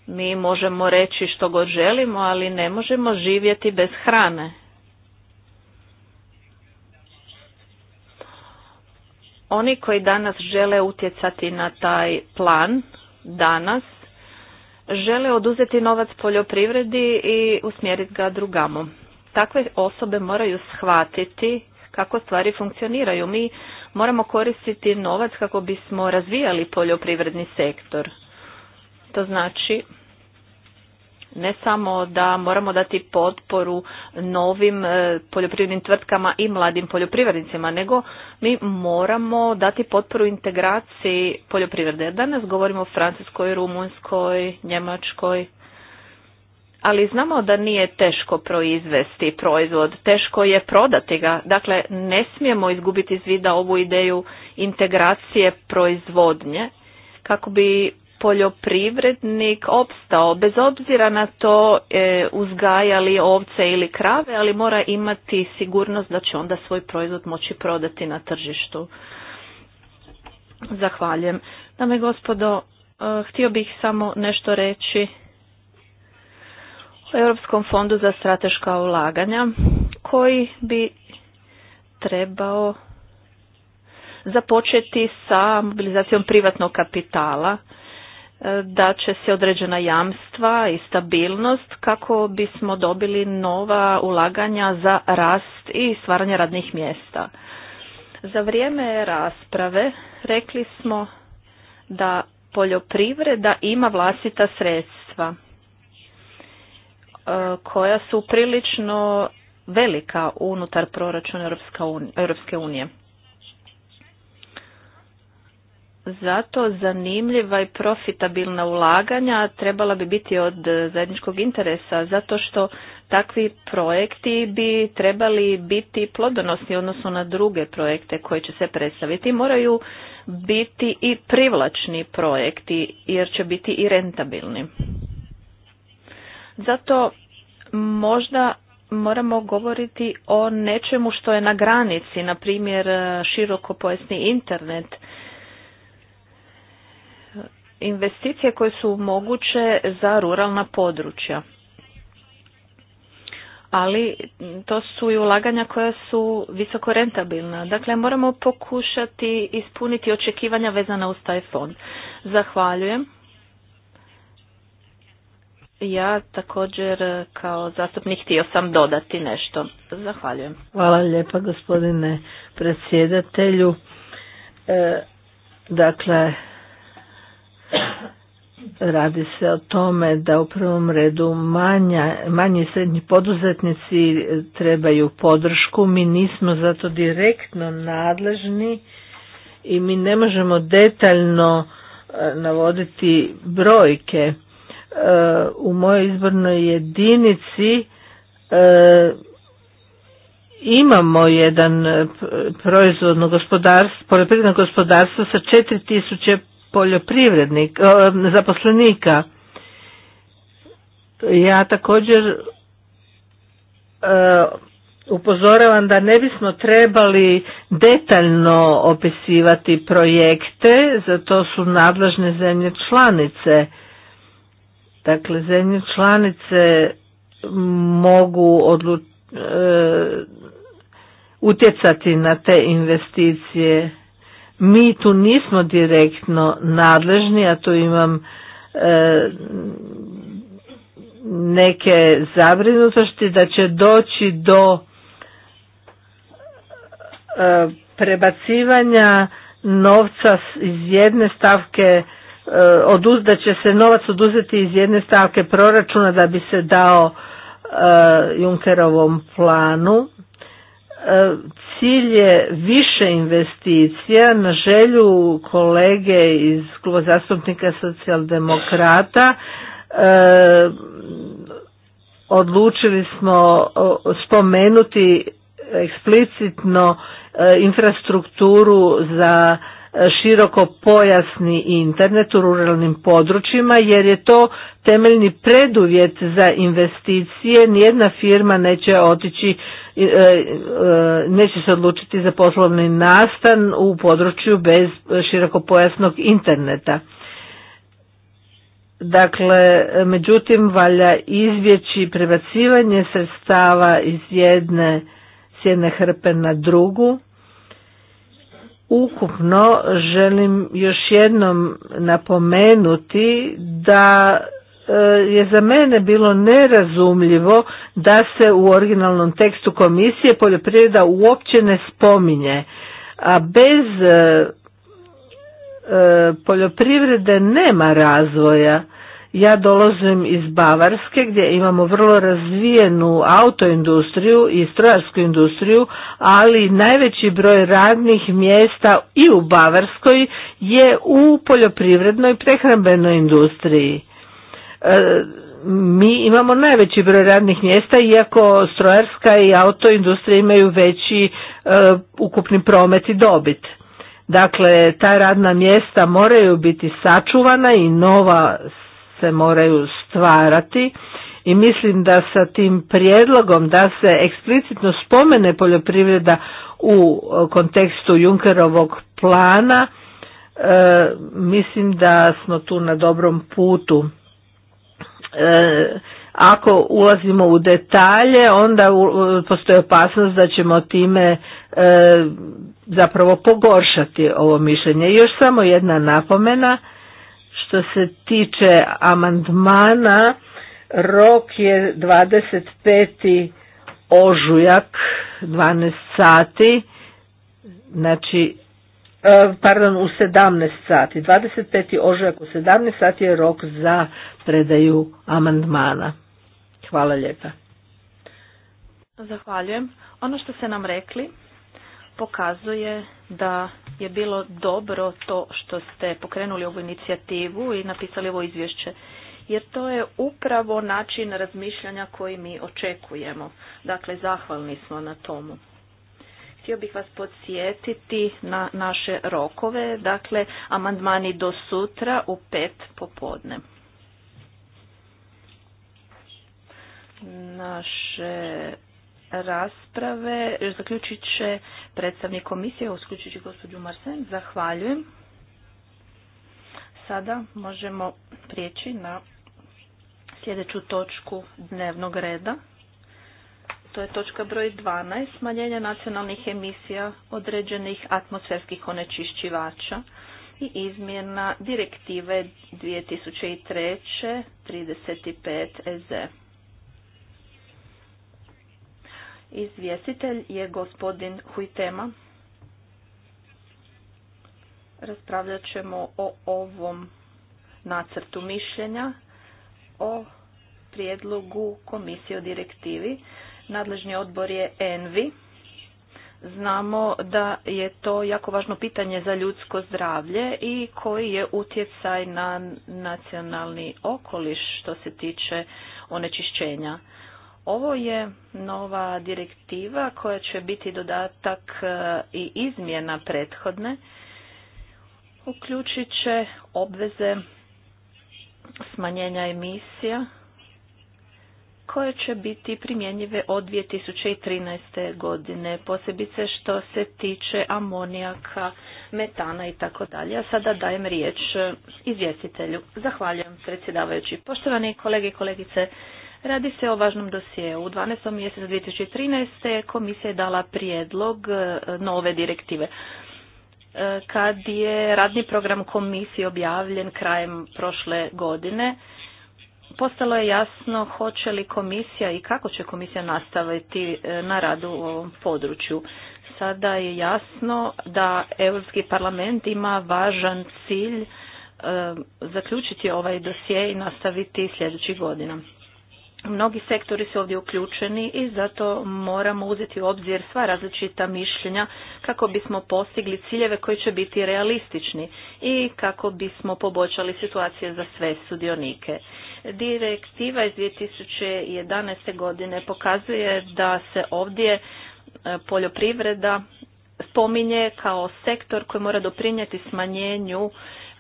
Mi možemo reći što god želimo, ali ne možemo živjeti bez hrane. Oni koji danas žele utjecati na taj plan, danas, žele oduzeti novac poljoprivredi i usmjeriti ga drugamo. Takve osobe moraju shvatiti kako stvari funkcioniraju. Mi moramo koristiti novac kako bismo razvijali poljoprivredni sektor. To znači ne samo da moramo dati potporu novim e, poljoprivrednim tvrtkama i mladim poljoprivrednicima, nego mi moramo dati potporu integraciji poljoprivrede. Danas govorimo o Francuskoj, rumunskoj, Njemačkoj, ali znamo da nije teško proizvesti proizvod, teško je prodati ga. Dakle, ne smijemo izgubiti iz vida ovu ideju integracije proizvodnje kako bi poljoprivrednik opstao, bez obzira na to e, uzgajali ovce ili krave, ali mora imati sigurnost da će onda svoj proizvod moći prodati na tržištu. Zahvaljujem. Dame i gospodo, e, htio bih samo nešto reći o Europskom fondu za strateška ulaganja koji bi trebao započeti sa mobilizacijom privatnog kapitala da će se određena jamstva i stabilnost kako bismo dobili nova ulaganja za rast i stvaranje radnih mjesta. Za vrijeme rasprave rekli smo da poljoprivreda ima vlastita sredstva e, koja su prilično velika unutar proračuna Europske unije. zato zanimljiva i profitabilna ulaganja trebala bi biti od zajedničkog interesa zato što takvi projekti bi trebali biti plodonosni odnosno na druge projekte koje će se predstaviti. Moraju biti i privlačni projekti jer će biti i rentabilni. Zato možda moramo govoriti o nečemu što je na granici, na primjer širokopojasni internet investicije koje su moguće za ruralna područja. Ali to su i ulaganja koja su visoko rentabilna. Dakle, moramo pokušati ispuniti očekivanja vezana uz taj fond. Zahvaljujem. Ja također kao zastupnik htio sam dodati nešto. Zahvaljujem. Hvala lijepa gospodine predsjedatelju. E, dakle, Radi se o tome da u prvom redu manja, manji srednji poduzetnici e, trebaju podršku. Mi nismo zato direktno nadležni i mi ne možemo detaljno e, navoditi brojke. E, u mojoj izbornoj jedinici imamo jedan proizvodno gospodarstvo, poljoprivredno gospodarstvo sa 4000 poljoprivrednik, zaposlenika. Ja također e, upozoravam da ne bismo trebali detaljno opisivati projekte, za to su nadležne zemlje članice. Dakle, zemlje članice mogu e, utjecati na te investicije mi tu nismo direktno nadležni, a tu imam e, neke zabrinutosti da će doći do e, prebacivanja novca iz jedne stavke e, da će se novac oduzeti iz jedne stavke proračuna da bi se dao e, Junkerovom planu Cilj je više investicija na želju kolege iz kluba zastupnika socijaldemokrata. E, odlučili smo spomenuti eksplicitno e, infrastrukturu za e, široko pojasni internet u ruralnim područjima jer je to temeljni preduvjet za investicije. Nijedna firma neće otići E, e, neće se odlučiti za poslovni nastan u području bez širokopojasnog interneta. Dakle, međutim, valja izvjeći prebacivanje sredstava iz jedne, s jedne hrpe na drugu. Ukupno želim još jednom napomenuti da E, je za mene bilo nerazumljivo da se u originalnom tekstu komisije poljoprivreda uopće ne spominje, a bez e, e, poljoprivrede nema razvoja. Ja dolazim iz Bavarske gdje imamo vrlo razvijenu autoindustriju i strojarsku industriju, ali najveći broj radnih mjesta i u Bavarskoj je u poljoprivrednoj prehrambenoj industriji. E, mi imamo najveći broj radnih mjesta iako strojarska i autoindustrija imaju veći e, ukupni promet i dobit. Dakle, ta radna mjesta moraju biti sačuvana i nova se moraju stvarati i mislim da sa tim prijedlogom da se eksplicitno spomene poljoprivreda u kontekstu Junkerovog plana, e, mislim da smo tu na dobrom putu. E, ako ulazimo u detalje onda postoji opasnost da ćemo time e, zapravo pogoršati ovo mišljenje. još samo jedna napomena što se tiče amandmana rok je 25. ožujak 12 sati znači E, pardon, u 17 sati. 25. ožujak u 17 sati je rok za predaju amandmana. Hvala lijepa. Zahvaljujem. Ono što ste nam rekli pokazuje da je bilo dobro to što ste pokrenuli ovu inicijativu i napisali ovo izvješće. Jer to je upravo način razmišljanja koji mi očekujemo. Dakle, zahvalni smo na tomu. Htio bih vas podsjetiti na naše rokove, dakle amandmani do sutra u pet popodne. Naše rasprave zaključit će predstavnik komisije, će gospođu Marsen. Zahvaljujem. Sada možemo prijeći na sljedeću točku dnevnog reda to je točka broj 12, smanjenje nacionalnih emisija određenih atmosferskih onečišćivača i izmjena direktive 2003. 35 EZ. Izvjestitelj je gospodin Huitema. Raspravljat ćemo o ovom nacrtu mišljenja o prijedlogu komisije o direktivi Nadležni odbor je ENVI. Znamo da je to jako važno pitanje za ljudsko zdravlje i koji je utjecaj na nacionalni okoliš što se tiče onečišćenja. Ovo je nova direktiva koja će biti dodatak e, i izmjena prethodne. Uključit će obveze smanjenja emisija koje će biti primjenjive od 2013. godine, posebice što se tiče amonijaka, metana i tako dalje. sada dajem riječ izvjestitelju. Zahvaljujem predsjedavajući. Poštovani kolege i kolegice, Radi se o važnom dosjeu. U 12. mjesecu 2013. komisija je dala prijedlog e, nove direktive. E, kad je radni program komisije objavljen krajem prošle godine, postalo je jasno hoće li komisija i kako će komisija nastaviti e, na radu u ovom području. Sada je jasno da Europski parlament ima važan cilj e, zaključiti ovaj dosje i nastaviti sljedećih godina. Mnogi sektori su ovdje uključeni i zato moramo uzeti u obzir sva različita mišljenja kako bismo postigli ciljeve koji će biti realistični i kako bismo poboljšali situacije za sve sudionike. Direktiva iz 2011. godine pokazuje da se ovdje e, poljoprivreda spominje kao sektor koji mora doprinijeti smanjenju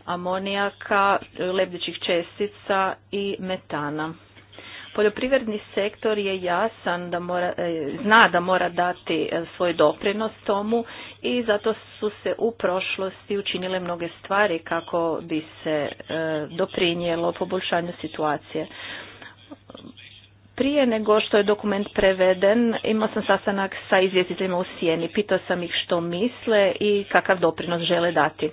amonijaka, e, lebdećih čestica i metana. Poljoprivredni sektor je jasan, da mora, e, zna da mora dati e, svoj doprinos tomu i zato su se u prošlosti učinile mnoge stvari kako bi se e, doprinijelo poboljšanju situacije. Prije nego što je dokument preveden, imao sam sastanak sa izvjestiteljima u Sijeni. Pitao sam ih što misle i kakav doprinos žele dati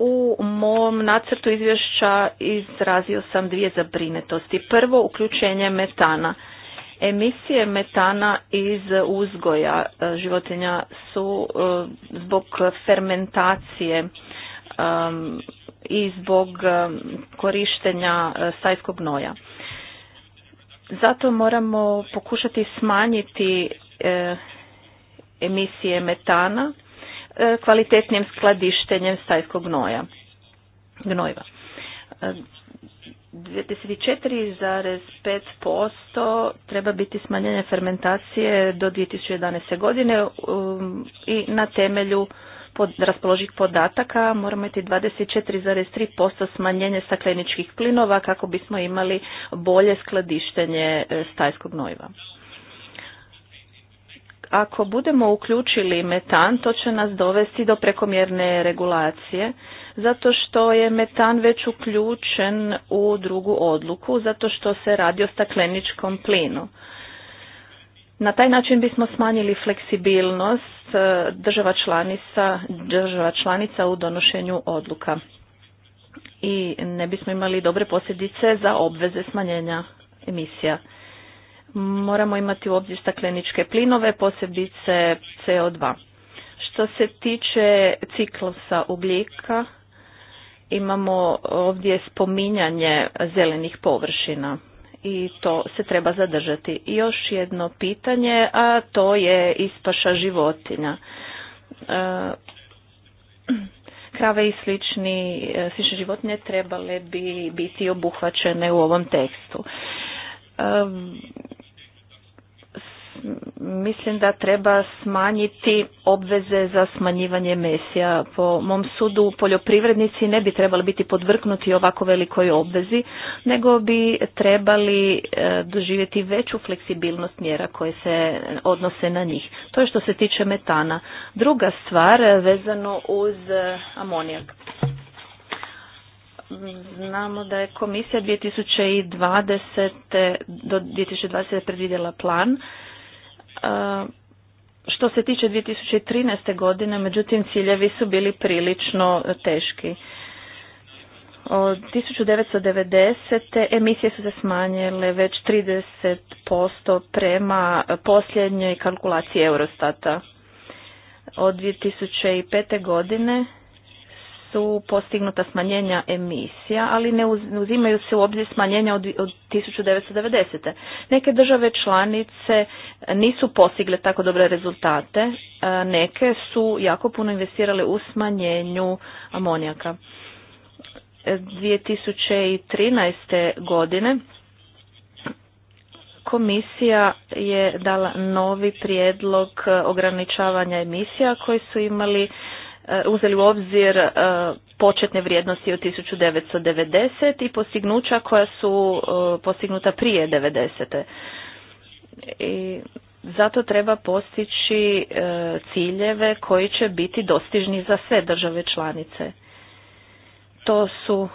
u mom nacrtu izvješća izrazio sam dvije zabrinutosti. Prvo, uključenje metana. Emisije metana iz uzgoja e, životinja su e, zbog fermentacije e, i zbog korištenja sajskog noja. Zato moramo pokušati smanjiti emisije metana E, kvalitetnim skladištenjem stajskog gnoja, gnojiva. 24,5% e, treba biti smanjenje fermentacije do 2011. godine um, i na temelju pod raspoložih podataka moramo imati 24,3% smanjenje stakleničkih plinova kako bismo imali bolje skladištenje e, stajskog gnojiva. Ako budemo uključili metan, to će nas dovesti do prekomjerne regulacije, zato što je metan već uključen u drugu odluku, zato što se radi o stakleničkom plinu. Na taj način bismo smanjili fleksibilnost e, država članica, država članica u donošenju odluka i ne bismo imali dobre posljedice za obveze smanjenja emisija moramo imati u obzir stakleničke plinove, posebice CO2. Što se tiče ciklusa ugljika, imamo ovdje spominjanje zelenih površina i to se treba zadržati. još jedno pitanje, a to je ispaša životinja. E, krave i slični, e, slične životinje trebale bi biti obuhvaćene u ovom tekstu e, mislim da treba smanjiti obveze za smanjivanje mesija. Po mom sudu poljoprivrednici ne bi trebali biti podvrknuti ovako velikoj obvezi, nego bi trebali e, doživjeti veću fleksibilnost mjera koje se odnose na njih. To je što se tiče metana. Druga stvar vezano uz e, amonijak. Znamo da je komisija 2020. do 2020. predvidjela plan E, što se tiče 2013. godine, međutim, ciljevi su bili prilično teški. Od 1990. emisije su se smanjile već 30% prema posljednjoj kalkulaciji Eurostata. Od 2005. godine su postignuta smanjenja emisija, ali ne uzimaju se u obzir smanjenja od 1990. Neke države članice nisu postigle tako dobre rezultate, neke su jako puno investirale u smanjenju amonijaka. 2013. godine komisija je dala novi prijedlog ograničavanja emisija koji su imali E, uzeli u obzir e, početne vrijednosti od 1990 i postignuća koja su e, postignuta prije 90. I zato treba postići ciljeve koji će biti dostižni za sve države članice. To su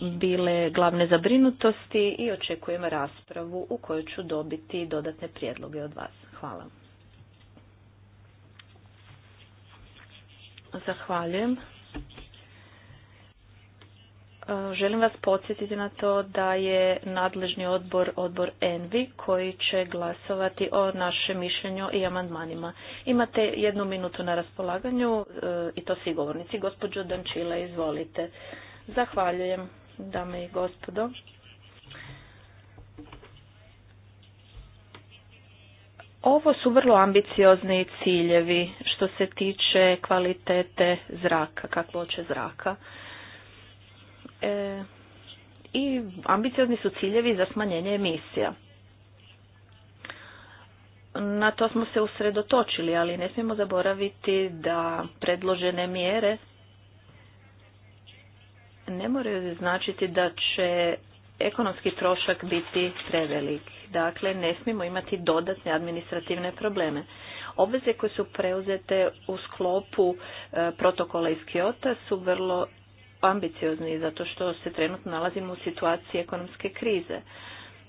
bile glavne zabrinutosti i očekujem raspravu u kojoj ću dobiti dodatne prijedloge od vas. Hvala. Zahvaljujem. E, želim vas podsjetiti na to da je nadležni odbor odbor ENVI koji će glasovati o našem mišljenju i amandmanima. Imate jednu minutu na raspolaganju e, i to svi govornici. Gospođo Dančila, izvolite. Zahvaljujem, dame i gospodo. Ovo su vrlo ambiciozni ciljevi što se tiče kvalitete zraka, kakvoće zraka. E, I ambiciozni su ciljevi za smanjenje emisija. Na to smo se usredotočili, ali ne smijemo zaboraviti da predložene mjere ne moraju značiti da će ekonomski trošak biti prevelik dakle ne smijemo imati dodatne administrativne probleme. Obveze koje su preuzete u sklopu e, protokola iz Kiota su vrlo ambiciozni zato što se trenutno nalazimo u situaciji ekonomske krize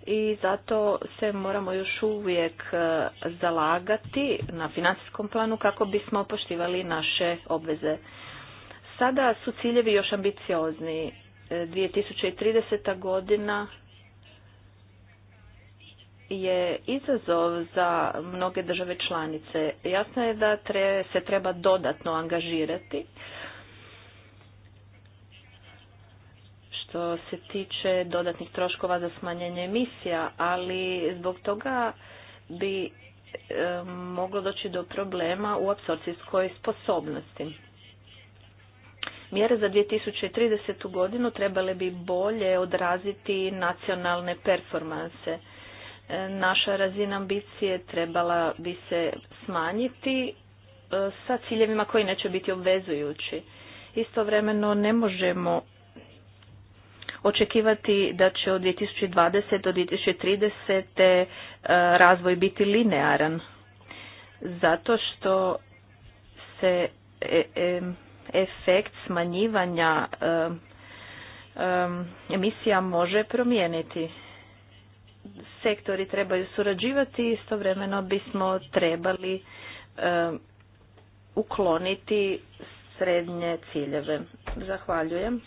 i zato se moramo još uvijek e, zalagati na financijskom planu kako bismo poštivali naše obveze. Sada su ciljevi još ambiciozni. 2030. E, godina je izazov za mnoge države članice. Jasno je da se treba dodatno angažirati. Što se tiče dodatnih troškova za smanjenje emisija, ali zbog toga bi e, moglo doći do problema u apsorcijskoj sposobnosti. Mjere za 2030. godinu trebale bi bolje odraziti nacionalne performanse E, naša razina ambicije trebala bi se smanjiti e, sa ciljevima koji neće biti obvezujući. Istovremeno ne možemo očekivati da će od 2020 do 2030 e, razvoj biti linearan zato što se efekt smanjivanja emisija može promijeniti sektori trebaju surađivati i istovremeno bismo trebali e, ukloniti srednje ciljeve. Zahvaljujem.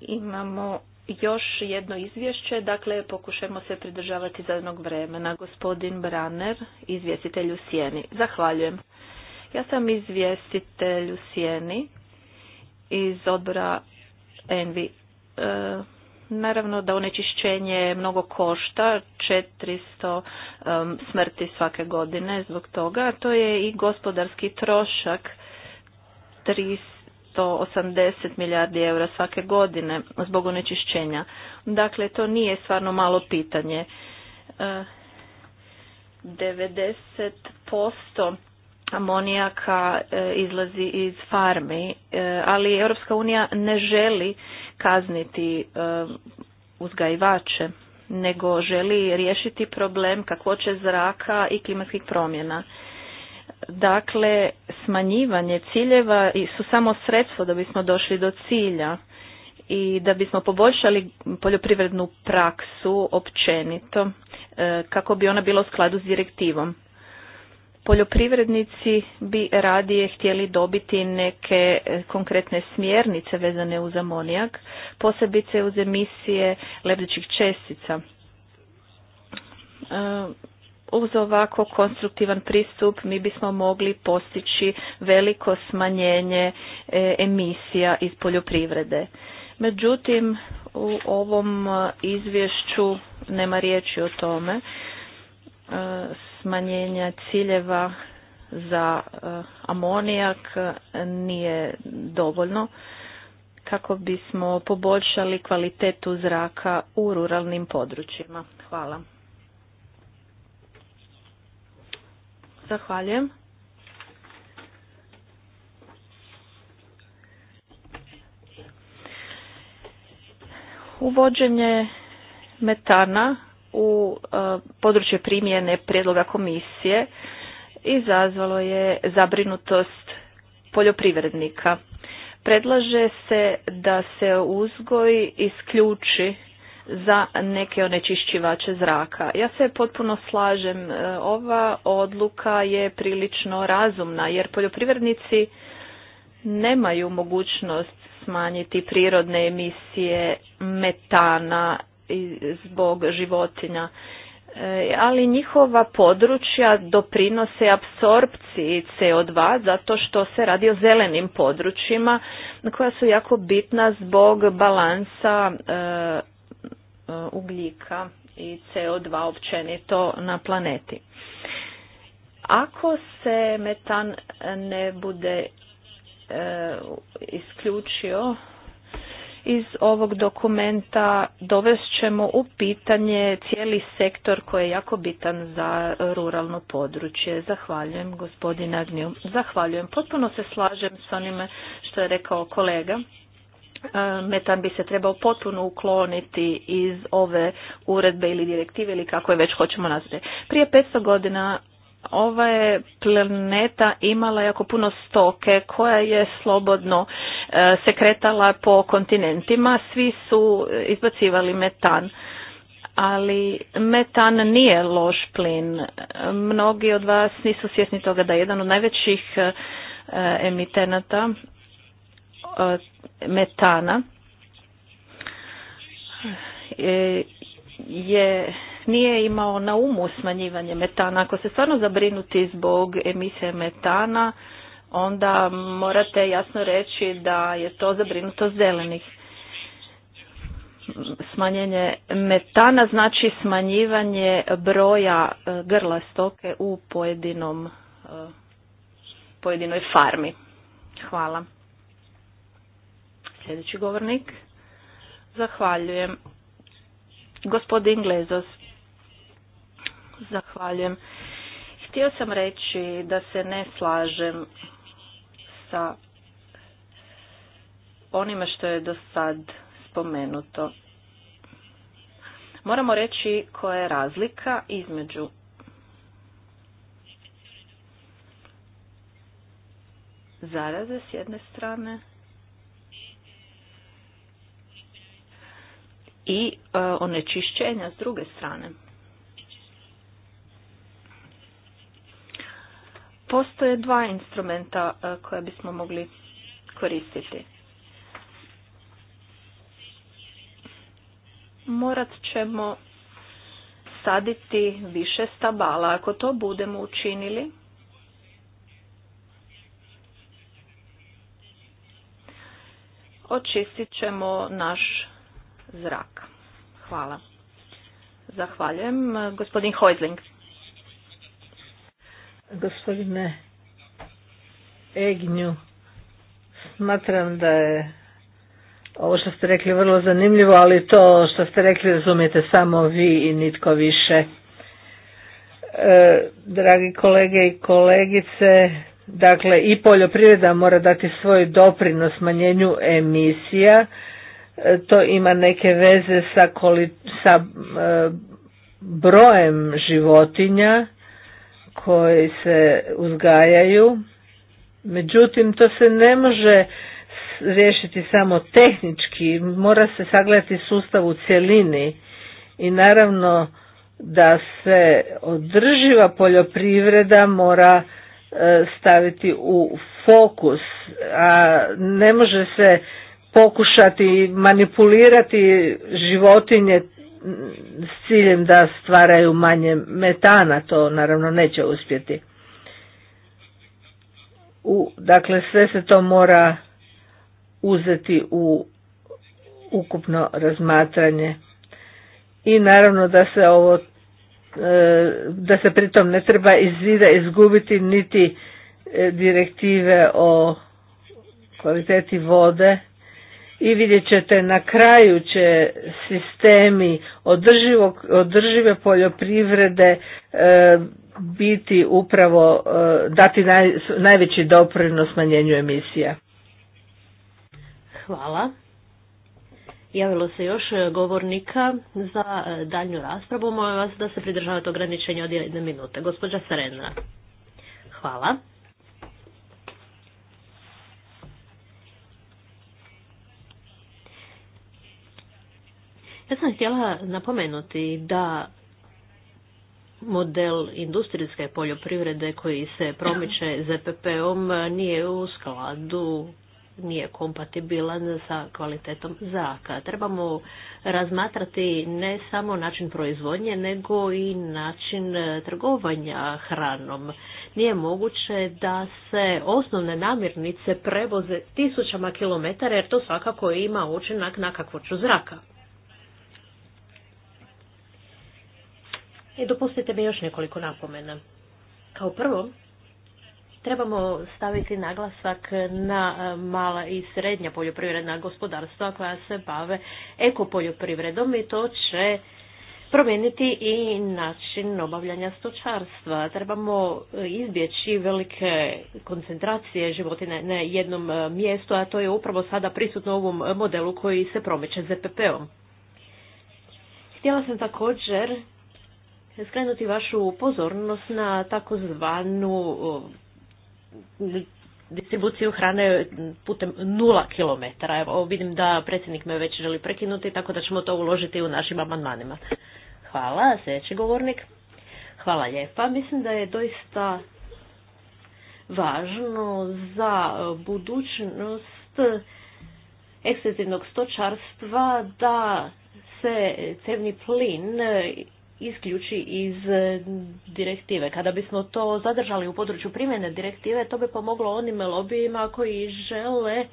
Imamo još jedno izvješće, dakle pokušajmo se pridržavati jednog vremena. Gospodin Braner, izvjestitelj u Sjeni. Zahvaljujem. Ja sam izvjestitelj u Sjeni iz odbora Envi. E, Naravno da onečišćenje mnogo košta, 400 um, smrti svake godine zbog toga. To je i gospodarski trošak 380 milijardi eura svake godine zbog onečišćenja. Dakle, to nije stvarno malo pitanje. 90% uh, amonijaka e, izlazi iz farmi, e, ali Europska unija ne želi kazniti e, uzgajivače, nego želi riješiti problem kakvoće zraka i klimatskih promjena. Dakle, smanjivanje ciljeva su samo sredstvo da bismo došli do cilja i da bismo poboljšali poljoprivrednu praksu općenito kako bi ona bila u skladu s direktivom poljoprivrednici bi radije htjeli dobiti neke e, konkretne smjernice vezane uz amonijak, posebice uz emisije lebdećih čestica. E, uz ovako konstruktivan pristup mi bismo mogli postići veliko smanjenje e, emisija iz poljoprivrede. Međutim, u ovom izvješću nema riječi o tome smanjenja ciljeva za eh, amonijak nije dovoljno kako bismo poboljšali kvalitetu zraka u ruralnim područjima. Hvala. Zahvaljujem. Uvođenje metana u e, područje primjene prijedloga komisije izazvalo je zabrinutost poljoprivrednika. Predlaže se da se uzgoj isključi za neke onečišćivače zraka. Ja se potpuno slažem, e, ova odluka je prilično razumna jer poljoprivrednici nemaju mogućnost smanjiti prirodne emisije metana zbog životinja e, ali njihova područja doprinose apsorpciji CO2 zato što se radi o zelenim područjima koja su jako bitna zbog balansa e, e, ugljika i CO2 općenito na planeti. Ako se metan ne bude isključio iz ovog dokumenta dovest ćemo u pitanje cijeli sektor koji je jako bitan za ruralno područje. Zahvaljujem gospodine Agniju. Zahvaljujem. Potpuno se slažem s onime što je rekao kolega. E, metan bi se trebao potpuno ukloniti iz ove uredbe ili direktive ili kako je već hoćemo nazvati. Prije 500 godina ova je planeta imala jako puno stoke koja je slobodno e, se kretala po kontinentima, svi su izbacivali metan. Ali metan nije loš plin. Mnogi od vas nisu svjesni toga da je jedan od najvećih e, emitenata e, metana je nije imao na umu smanjivanje metana. Ako se stvarno zabrinuti zbog emisije metana, onda morate jasno reći da je to zabrinuto zelenih. Smanjenje metana znači smanjivanje broja e, grla stoke u pojedinom, e, pojedinoj farmi. Hvala. Sljedeći govornik. Zahvaljujem. Gospodin Glezos, Zahvaljujem. Htio sam reći da se ne slažem sa onime što je do sad spomenuto. Moramo reći koja je razlika između zaraze s jedne strane i e, onečišćenja s druge strane. Postoje dva instrumenta e, koja bismo mogli koristiti. Morat ćemo saditi više stabala. Ako to budemo učinili, očistit ćemo naš zrak. Hvala. Zahvaljujem. Gospodin Hojzling. Gospodine Egnju, smatram da je ovo što ste rekli vrlo zanimljivo, ali to što ste rekli razumijete samo vi i nitko više. E, dragi kolege i kolegice, dakle i poljoprivreda mora dati svoj doprinos smanjenju emisija. E, to ima neke veze sa, sa e, brojem životinja koji se uzgajaju. Međutim, to se ne može riješiti samo tehnički, mora se sagledati sustav u cjelini i naravno da se održiva poljoprivreda mora e, staviti u fokus, a ne može se pokušati manipulirati životinje s ciljem da stvaraju manje metana, to naravno neće uspjeti. U, dakle, sve se to mora uzeti u ukupno razmatranje. I naravno da se ovo e, da se pritom ne treba iz izgubiti niti e, direktive o kvaliteti vode i vidjet ćete na kraju će sistemi održivog, održive poljoprivrede e, biti upravo e, dati naj, najveći doprinos smanjenju emisija. Hvala. Javilo se još e, govornika za daljnju raspravu. Molim vas da se pridržavate ograničenja od jedne minute. Gospođa Serena. Hvala. Ja sam htjela napomenuti da model industrijske poljoprivrede koji se promiče ZPP-om nije u skladu, nije kompatibilan sa kvalitetom zraka. Trebamo razmatrati ne samo način proizvodnje, nego i način trgovanja hranom. Nije moguće da se osnovne namirnice prevoze tisućama kilometara, jer to svakako ima učinak na kakvoću zraka. I e, dopustite mi još nekoliko napomena. Kao prvo, trebamo staviti naglasak na e, mala i srednja poljoprivredna gospodarstva koja se bave ekopoljoprivredom i to će promijeniti i način obavljanja stočarstva. Trebamo e, izbjeći velike koncentracije životinja na jednom mjestu, a to je upravo sada prisutno u ovom modelu koji se promiče ZPP-om. Htjela sam također skrenuti vašu pozornost na takozvanu distribuciju hrane putem nula kilometara. Evo, vidim da predsjednik me već želi prekinuti, tako da ćemo to uložiti u našim amandmanima. Hvala, sljedeći govornik. Hvala lijepa. Mislim da je doista važno za budućnost ekstenzivnog stočarstva da se cevni plin isključi iz e, direktive. Kada bismo to zadržali u području primjene direktive, to bi pomoglo onim lobijima koji žele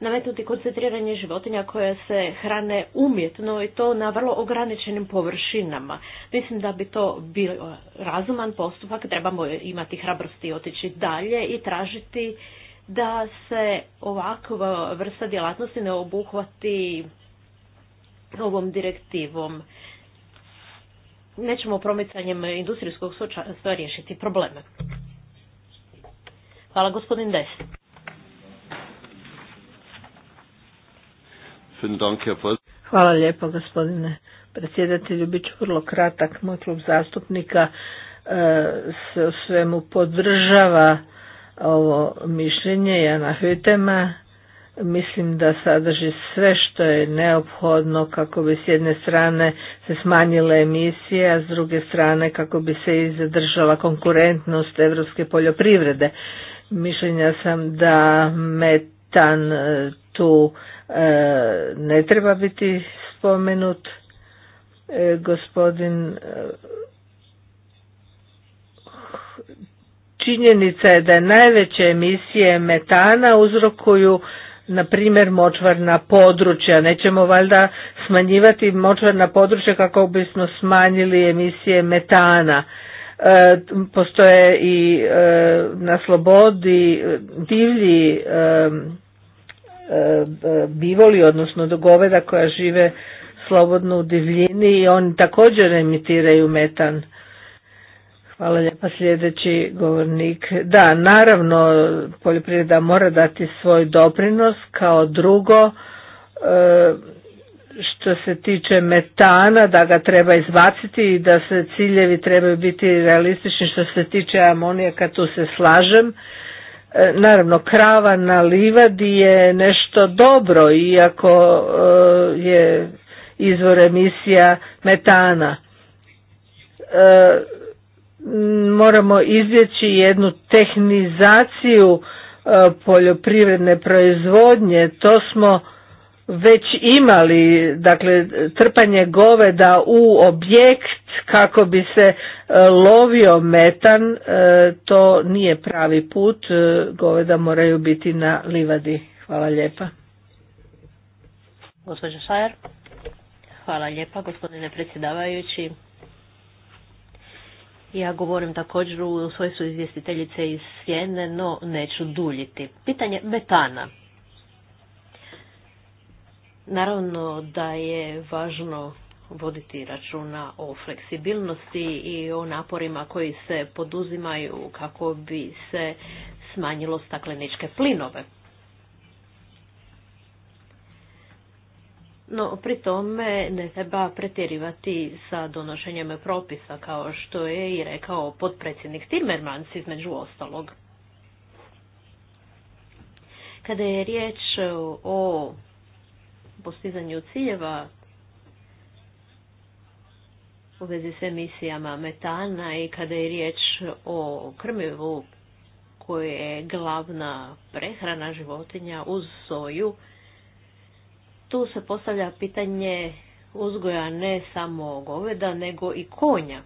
nametnuti koncentriranje životinja koje se hrane umjetno i to na vrlo ograničenim površinama. Mislim da bi to bio razuman postupak, trebamo imati hrabrosti i otići dalje i tražiti da se ovakva vrsta djelatnosti ne obuhvati ovom direktivom nećemo promicanjem industrijskog sučanstva riješiti probleme. Hvala gospodin Des. Hvala lijepo gospodine predsjedatelju. Biću vrlo kratak. Moj klub zastupnika se u svemu podržava ovo mišljenje Jana Hütema mislim da sadrži sve što je neophodno kako bi s jedne strane se smanjile emisije, a s druge strane kako bi se i zadržala konkurentnost europske poljoprivrede. Mišljenja sam da metan e, tu e, ne treba biti spomenut. E, gospodin činjenica je da najveće emisije metana uzrokuju na primjer močvarna područja. Nećemo valjda smanjivati močvarna područja kako bismo smanjili emisije metana. E, postoje i e, na slobodi divlji e, bivoli, odnosno goveda koja žive slobodno u divljini i oni također emitiraju metan. Hvala lijepa sljedeći govornik. Da, naravno poljoprivreda mora dati svoj doprinos kao drugo e, što se tiče metana da ga treba izbaciti i da se ciljevi trebaju biti realistični što se tiče amonijaka tu se slažem. E, naravno krava na livadi je nešto dobro iako e, je izvor emisija metana moramo izbjeći jednu tehnizaciju e, poljoprivredne proizvodnje, to smo već imali, dakle trpanje goveda u objekt kako bi se e, lovio metan, e, to nije pravi put, goveda moraju biti na livadi. Hvala lijepa. Gospodin Šajer. Hvala lijepa gospodine predsjedavajući. Ja govorim također u su izvjestiteljice iz Sjene, no neću duljiti. Pitanje metana. Naravno da je važno voditi računa o fleksibilnosti i o naporima koji se poduzimaju kako bi se smanjilo stakleničke plinove. No, pri tome ne treba pretjerivati sa donošenjem propisa, kao što je i rekao potpredsjednik Timmermans između ostalog. Kada je riječ o postizanju ciljeva u vezi s emisijama metana i kada je riječ o krmivu koje je glavna prehrana životinja uz soju, tu se postavlja pitanje uzgoja ne samo goveda, nego i konja.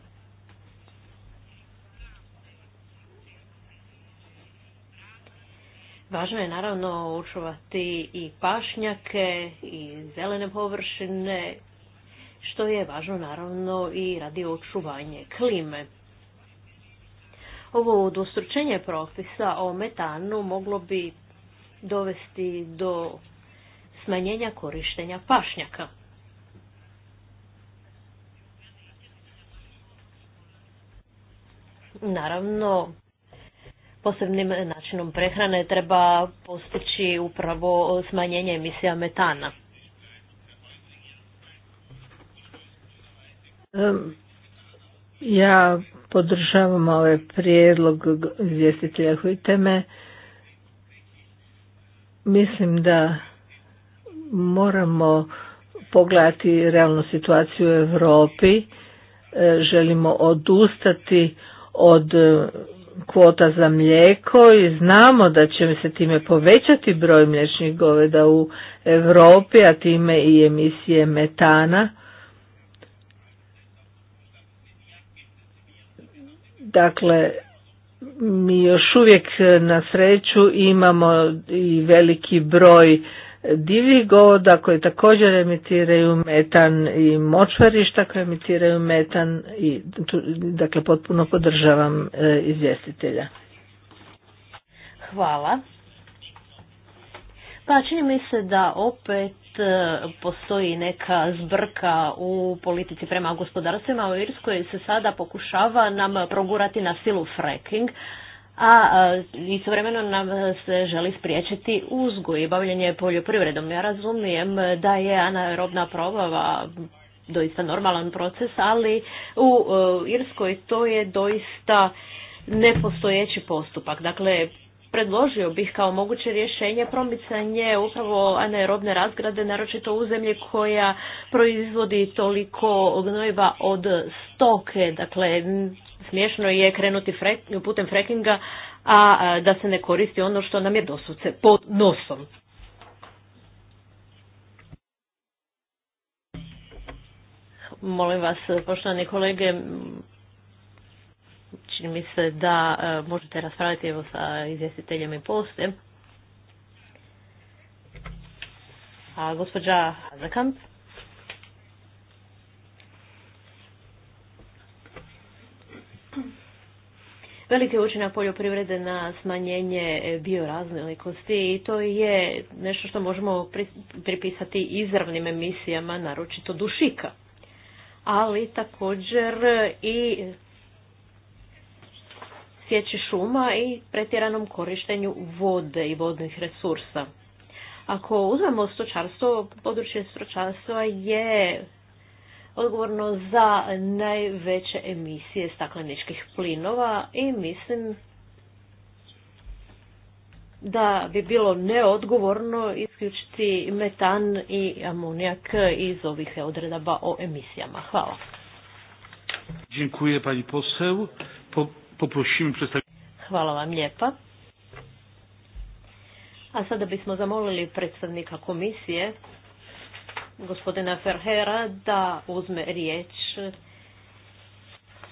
Važno je naravno očuvati i pašnjake i zelene površine, što je važno naravno i radi očuvanje klime. Ovo udostručenje propisa o metanu moglo bi dovesti do smanjenja korištenja pašnjaka. Naravno, posebnim načinom prehrane treba postići upravo smanjenje emisija metana. Ja podržavam ovaj prijedlog izvjestitelja Hujteme. Mislim da moramo pogledati realnu situaciju u Europi. E, želimo odustati od e, kvota za mlijeko i znamo da će se time povećati broj mliječnih goveda u Europi, a time i emisije metana. Dakle, mi još uvijek na sreću imamo i veliki broj divljih goda koji također emitiraju metan i močvarišta koje emitiraju metan i dakle potpuno podržavam e, izvjestitelja. Hvala. Pa čini mi se da opet e, postoji neka zbrka u politici prema gospodarstvima. U Irskoj se sada pokušava nam progurati na silu fracking, a istovremeno nam se želi spriječiti uzgoj i bavljanje poljoprivredom. Ja razumijem da je anaerobna probava doista normalan proces, ali u e, Irskoj to je doista nepostojeći postupak. Dakle, predložio bih kao moguće rješenje promicanje upravo anaerobne razgrade, naročito u zemlji koja proizvodi toliko gnojiva od stoke. Dakle, smiješno je krenuti putem frekinga, a, da se ne koristi ono što nam je dosudce pod nosom. Molim vas, poštovani kolege, čini mi se da e, možete raspraviti evo sa izvjestiteljem i poslije. A gospođa Hazakant? Veliki je učinak poljoprivrede na smanjenje bioraznolikosti i to je nešto što možemo pripisati izravnim emisijama, naročito dušika ali također i sjeći šuma i pretjeranom korištenju vode i vodnih resursa. Ako uzmemo stočarstvo, područje stočarstva je odgovorno za najveće emisije stakleničkih plinova i mislim da bi bilo neodgovorno isključiti metan i amonijak iz ovih odredaba o emisijama. Hvala. Dziękuję Po... Hvala vam lijepa. A sada bismo zamolili predstavnika komisije, gospodina Ferhera, da uzme riječ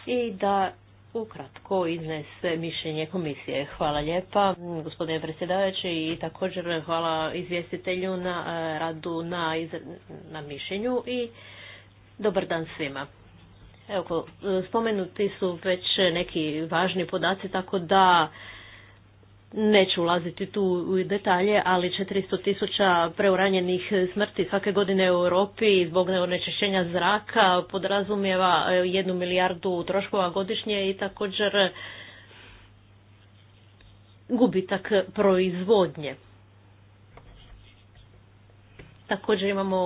i da ukratko iznese mišljenje komisije. Hvala lijepa gospodine predsjedavajući i također hvala izvjestitelju na eh, radu na mišljenju i dobar dan svima. Evo, e, spomenuti su već neki važni podaci, tako da neću ulaziti tu u detalje, ali 400 tisuća preuranjenih smrti svake godine u Europi zbog neonečišćenja zraka podrazumijeva e, jednu milijardu troškova godišnje i također gubitak proizvodnje. Također imamo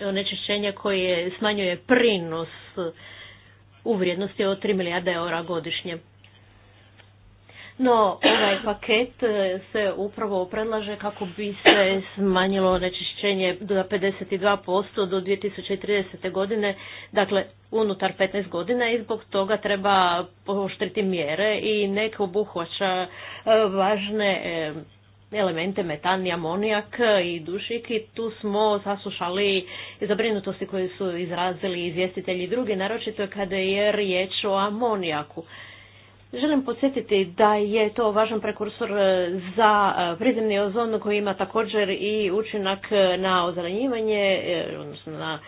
onečišćenje koje smanjuje prinos u vrijednosti od 3 milijarde eura godišnje. No, ovaj paket e, se upravo predlaže kako bi se smanjilo onečišćenje do 52% do 2030. godine, dakle unutar 15 godina i zbog toga treba poštriti mjere i neke obuhvaća e, važne e, elemente metan, amonijak i dušik i tu smo saslušali zabrinutosti koje su izrazili izvjestitelji drugi, naročito kada je riječ o amonijaku. Želim podsjetiti da je to važan prekursor e, za e, prizemni ozon koji ima također i učinak na ozranjivanje, e, odnosno na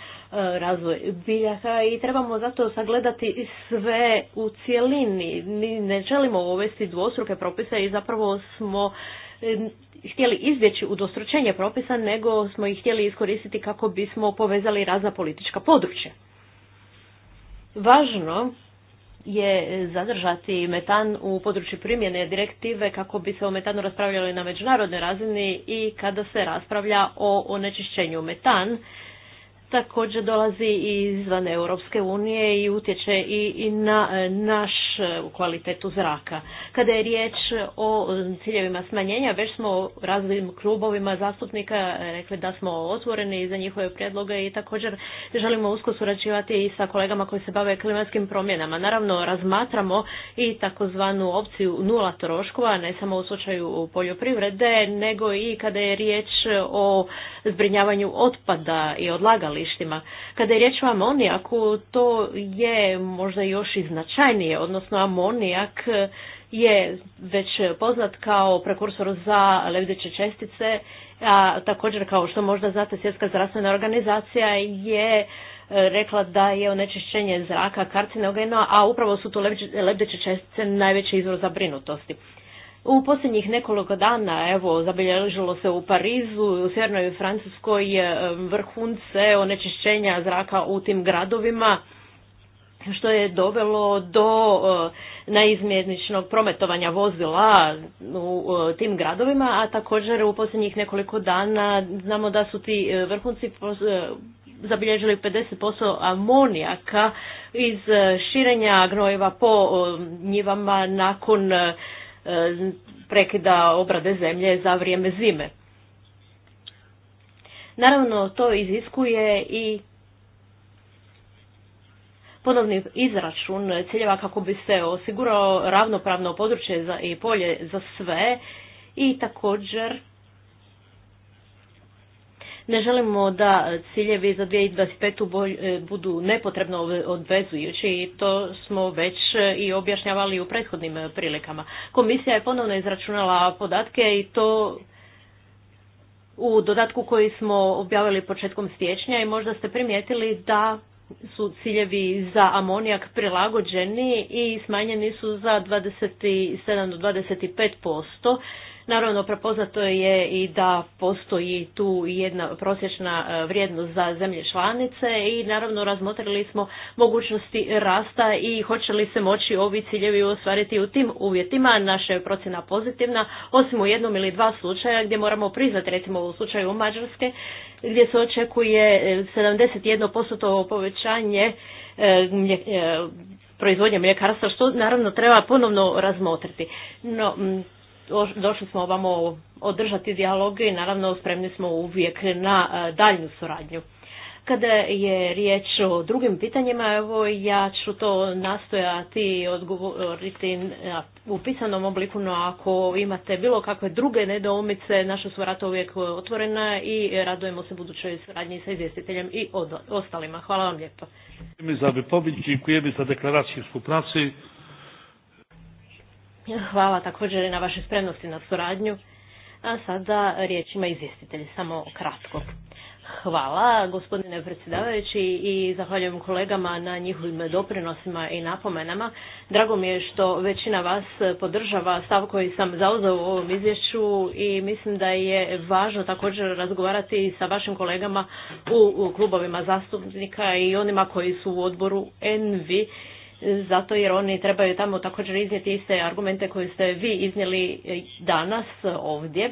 razvoj biljaka i trebamo zato sagledati sve u cjelini. Mi ne želimo uvesti dvostruke propise i zapravo smo htjeli izbjeći udostručenje propisa, nego smo ih htjeli iskoristiti kako bismo povezali razna politička područja. Važno je zadržati metan u području primjene direktive kako bi se o metanu raspravljalo na međunarodnoj razini i kada se raspravlja o onečišćenju metan. Također dolazi i izvan Europske unije i utječe i, i na e, naš E, u kvalitetu zraka. Kada je riječ o e, ciljevima smanjenja, već smo raznim klubovima zastupnika e, rekli da smo otvoreni za njihove prijedloge i također želimo usko surađivati i sa kolegama koji se bave klimatskim promjenama. Naravno, razmatramo i takozvanu opciju nula troškova, ne samo u slučaju poljoprivrede, nego i kada je riječ o zbrinjavanju otpada i odlagalištima. Kada je riječ o amonijaku, to je možda još i značajnije, odnosno odnosno amonijak e, je već poznat kao prekursor za lebdeće čestice, a također kao što možda znate Svjetska zdravstvena organizacija je e, rekla da je onečišćenje zraka karcinogeno, a upravo su to lebdeće čestice najveći izvor zabrinutosti. U posljednjih nekoliko dana, evo, zabilježilo se u Parizu, u Sjernoj Francuskoj e, vrhunce onečišćenja zraka u tim gradovima što je dovelo do e, neizmjeničnog prometovanja vozila u e, tim gradovima, a također u posljednjih nekoliko dana znamo da su ti e, vrhunci zabilježili 50% amonijaka iz širenja gnojeva po njivama nakon prekida obrade zemlje za vrijeme zime. Naravno, to iziskuje i ponovni izračun ciljeva kako bi se osigurao ravnopravno područje za, i polje za sve i također ne želimo da ciljevi za 2025. E, budu nepotrebno obvezujući i to smo već e, i objašnjavali u prethodnim prilikama. Komisija je ponovno izračunala podatke i to u dodatku koji smo objavili početkom siječnja i možda ste primijetili da su ciljevi za amonijak prilagođeni i smanjeni su za 27 do 25%. Naravno, prepoznato je i da postoji tu jedna prosječna e, vrijednost za zemlje članice i naravno razmotrili smo mogućnosti rasta i hoće li se moći ovi ciljevi ostvariti u tim uvjetima. Naša je procjena pozitivna, osim u jednom ili dva slučaja gdje moramo priznati, recimo u slučaju Mađarske, gdje se očekuje 71% eh, povećanje eh, eh, proizvodnje mljekarstva, što naravno treba ponovno razmotriti. No, mm, došli smo ovamo održati dijalog i naravno spremni smo uvijek na daljnju suradnju. Kada je riječ o drugim pitanjima, evo ja ću to nastojati odgovoriti u pisanom obliku, no ako imate bilo kakve druge nedoumice, naša su vrata uvijek otvorena i radujemo se budućoj suradnji sa izvjestiteljem i ostalima. Hvala vam lijepo. za Hvala također i na vaše spremnosti na suradnju. A sada riječ ima izvjestitelj, samo kratko. Hvala gospodine predsjedavajući i zahvaljujem kolegama na njihovim doprinosima i napomenama. Drago mi je što većina vas podržava stav koji sam zauzeo u ovom izvješću i mislim da je važno također razgovarati sa vašim kolegama u klubovima zastupnika i onima koji su u odboru ENVI zato jer oni trebaju tamo također iznijeti iste argumente koje ste vi iznijeli danas ovdje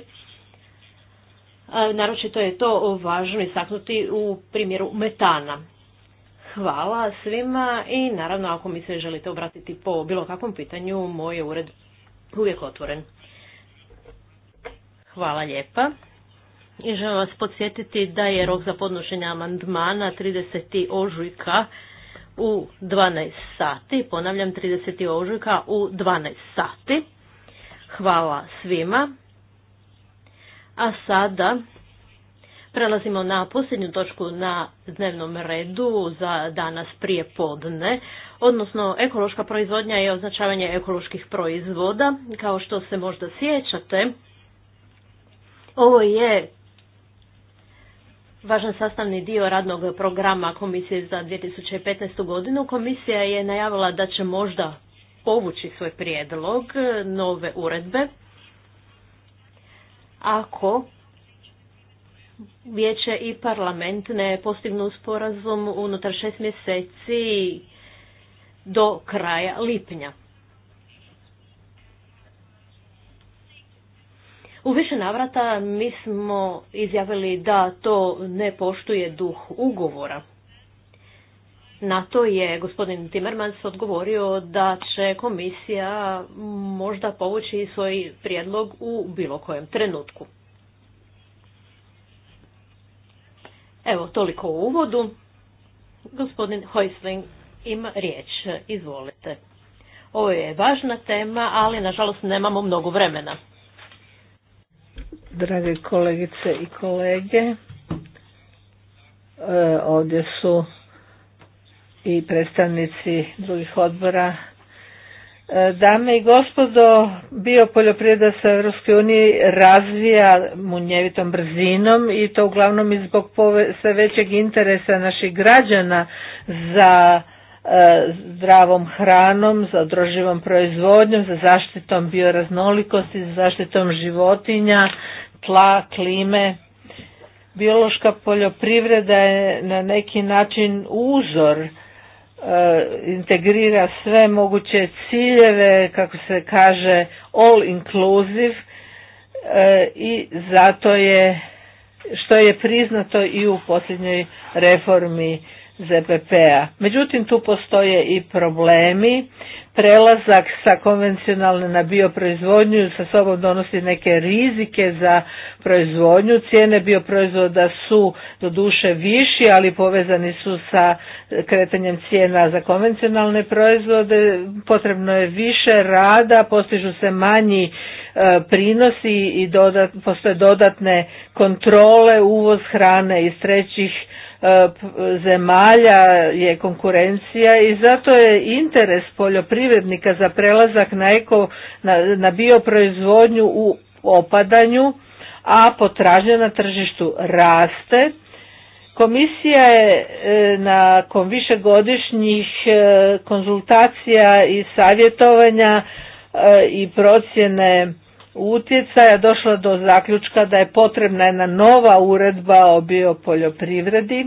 Naročito je to važno istaknuti u primjeru metana. Hvala svima i naravno ako mi se želite obratiti po bilo kakvom pitanju, moj je ured uvijek otvoren. Hvala lijepa. I želim vas podsjetiti da je rok za podnošenje amandmana 30. ožujka u 12 sati. Ponavljam, 30. ožujka u 12 sati. Hvala svima. A sada prelazimo na posljednju točku na dnevnom redu za danas prije podne, odnosno ekološka proizvodnja i označavanje ekoloških proizvoda. Kao što se možda sjećate, ovo je važan sastavni dio radnog programa Komisije za 2015. godinu. Komisija je najavila da će možda povući svoj prijedlog nove uredbe ako vijeće i parlament ne postignu sporazum unutar šest mjeseci do kraja lipnja. U više navrata mi smo izjavili da to ne poštuje duh ugovora. Na to je gospodin Timmermans odgovorio da će komisija možda povući svoj prijedlog u bilo kojem trenutku. Evo, toliko u uvodu. Gospodin Hoisling ima riječ. Izvolite. Ovo je važna tema, ali nažalost nemamo mnogo vremena. Drage kolegice i kolege, e, ovdje su i predstavnici drugih odbora. E, dame i gospodo, bio poljoprivreda sa EU razvija munjevitom brzinom i to uglavnom i zbog sve većeg interesa naših građana za e, zdravom hranom, za odroživom proizvodnjom, za zaštitom bioraznolikosti, za zaštitom životinja, tla, klime. Biološka poljoprivreda je na neki način uzor Eh, integrira sve moguće ciljeve, kako se kaže, all inclusive eh, i zato je, što je priznato i u posljednjoj reformi ZPP-a. Međutim, tu postoje i problemi. Prelazak sa konvencionalne na bioproizvodnju sa sobom donosi neke rizike za proizvodnju. Cijene bioproizvoda su duše viši, ali povezani su sa kretanjem cijena za konvencionalne proizvode. Potrebno je više rada, postižu se manji e, prinosi i postoje dodatne kontrole, uvoz hrane iz trećih E, zemalja je konkurencija i zato je interes poljoprivrednika za prelazak na eko na, na bioproizvodnju u opadanju, a potražnja na tržištu raste. Komisija je e, nakon višegodišnjih e, konzultacija i savjetovanja i procjene utjecaja došla do zaključka da je potrebna jedna nova uredba o biopoljoprivredi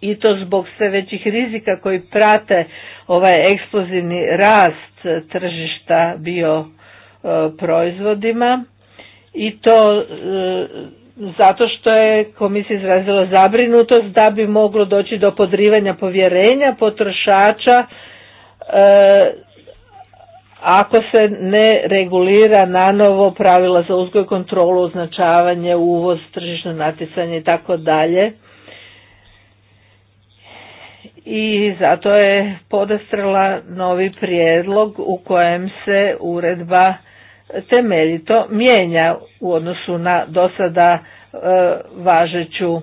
i to zbog sve većih rizika koji prate ovaj eksplozivni rast tržišta bioproizvodima e, i to e, zato što je komisija izrazila zabrinutost da bi moglo doći do podrivanja povjerenja potrošača e, ako se ne regulira na novo pravila za uzgoj, kontrolu, označavanje, uvoz, tržišno natjecanje i tako dalje. I zato je podastrala novi prijedlog u kojem se uredba temeljito mijenja u odnosu na dosada sada e, važeću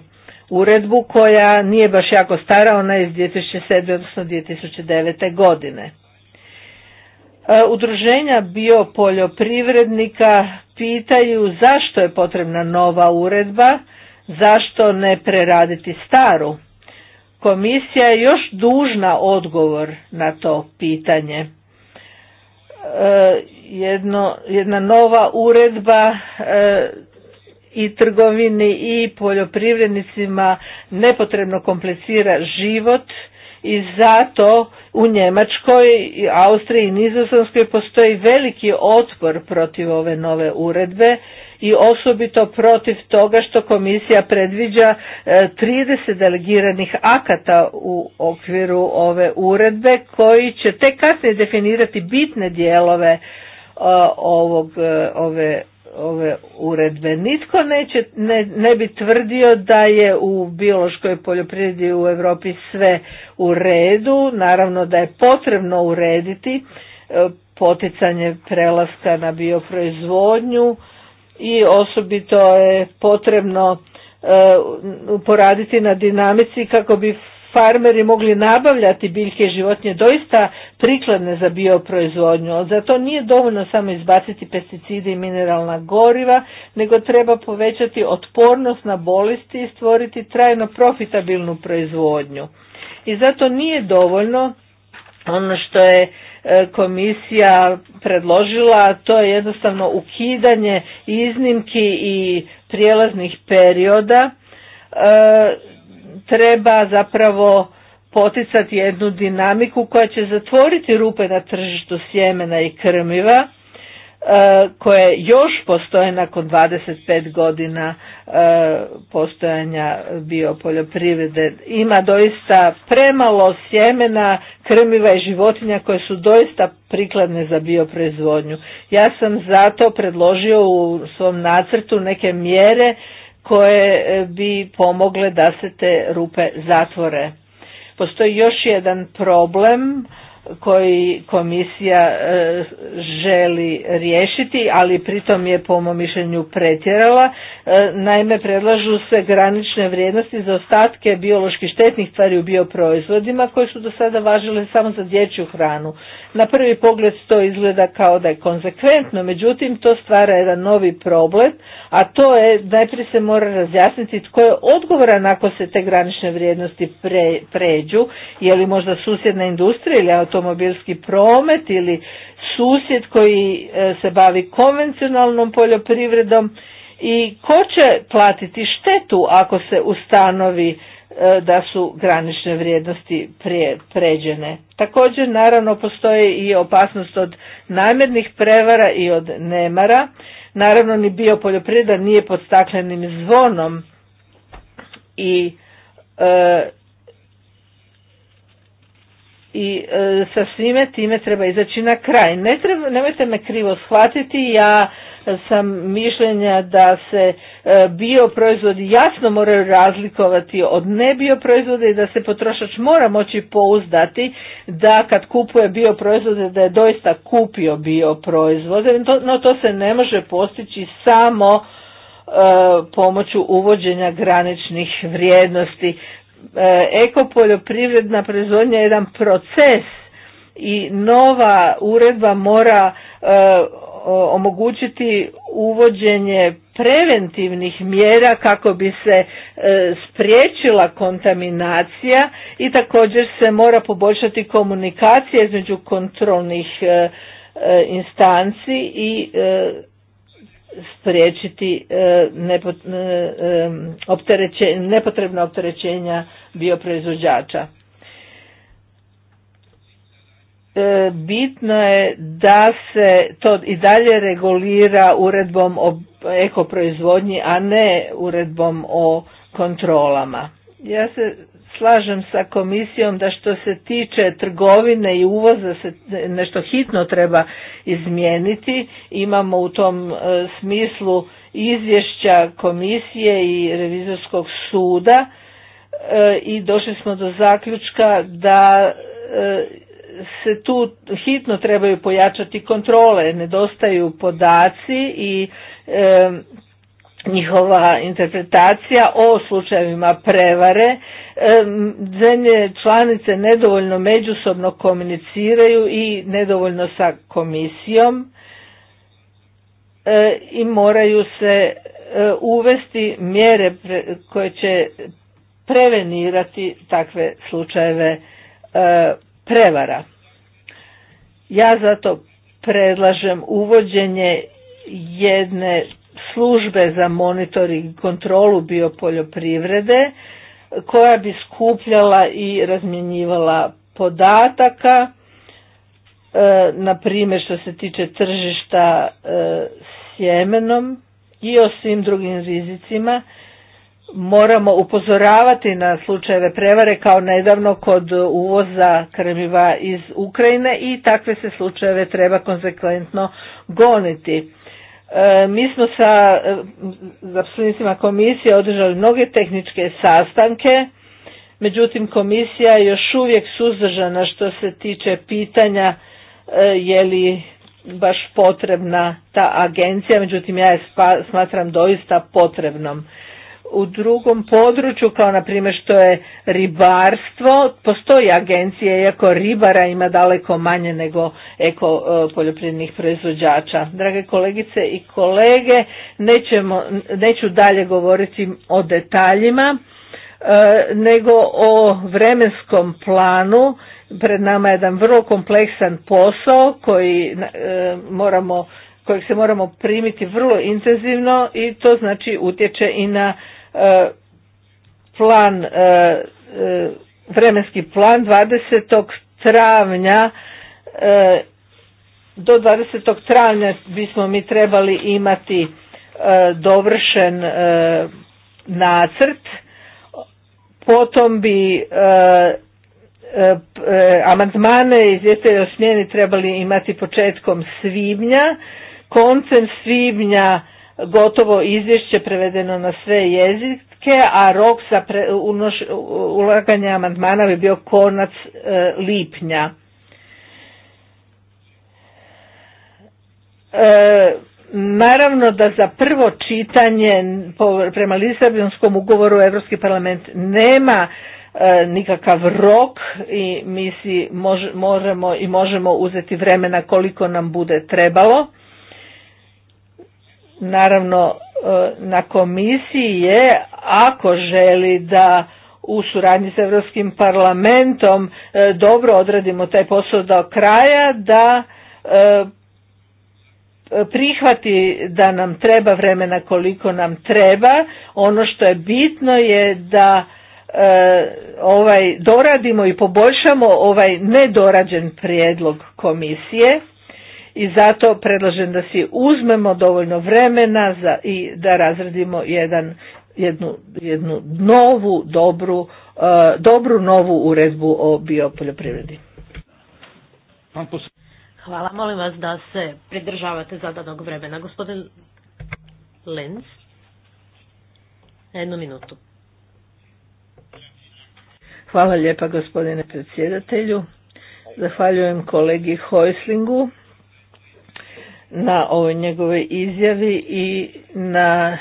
uredbu koja nije baš jako stara, ona je iz 2007. odnosno 2009. godine. E, udruženja biopoljoprivrednika pitaju zašto je potrebna nova uredba, zašto ne preraditi staru. Komisija je još dužna odgovor na to pitanje. E, jedno, jedna nova uredba e, i trgovini i poljoprivrednicima nepotrebno komplicira život i zato u Njemačkoj, Austriji i Nizozemskoj postoji veliki otpor protiv ove nove uredbe i osobito protiv toga što komisija predviđa 30 e, delegiranih akata u okviru ove uredbe koji će tek kasnije definirati bitne dijelove e, ovog, e, ove ove uredbe. Nitko neće, ne, ne bi tvrdio da je u biološkoj poljoprivredi u Europi sve u redu, naravno da je potrebno urediti e, poticanje prelaska na bioproizvodnju i osobito je potrebno e, poraditi na dinamici kako bi farmeri mogli nabavljati biljke životinje doista prikladne za bioproizvodnju. Zato nije dovoljno samo izbaciti pesticide i mineralna goriva, nego treba povećati otpornost na bolesti i stvoriti trajno profitabilnu proizvodnju. I zato nije dovoljno ono što je e, komisija predložila, to je jednostavno ukidanje iznimki i prijelaznih perioda e, treba zapravo poticati jednu dinamiku koja će zatvoriti rupe na tržištu sjemena i krmiva e, koje još postoje nakon 25 godina e, postojanja biopoljoprivrede. Ima doista premalo sjemena, krmiva i životinja koje su doista prikladne za bioproizvodnju. Ja sam zato predložio u svom nacrtu neke mjere koje e, bi pomogle da se te rupe zatvore. Postoji još jedan problem koji komisija e, želi riješiti, ali pritom je po mom mišljenju pretjerala. E, naime, predlažu se granične vrijednosti za ostatke biološki štetnih tvari u bioproizvodima koje su do sada važile samo za dječju hranu. Na prvi pogled to izgleda kao da je konsekventno, međutim to stvara jedan novi problem, a to je najprije se mora razjasniti tko je odgovoran ako se te granične vrijednosti pređu, je li možda susjedna industrija ili automobilski promet ili susjed koji e, se bavi konvencionalnom poljoprivredom i ko će platiti štetu ako se ustanovi e, da su granične vrijednosti pređene. Također naravno postoji i opasnost od namjernih prevara i od nemara. Naravno ni bio poljoprivreda nije pod staklenim zvonom i e, i e, sa svime time treba izaći na kraj. Ne treba, nemojte me krivo shvatiti, ja sam mišljenja da se e, bioproizvodi jasno moraju razlikovati od nebioproizvode i da se potrošač mora moći pouzdati da kad kupuje bioproizvode da je doista kupio bioproizvode, no to se ne može postići samo e, pomoću uvođenja graničnih vrijednosti. E, ekopoljoprivredna proizvodnja je jedan proces i nova uredba mora e, omogućiti uvođenje preventivnih mjera kako bi se e, spriječila kontaminacija i također se mora poboljšati komunikacija između kontrolnih instanci i spriječiti e, e, e, nepotrebna opterećenja bioproizvođača. Bitno je da se to i dalje regulira uredbom o ekoproizvodnji, a ne uredbom o kontrolama. Ja se slažem sa komisijom da što se tiče trgovine i uvoza se nešto hitno treba izmijeniti. Imamo u tom e, smislu izvješća komisije i revizorskog suda e, i došli smo do zaključka da e, se tu hitno trebaju pojačati kontrole, nedostaju podaci i njihova interpretacija o slučajevima prevare zemlje članice nedovoljno međusobno komuniciraju i nedovoljno sa komisijom e, i moraju se e, uvesti mjere koje će prevenirati takve slučajeve e, prevara. Ja zato predlažem uvođenje jedne službe za monitoring i kontrolu biopoljoprivrede koja bi skupljala i razmjenjivala podataka, e, na primjer što se tiče tržišta e, sjemenom i o svim drugim rizicima. Moramo upozoravati na slučajeve prevare kao nedavno kod uvoza krmiva iz Ukrajine i takve se slučajeve treba konsekventno goniti. E, mi smo sa zaposlenicima e, komisije održali mnoge tehničke sastanke, međutim komisija je još uvijek suzdržana što se tiče pitanja e, je li baš potrebna ta agencija, međutim ja je smatram doista potrebnom u drugom području kao na primjer što je ribarstvo postoji agencije iako ribara ima daleko manje nego eko e, poljoprivrednih proizvođača drage kolegice i kolege nećemo, neću dalje govoriti o detaljima e, nego o vremenskom planu pred nama je jedan vrlo kompleksan posao koji e, moramo kojeg se moramo primiti vrlo intenzivno i to znači utječe i na e, plan e, e, vremenski plan 20. travnja do 20. travnja bismo mi trebali imati dovršen nacrt potom bi amandmane izvjestitelja o smjeni trebali imati početkom svibnja koncem svibnja gotovo izvješće prevedeno na sve jezike, a rok za pre, ulaganje amandmana bi bio konac e, lipnja. E, naravno da za prvo čitanje prema Lisabonskom ugovoru Europski parlament nema e, nikakav rok i mi si možemo i možemo uzeti vremena koliko nam bude trebalo Naravno, e, na komisiji je, ako želi da u suradnji s Europskim parlamentom e, dobro odradimo taj posao do kraja, da e, prihvati da nam treba vremena koliko nam treba. Ono što je bitno je da ovaj doradimo i poboljšamo ovaj nedorađen prijedlog komisije i zato predlažem da si uzmemo dovoljno vremena za, i da razredimo jedan, jednu, jednu novu, dobru, uh, dobru novu uredbu o biopoljoprivredi. Hvala, molim vas da se pridržavate zadanog vremena. Gospodin Lenz, jednu minutu. Hvala lijepa gospodine predsjedatelju. Zahvaljujem kolegi Hojslingu na ovoj njegovoj izjavi i na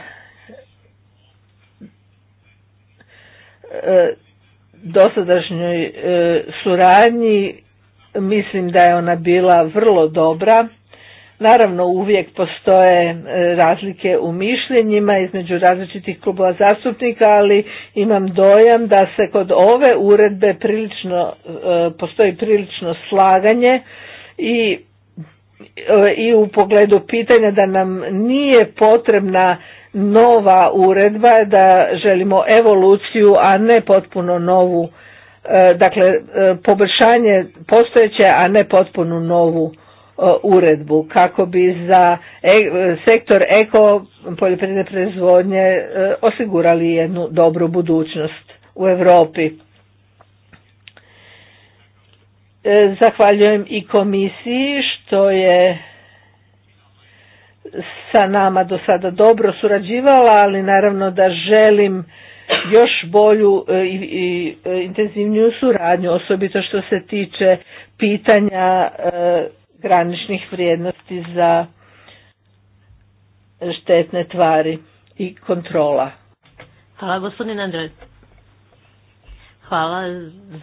e, dosadašnjoj e, suradnji mislim da je ona bila vrlo dobra. Naravno uvijek postoje e, razlike u mišljenjima između različitih klubova zastupnika, ali imam dojam da se kod ove uredbe prilično, postoji prilično slaganje i i u pogledu pitanja da nam nije potrebna nova uredba, da želimo evoluciju, a ne potpuno novu, e, dakle e, poboljšanje postojeće, a ne potpuno novu e, uredbu kako bi za sektor eko poljoprivredne proizvodnje osigurali jednu dobru budućnost u Europi. E, zahvaljujem i komisiji što je sa nama do sada dobro surađivala, ali naravno da želim još bolju e, i e, intenzivniju suradnju, osobito što se tiče pitanja graničnih vrijednosti za štetne tvari i kontrola. Hvala gospodine Andrej. Hvala,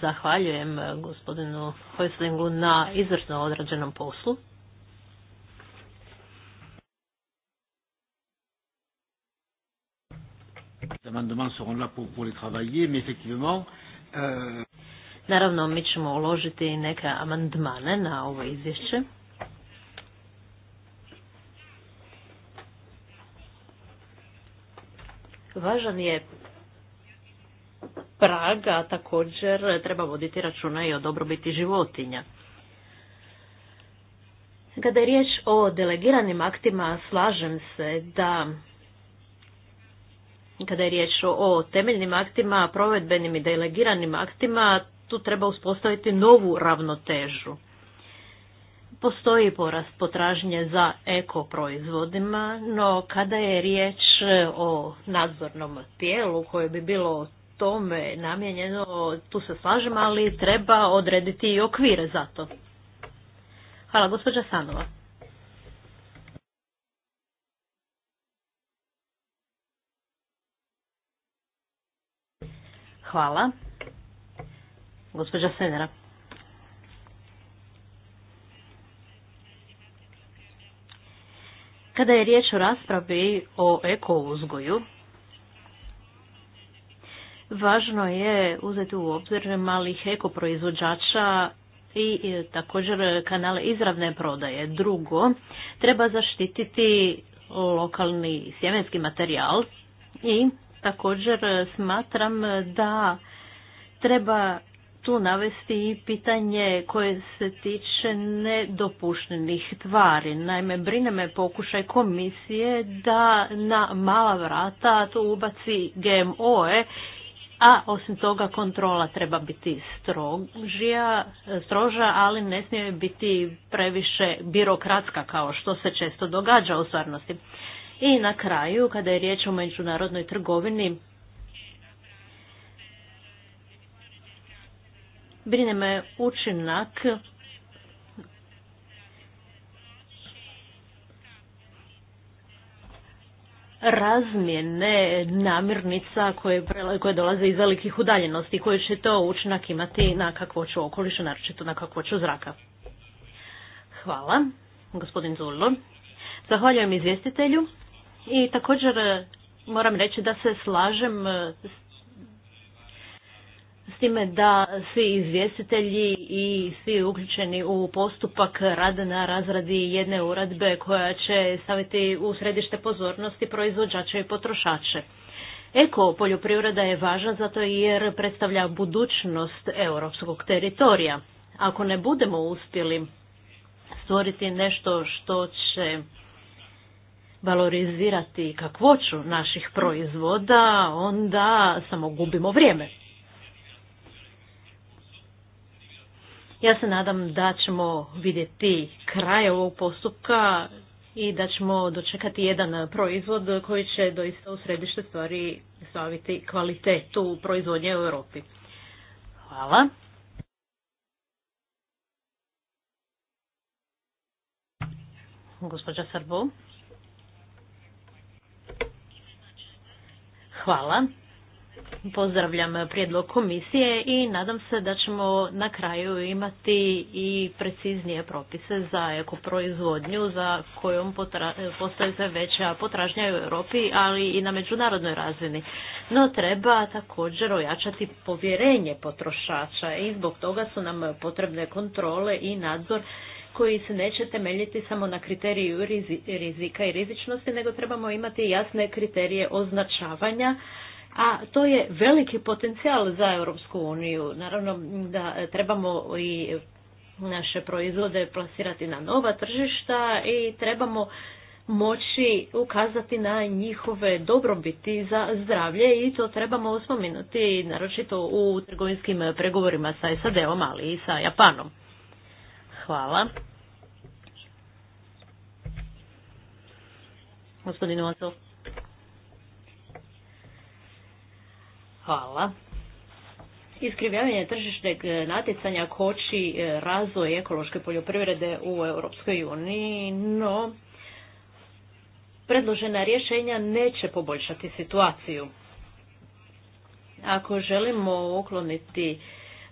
zahvaljujem eh, gospodinu Hojslingu na izvrsno odrađenom poslu. Euh, Naravno, mi ćemo uložiti neke amandmane na ovo izvješće. Važan je Praga također treba voditi računa i o dobrobiti životinja. Kada je riječ o delegiranim aktima, slažem se da kada je riječ o temeljnim aktima, provedbenim i delegiranim aktima, tu treba uspostaviti novu ravnotežu. Postoji porast potražnje za eko proizvodima, no kada je riječ o nadzornom tijelu koje bi bilo tome namijenjeno, tu se slažem, ali treba odrediti i okvire za to. Hvala, gospođa Sanova. Hvala. Gospođa Senera. Kada je riječ o raspravi o eko uzgoju, Važno je uzeti u obzir malih ekoproizvođača i e, također kanale izravne prodaje. Drugo, treba zaštititi lokalni sjemenski materijal i također smatram da treba tu navesti i pitanje koje se tiče nedopuštenih tvari. Naime, brine me pokušaj komisije da na mala vrata tu ubaci GMO-e a osim toga kontrola treba biti strožija, stroža, ali ne smije biti previše birokratska kao što se često događa u stvarnosti. I na kraju, kada je riječ o međunarodnoj trgovini, brine me učinak razmjene namirnica koje, koje dolaze iz velikih udaljenosti, koje će to učinak imati na kakvoću okoliša, naročito na kakvoću zraka. Hvala, gospodin Zullo. Zahvaljujem izvjestitelju i također eh, moram reći da se slažem eh, s time da svi izvjestitelji i svi uključeni u postupak rade na razradi jedne uredbe koja će staviti u središte pozornosti proizvođače i potrošače. Eko poljoprivreda je važna zato jer predstavlja budućnost europskog teritorija. Ako ne budemo uspjeli stvoriti nešto što će valorizirati kakvoću naših proizvoda, onda samo gubimo vrijeme. Ja se nadam da ćemo vidjeti kraj ovog postupka i da ćemo dočekati jedan proizvod koji će doista u središte stvari staviti kvalitetu proizvodnje u Europi. Hvala. Gospođa Sarbo. Hvala. Pozdravljam prijedlog komisije i nadam se da ćemo na kraju imati i preciznije propise za ekoproizvodnju za kojom postoje sve veća potražnja u Europi, ali i na međunarodnoj razini. No treba također ojačati povjerenje potrošača i zbog toga su nam potrebne kontrole i nadzor koji se neće temeljiti samo na kriteriju rizika i rizičnosti, nego trebamo imati jasne kriterije označavanja a to je veliki potencijal za Europsku uniju. Naravno da trebamo i naše proizvode plasirati na nova tržišta i trebamo moći ukazati na njihove dobrobiti za zdravlje i to trebamo uspominuti naročito u trgovinskim pregovorima sa SAD-om, ali i sa Japanom. Hvala. Gospodin Ozov. Hvala. Iskrivljavanje tržišnog natjecanja koči e, razvoj ekološke poljoprivrede u Europskoj uniji, no predložena rješenja neće poboljšati situaciju. Ako želimo ukloniti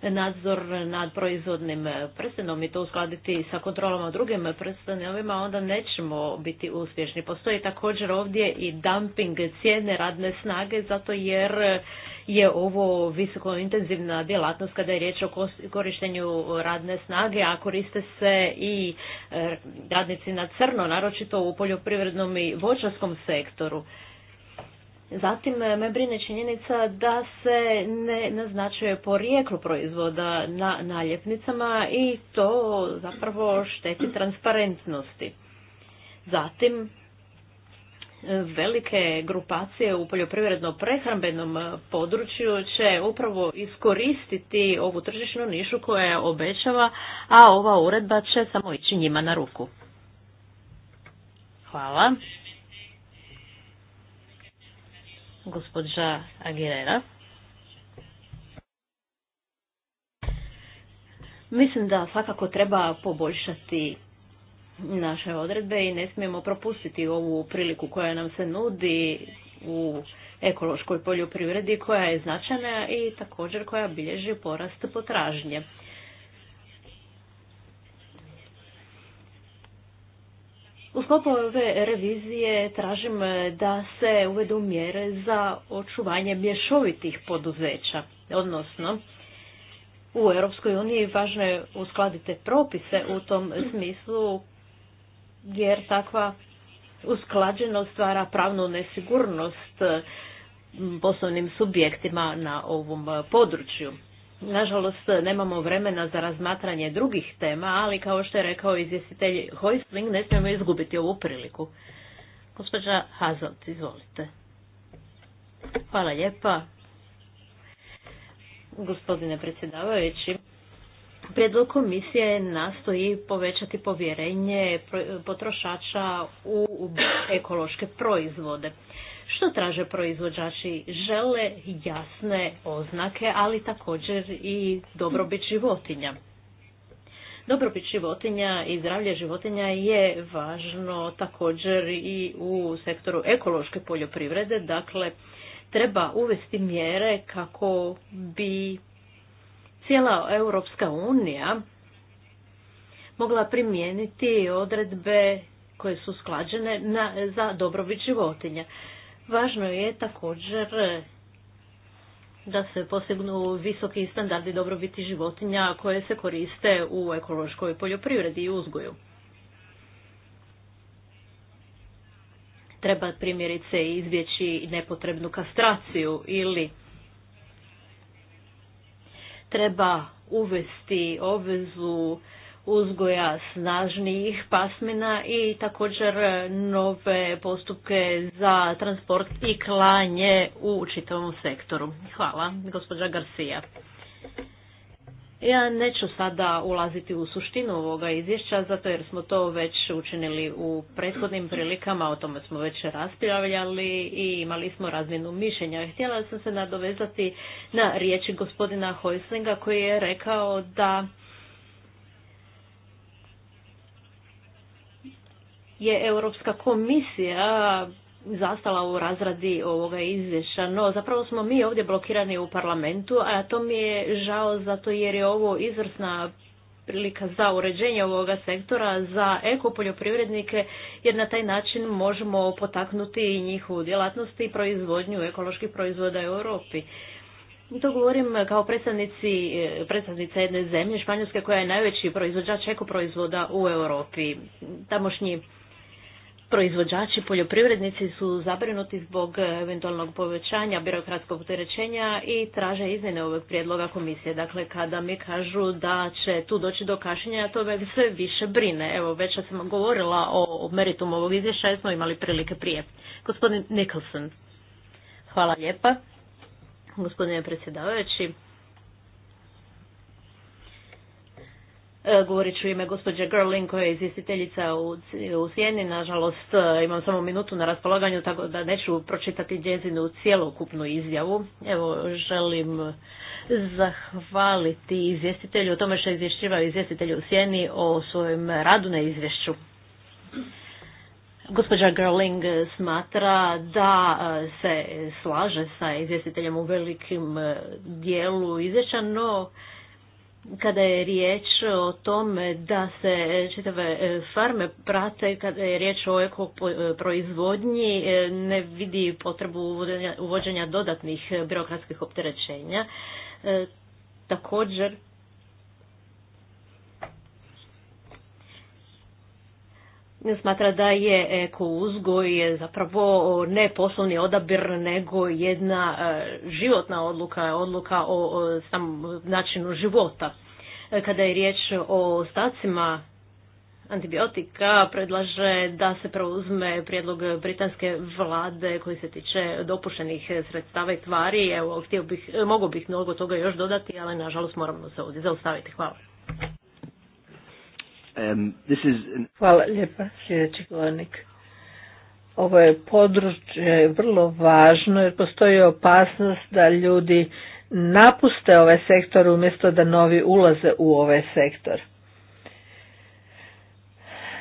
nadzor nad proizvodnim prstenom i to uskladiti sa kontrolama drugim prstenovima, onda nećemo biti uspješni. Postoji također ovdje i dumping cijene radne snage, zato jer je ovo visoko intenzivna djelatnost kada je riječ o korištenju radne snage, a koriste se i eh, radnici na crno, naročito u poljoprivrednom i voćarskom sektoru. Zatim e, me brine činjenica da se ne naznačuje porijeklo proizvoda na naljepnicama i to zapravo šteti transparentnosti. Zatim e, velike grupacije u poljoprivredno-prehrambenom području će upravo iskoristiti ovu tržišnu nišu koja je obećava, a ova uredba će samo ići njima na ruku. Hvala gospođa Aguilera. Mislim da svakako treba poboljšati naše odredbe i ne smijemo propustiti ovu priliku koja nam se nudi u ekološkoj poljoprivredi koja je značajna i također koja bilježi porast potražnje. U sklopu ove revizije tražim eh, da se uvedu mjere za očuvanje mješovitih poduzeća, odnosno u Europskoj uniji važno je uskladiti propise u tom smislu jer takva usklađenost stvara pravnu nesigurnost eh, poslovnim subjektima na ovom području. Nažalost, nemamo vremena za razmatranje drugih tema, ali kao što je rekao izvjestitelj Hoistling, ne smijemo izgubiti ovu priliku. Gospođa Hazelt, izvolite. Hvala lijepa. Gospodine predsjedavajući, Prijedlog komisije nastoji povećati povjerenje potrošača u ekološke proizvode što traže proizvođači. Žele jasne oznake, ali također i dobrobit životinja. Dobrobit životinja i zdravlje životinja je važno također i u sektoru ekološke poljoprivrede, dakle treba uvesti mjere kako bi cijela Europska unija mogla primijeniti odredbe koje su sklađene na, za dobrobit životinja. Važno je također e, da se posebnu visoki standardi dobrobiti životinja koje se koriste u ekološkoj poljoprivredi i uzgoju. Treba primjerice izbjeći nepotrebnu kastraciju ili treba uvesti obvezu uzgoja snažnijih pasmina i također nove postupke za transport i klanje u čitavom sektoru. Hvala, gospođa Garcia. Ja neću sada ulaziti u suštinu ovoga izvješća, zato jer smo to već učinili u prethodnim prilikama, o tome smo već raspravljali i imali smo razminu mišljenja. Htjela sam se nadovezati na riječi gospodina Hojslinga koji je rekao da je Europska komisija zastala u razradi ovoga izvješća, no zapravo smo mi ovdje blokirani u parlamentu, a to mi je žao zato jer je ovo izvrsna prilika za uređenje ovoga sektora za ekopoljoprivrednike jer na taj način možemo potaknuti njihovu djelatnost i proizvodnju ekoloških proizvoda u Europi. I to govorim kao predstavnici, predstavnica jedne zemlje, Španjolske, koja je najveći proizvođač ekoproizvoda u Europi. Tamošnji proizvođači, poljoprivrednici su zabrinuti zbog e, eventualnog povećanja birokratskog opterećenja i traže izmjene ovog prijedloga komisije. Dakle, kada mi kažu da će tu doći do kašenja, to već sve više brine. Evo, već sam govorila o meritumu ovog izvješća, smo imali prilike prije. Gospodin Nicholson. Hvala lijepa, gospodine predsjedavajući. E, govorit ću ime gospođe Gerling koja je izvjestiteljica u Sjeni. Nažalost e, imam samo minutu na raspolaganju tako da neću pročitati njezinu cjelokupnu izjavu. Evo želim zahvaliti izvjestitelju o tome što je izvješćivao izvjestitelju u Sjeni o svojem radu na izvješću. Gospođa Gerling smatra da e, se slaže sa izvjestiteljem u velikim dijelu izvješća, no kada je riječ o tome da se čitave e, farme prate, kada je riječ o e, proizvodnji, e, ne vidi potrebu uvođenja dodatnih birokratskih opterećenja. Također, smatra da je eko uzgoj zapravo ne poslovni odabir nego jedna e, životna odluka, odluka o sam načinu života. E, kada je riječ o stacima antibiotika, predlaže da se preuzme prijedlog britanske vlade koji se tiče dopuštenih sredstava i tvari. Evo, htio bih, e, mogu bih mnogo toga još dodati, ali nažalost moramo se ovdje zaustaviti. Hvala. Um, Hvala lijepa, sljedeći govornik. Ovo je područje vrlo važno jer postoji opasnost da ljudi napuste ovaj sektor umjesto da novi ulaze u ovaj sektor.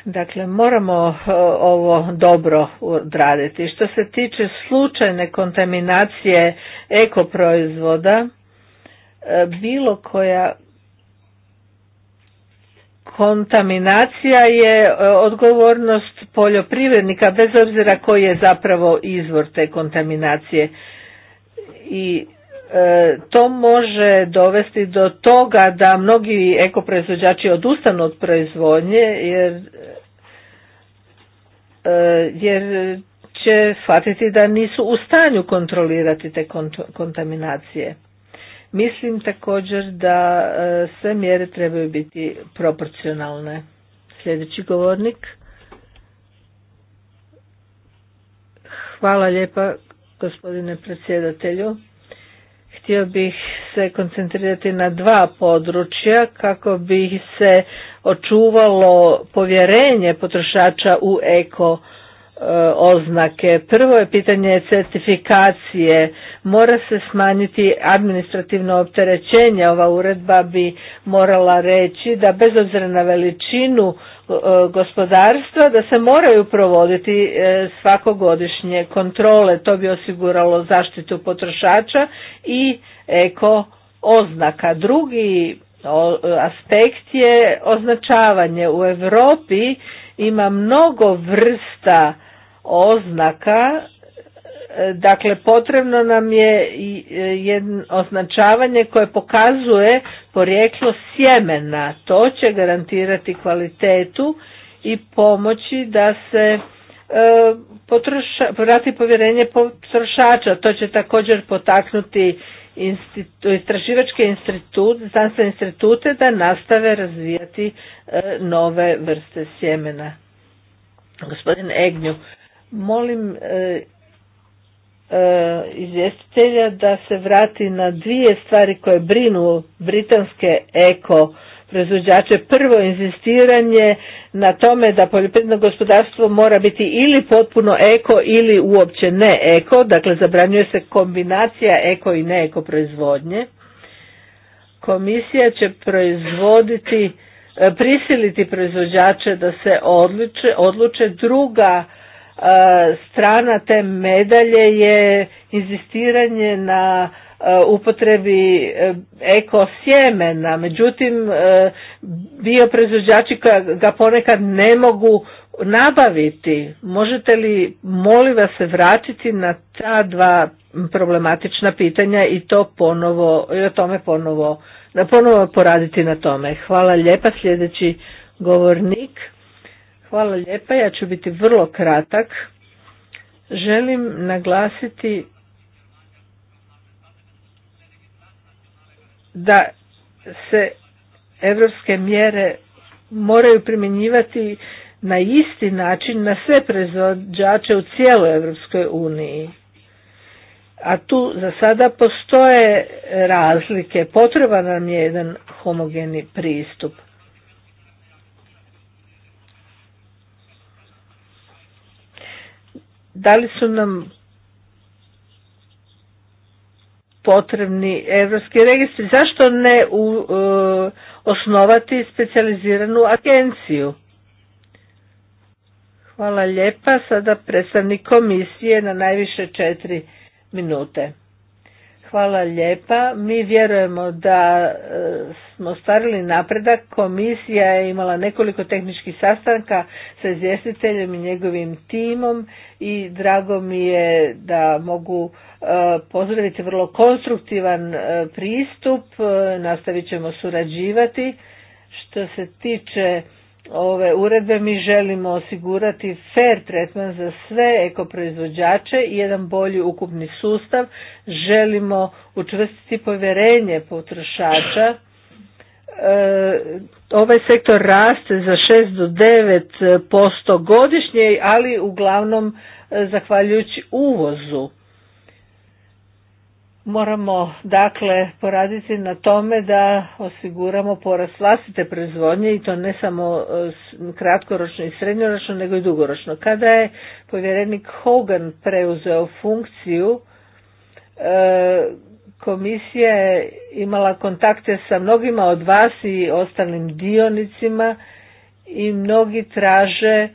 Dakle, moramo e, ovo dobro odraditi. Što se tiče slučajne kontaminacije ekoproizvoda, e, bilo koja kontaminacija je e, odgovornost poljoprivrednika bez obzira koji je zapravo izvor te kontaminacije i e, to može dovesti do toga da mnogi ekoproizvođači odustanu od proizvodnje jer e, jer će shvatiti da nisu u stanju kontrolirati te kontaminacije Mislim također da e, sve mjere trebaju biti proporcionalne. Sljedeći govornik. Hvala lijepa gospodine predsjedatelju. Htio bih se koncentrirati na dva područja kako bi se očuvalo povjerenje potrošača u eko E, oznake. Prvo je pitanje certifikacije. Mora se smanjiti administrativno opterećenje. Ova uredba bi morala reći da bez obzira na veličinu e, gospodarstva da se moraju provoditi e, svakogodišnje kontrole. To bi osiguralo zaštitu potrošača i eko oznaka. Drugi aspekt je označavanje. U Europi ima mnogo vrsta oznaka dakle potrebno nam je e, jedno označavanje koje pokazuje porijeklo sjemena to će garantirati kvalitetu i pomoći da se e, potroša, vrati povjerenje potrošača to će također potaknuti istraživačke znanstvene institute da nastave razvijati e, nove vrste sjemena gospodin Egnju Molim e, e, izvjestitelja da se vrati na dvije stvari koje brinu britanske eko proizvođače. Prvo, inzistiranje na tome da poljoprivredno gospodarstvo mora biti ili potpuno eko ili uopće ne eko, dakle zabranjuje se kombinacija eko i ne eko proizvodnje. Komisija će proizvoditi e, prisiliti proizvođače da se odluče druga E, strana te medalje je inzistiranje na e, upotrebi e, eko sjemena, međutim bioproizvođači ga ponekad ne mogu nabaviti. Možete li molim vas se vratiti na ta dva problematična pitanja i to ponovo, o tome ponovo, ponovo poraditi na tome. Hvala lijepa sljedeći govornik. Hvala lijepa, ja ću biti vrlo kratak. Želim naglasiti da se evropske mjere moraju primjenjivati na isti način na sve proizvođače u cijeloj Europskoj uniji. A tu za sada postoje razlike, potreban nam je jedan homogeni pristup. da li su nam potrebni europski registri? Zašto ne u, e, osnovati specijaliziranu agenciju? Hvala lijepa. Sada predstavnik komisije na najviše četiri minute. Hvala lijepa. Mi vjerujemo da e, smo stvarili napredak. Komisija je imala nekoliko tehničkih sastanka sa izvjestiteljem i njegovim timom i drago mi je da mogu e, pozdraviti vrlo konstruktivan e, pristup. Nastavit ćemo surađivati. Što se tiče ove uredbe mi želimo osigurati fair tretman za sve ekoproizvođače i jedan bolji ukupni sustav. Želimo učvrstiti povjerenje potrošača. E, ovaj sektor raste za 6 do 9 godišnje, ali uglavnom e, zahvaljujući uvozu. Moramo dakle poraditi na tome da osiguramo porast vlastite proizvodnje i to ne samo e, kratkoročno i srednjoročno nego i dugoročno. Kada je povjerenik Hogan preuzeo funkciju, e, komisija je imala kontakte sa mnogima od vas i ostalim dionicima i mnogi traže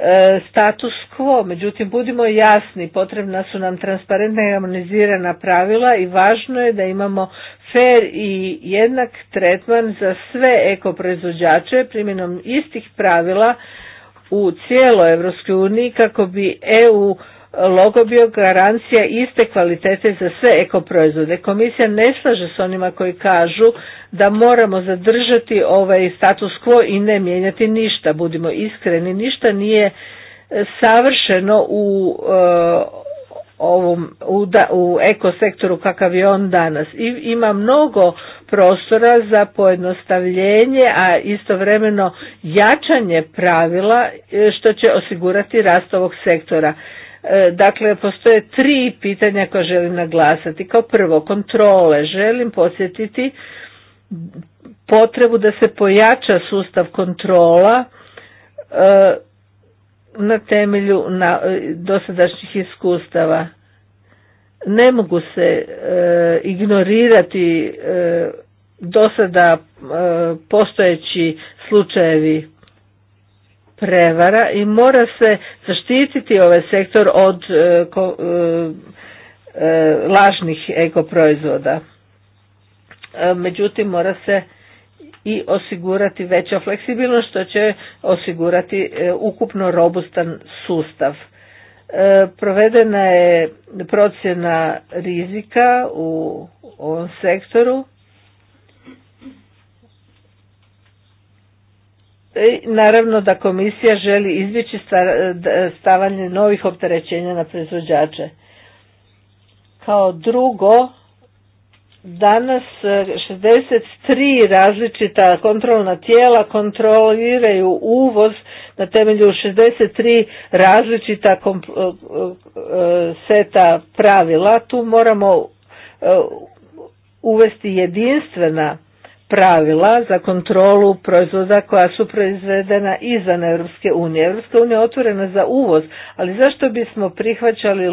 E, status quo, međutim budimo jasni, potrebna su nam transparentna i harmonizirana pravila i važno je da imamo fer i jednak tretman za sve ekoproizvođače primjenom istih pravila u cijeloj Europskoj uniji kako bi EU logo garancija iste kvalitete za sve ekoproizvode. Komisija ne slaže s onima koji kažu da moramo zadržati ovaj status quo i ne mijenjati ništa. Budimo iskreni, ništa nije e, savršeno u e, ovom u, da, u ekosektoru kakav je on danas i ima mnogo prostora za pojednostavljenje a istovremeno jačanje pravila e, što će osigurati rast ovog sektora E, dakle, postoje tri pitanja koje želim naglasati. Kao prvo, kontrole. Želim posjetiti potrebu da se pojača sustav kontrola e, na temelju e, dosadašnjih iskustava. Ne mogu se ignorirati dosada postojeći slučajevi prevara i mora se zaštititi ovaj sektor od e, e, e, lažnih ekoproizvoda. Međutim, mora se i osigurati veća fleksibilnost što će osigurati ukupno robustan sustav. Provedena je procjena rizika u ovom sektoru Naravno da komisija želi izbjeći e, e, stavanje novih opterećenja na proizvođače. Kao drugo, danas 63 e, različita kontrolna tijela kontroliraju uvoz na temelju 63 različita seta pravila. Tu moramo uvesti jedinstvena pravila za kontrolu proizvoda koja su proizvedena izvan Europske unije. Europska unija je otvorena za uvoz, ali zašto bismo prihvaćali e,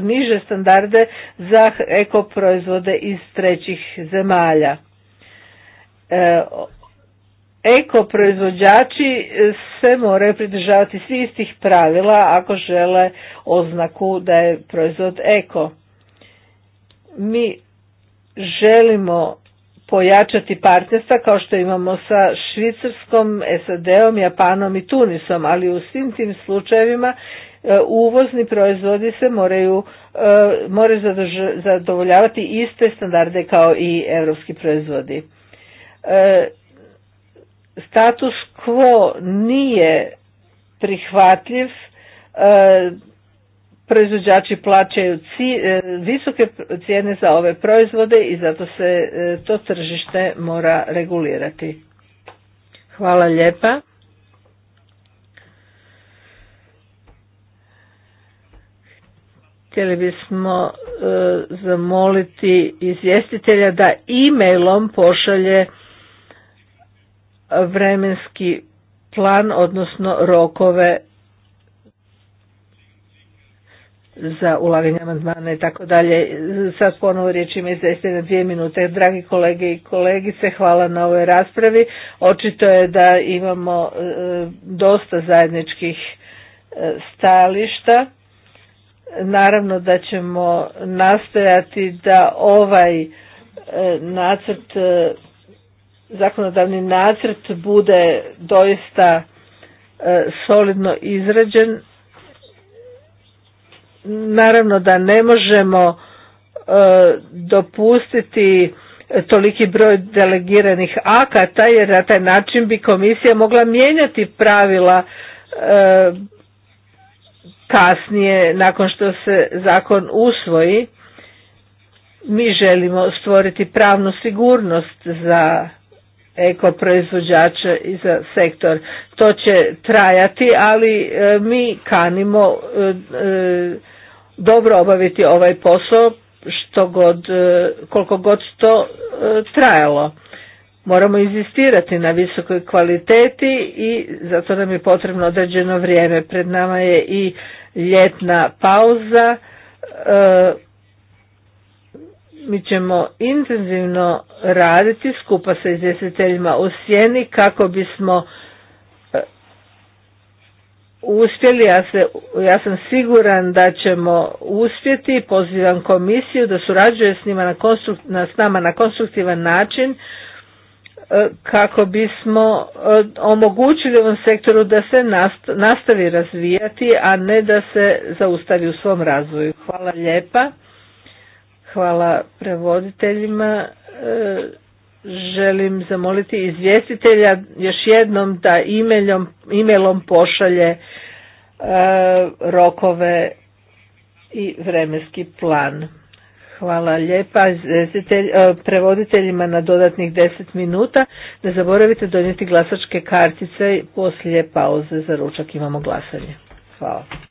niže standarde za ekoproizvode iz trećih zemalja? E, eko proizvođači e, se moraju pridržavati svi istih pravila ako žele oznaku da je proizvod eko. Mi želimo pojačati partnerstva kao što imamo sa Švicarskom, SAD-om, Japanom i Tunisom, ali u svim tim slučajevima e, uvozni proizvodi se moraju, e, zadovoljavati iste standarde kao i europski proizvodi. E, status quo nije prihvatljiv proizvođači plaćaju e, visoke cijene za ove proizvode i zato se e, to tržište mora regulirati. Hvala lijepa. Htjeli bismo e, zamoliti izvjestitelja da e-mailom pošalje vremenski plan, odnosno rokove za ulaganje amandmana i tako dalje. Sad ponovo riječ ima izvesti na dvije minute. Dragi kolege i kolegice, hvala na ovoj raspravi. Očito je da imamo e, dosta zajedničkih e, stajališta. Naravno da ćemo nastojati da ovaj e, nacrt, zakonodavni nacrt bude doista solidno izrađen naravno da ne možemo e, dopustiti toliki broj delegiranih akata jer na taj način bi komisija mogla mijenjati pravila e, kasnije nakon što se zakon usvoji mi želimo stvoriti pravnu sigurnost za eko proizvođače i za sektor. To će trajati, ali e, mi kanimo dobro obaviti ovaj posao što god, e, koliko god to e, trajalo. Moramo inzistirati na visokoj kvaliteti i zato nam je potrebno određeno vrijeme. Pred nama je i ljetna pauza. E, mi ćemo intenzivno raditi skupa sa izvjestiteljima u sjeni kako bismo uspjeli, ja, se, ja sam siguran da ćemo uspjeti, pozivam komisiju da surađuje s, njima na s nama na konstruktivan način e, kako bismo e, omogućili ovom sektoru da se nastavi razvijati, a ne da se zaustavi u svom razvoju. Hvala lijepa, hvala prevoditeljima. E, želim zamoliti izvjestitelja još jednom da emailom, pošalje e, rokove i vremenski plan. Hvala lijepa e, prevoditeljima na dodatnih 10 minuta. Ne zaboravite donijeti glasačke kartice poslije pauze za ručak imamo glasanje. Hvala.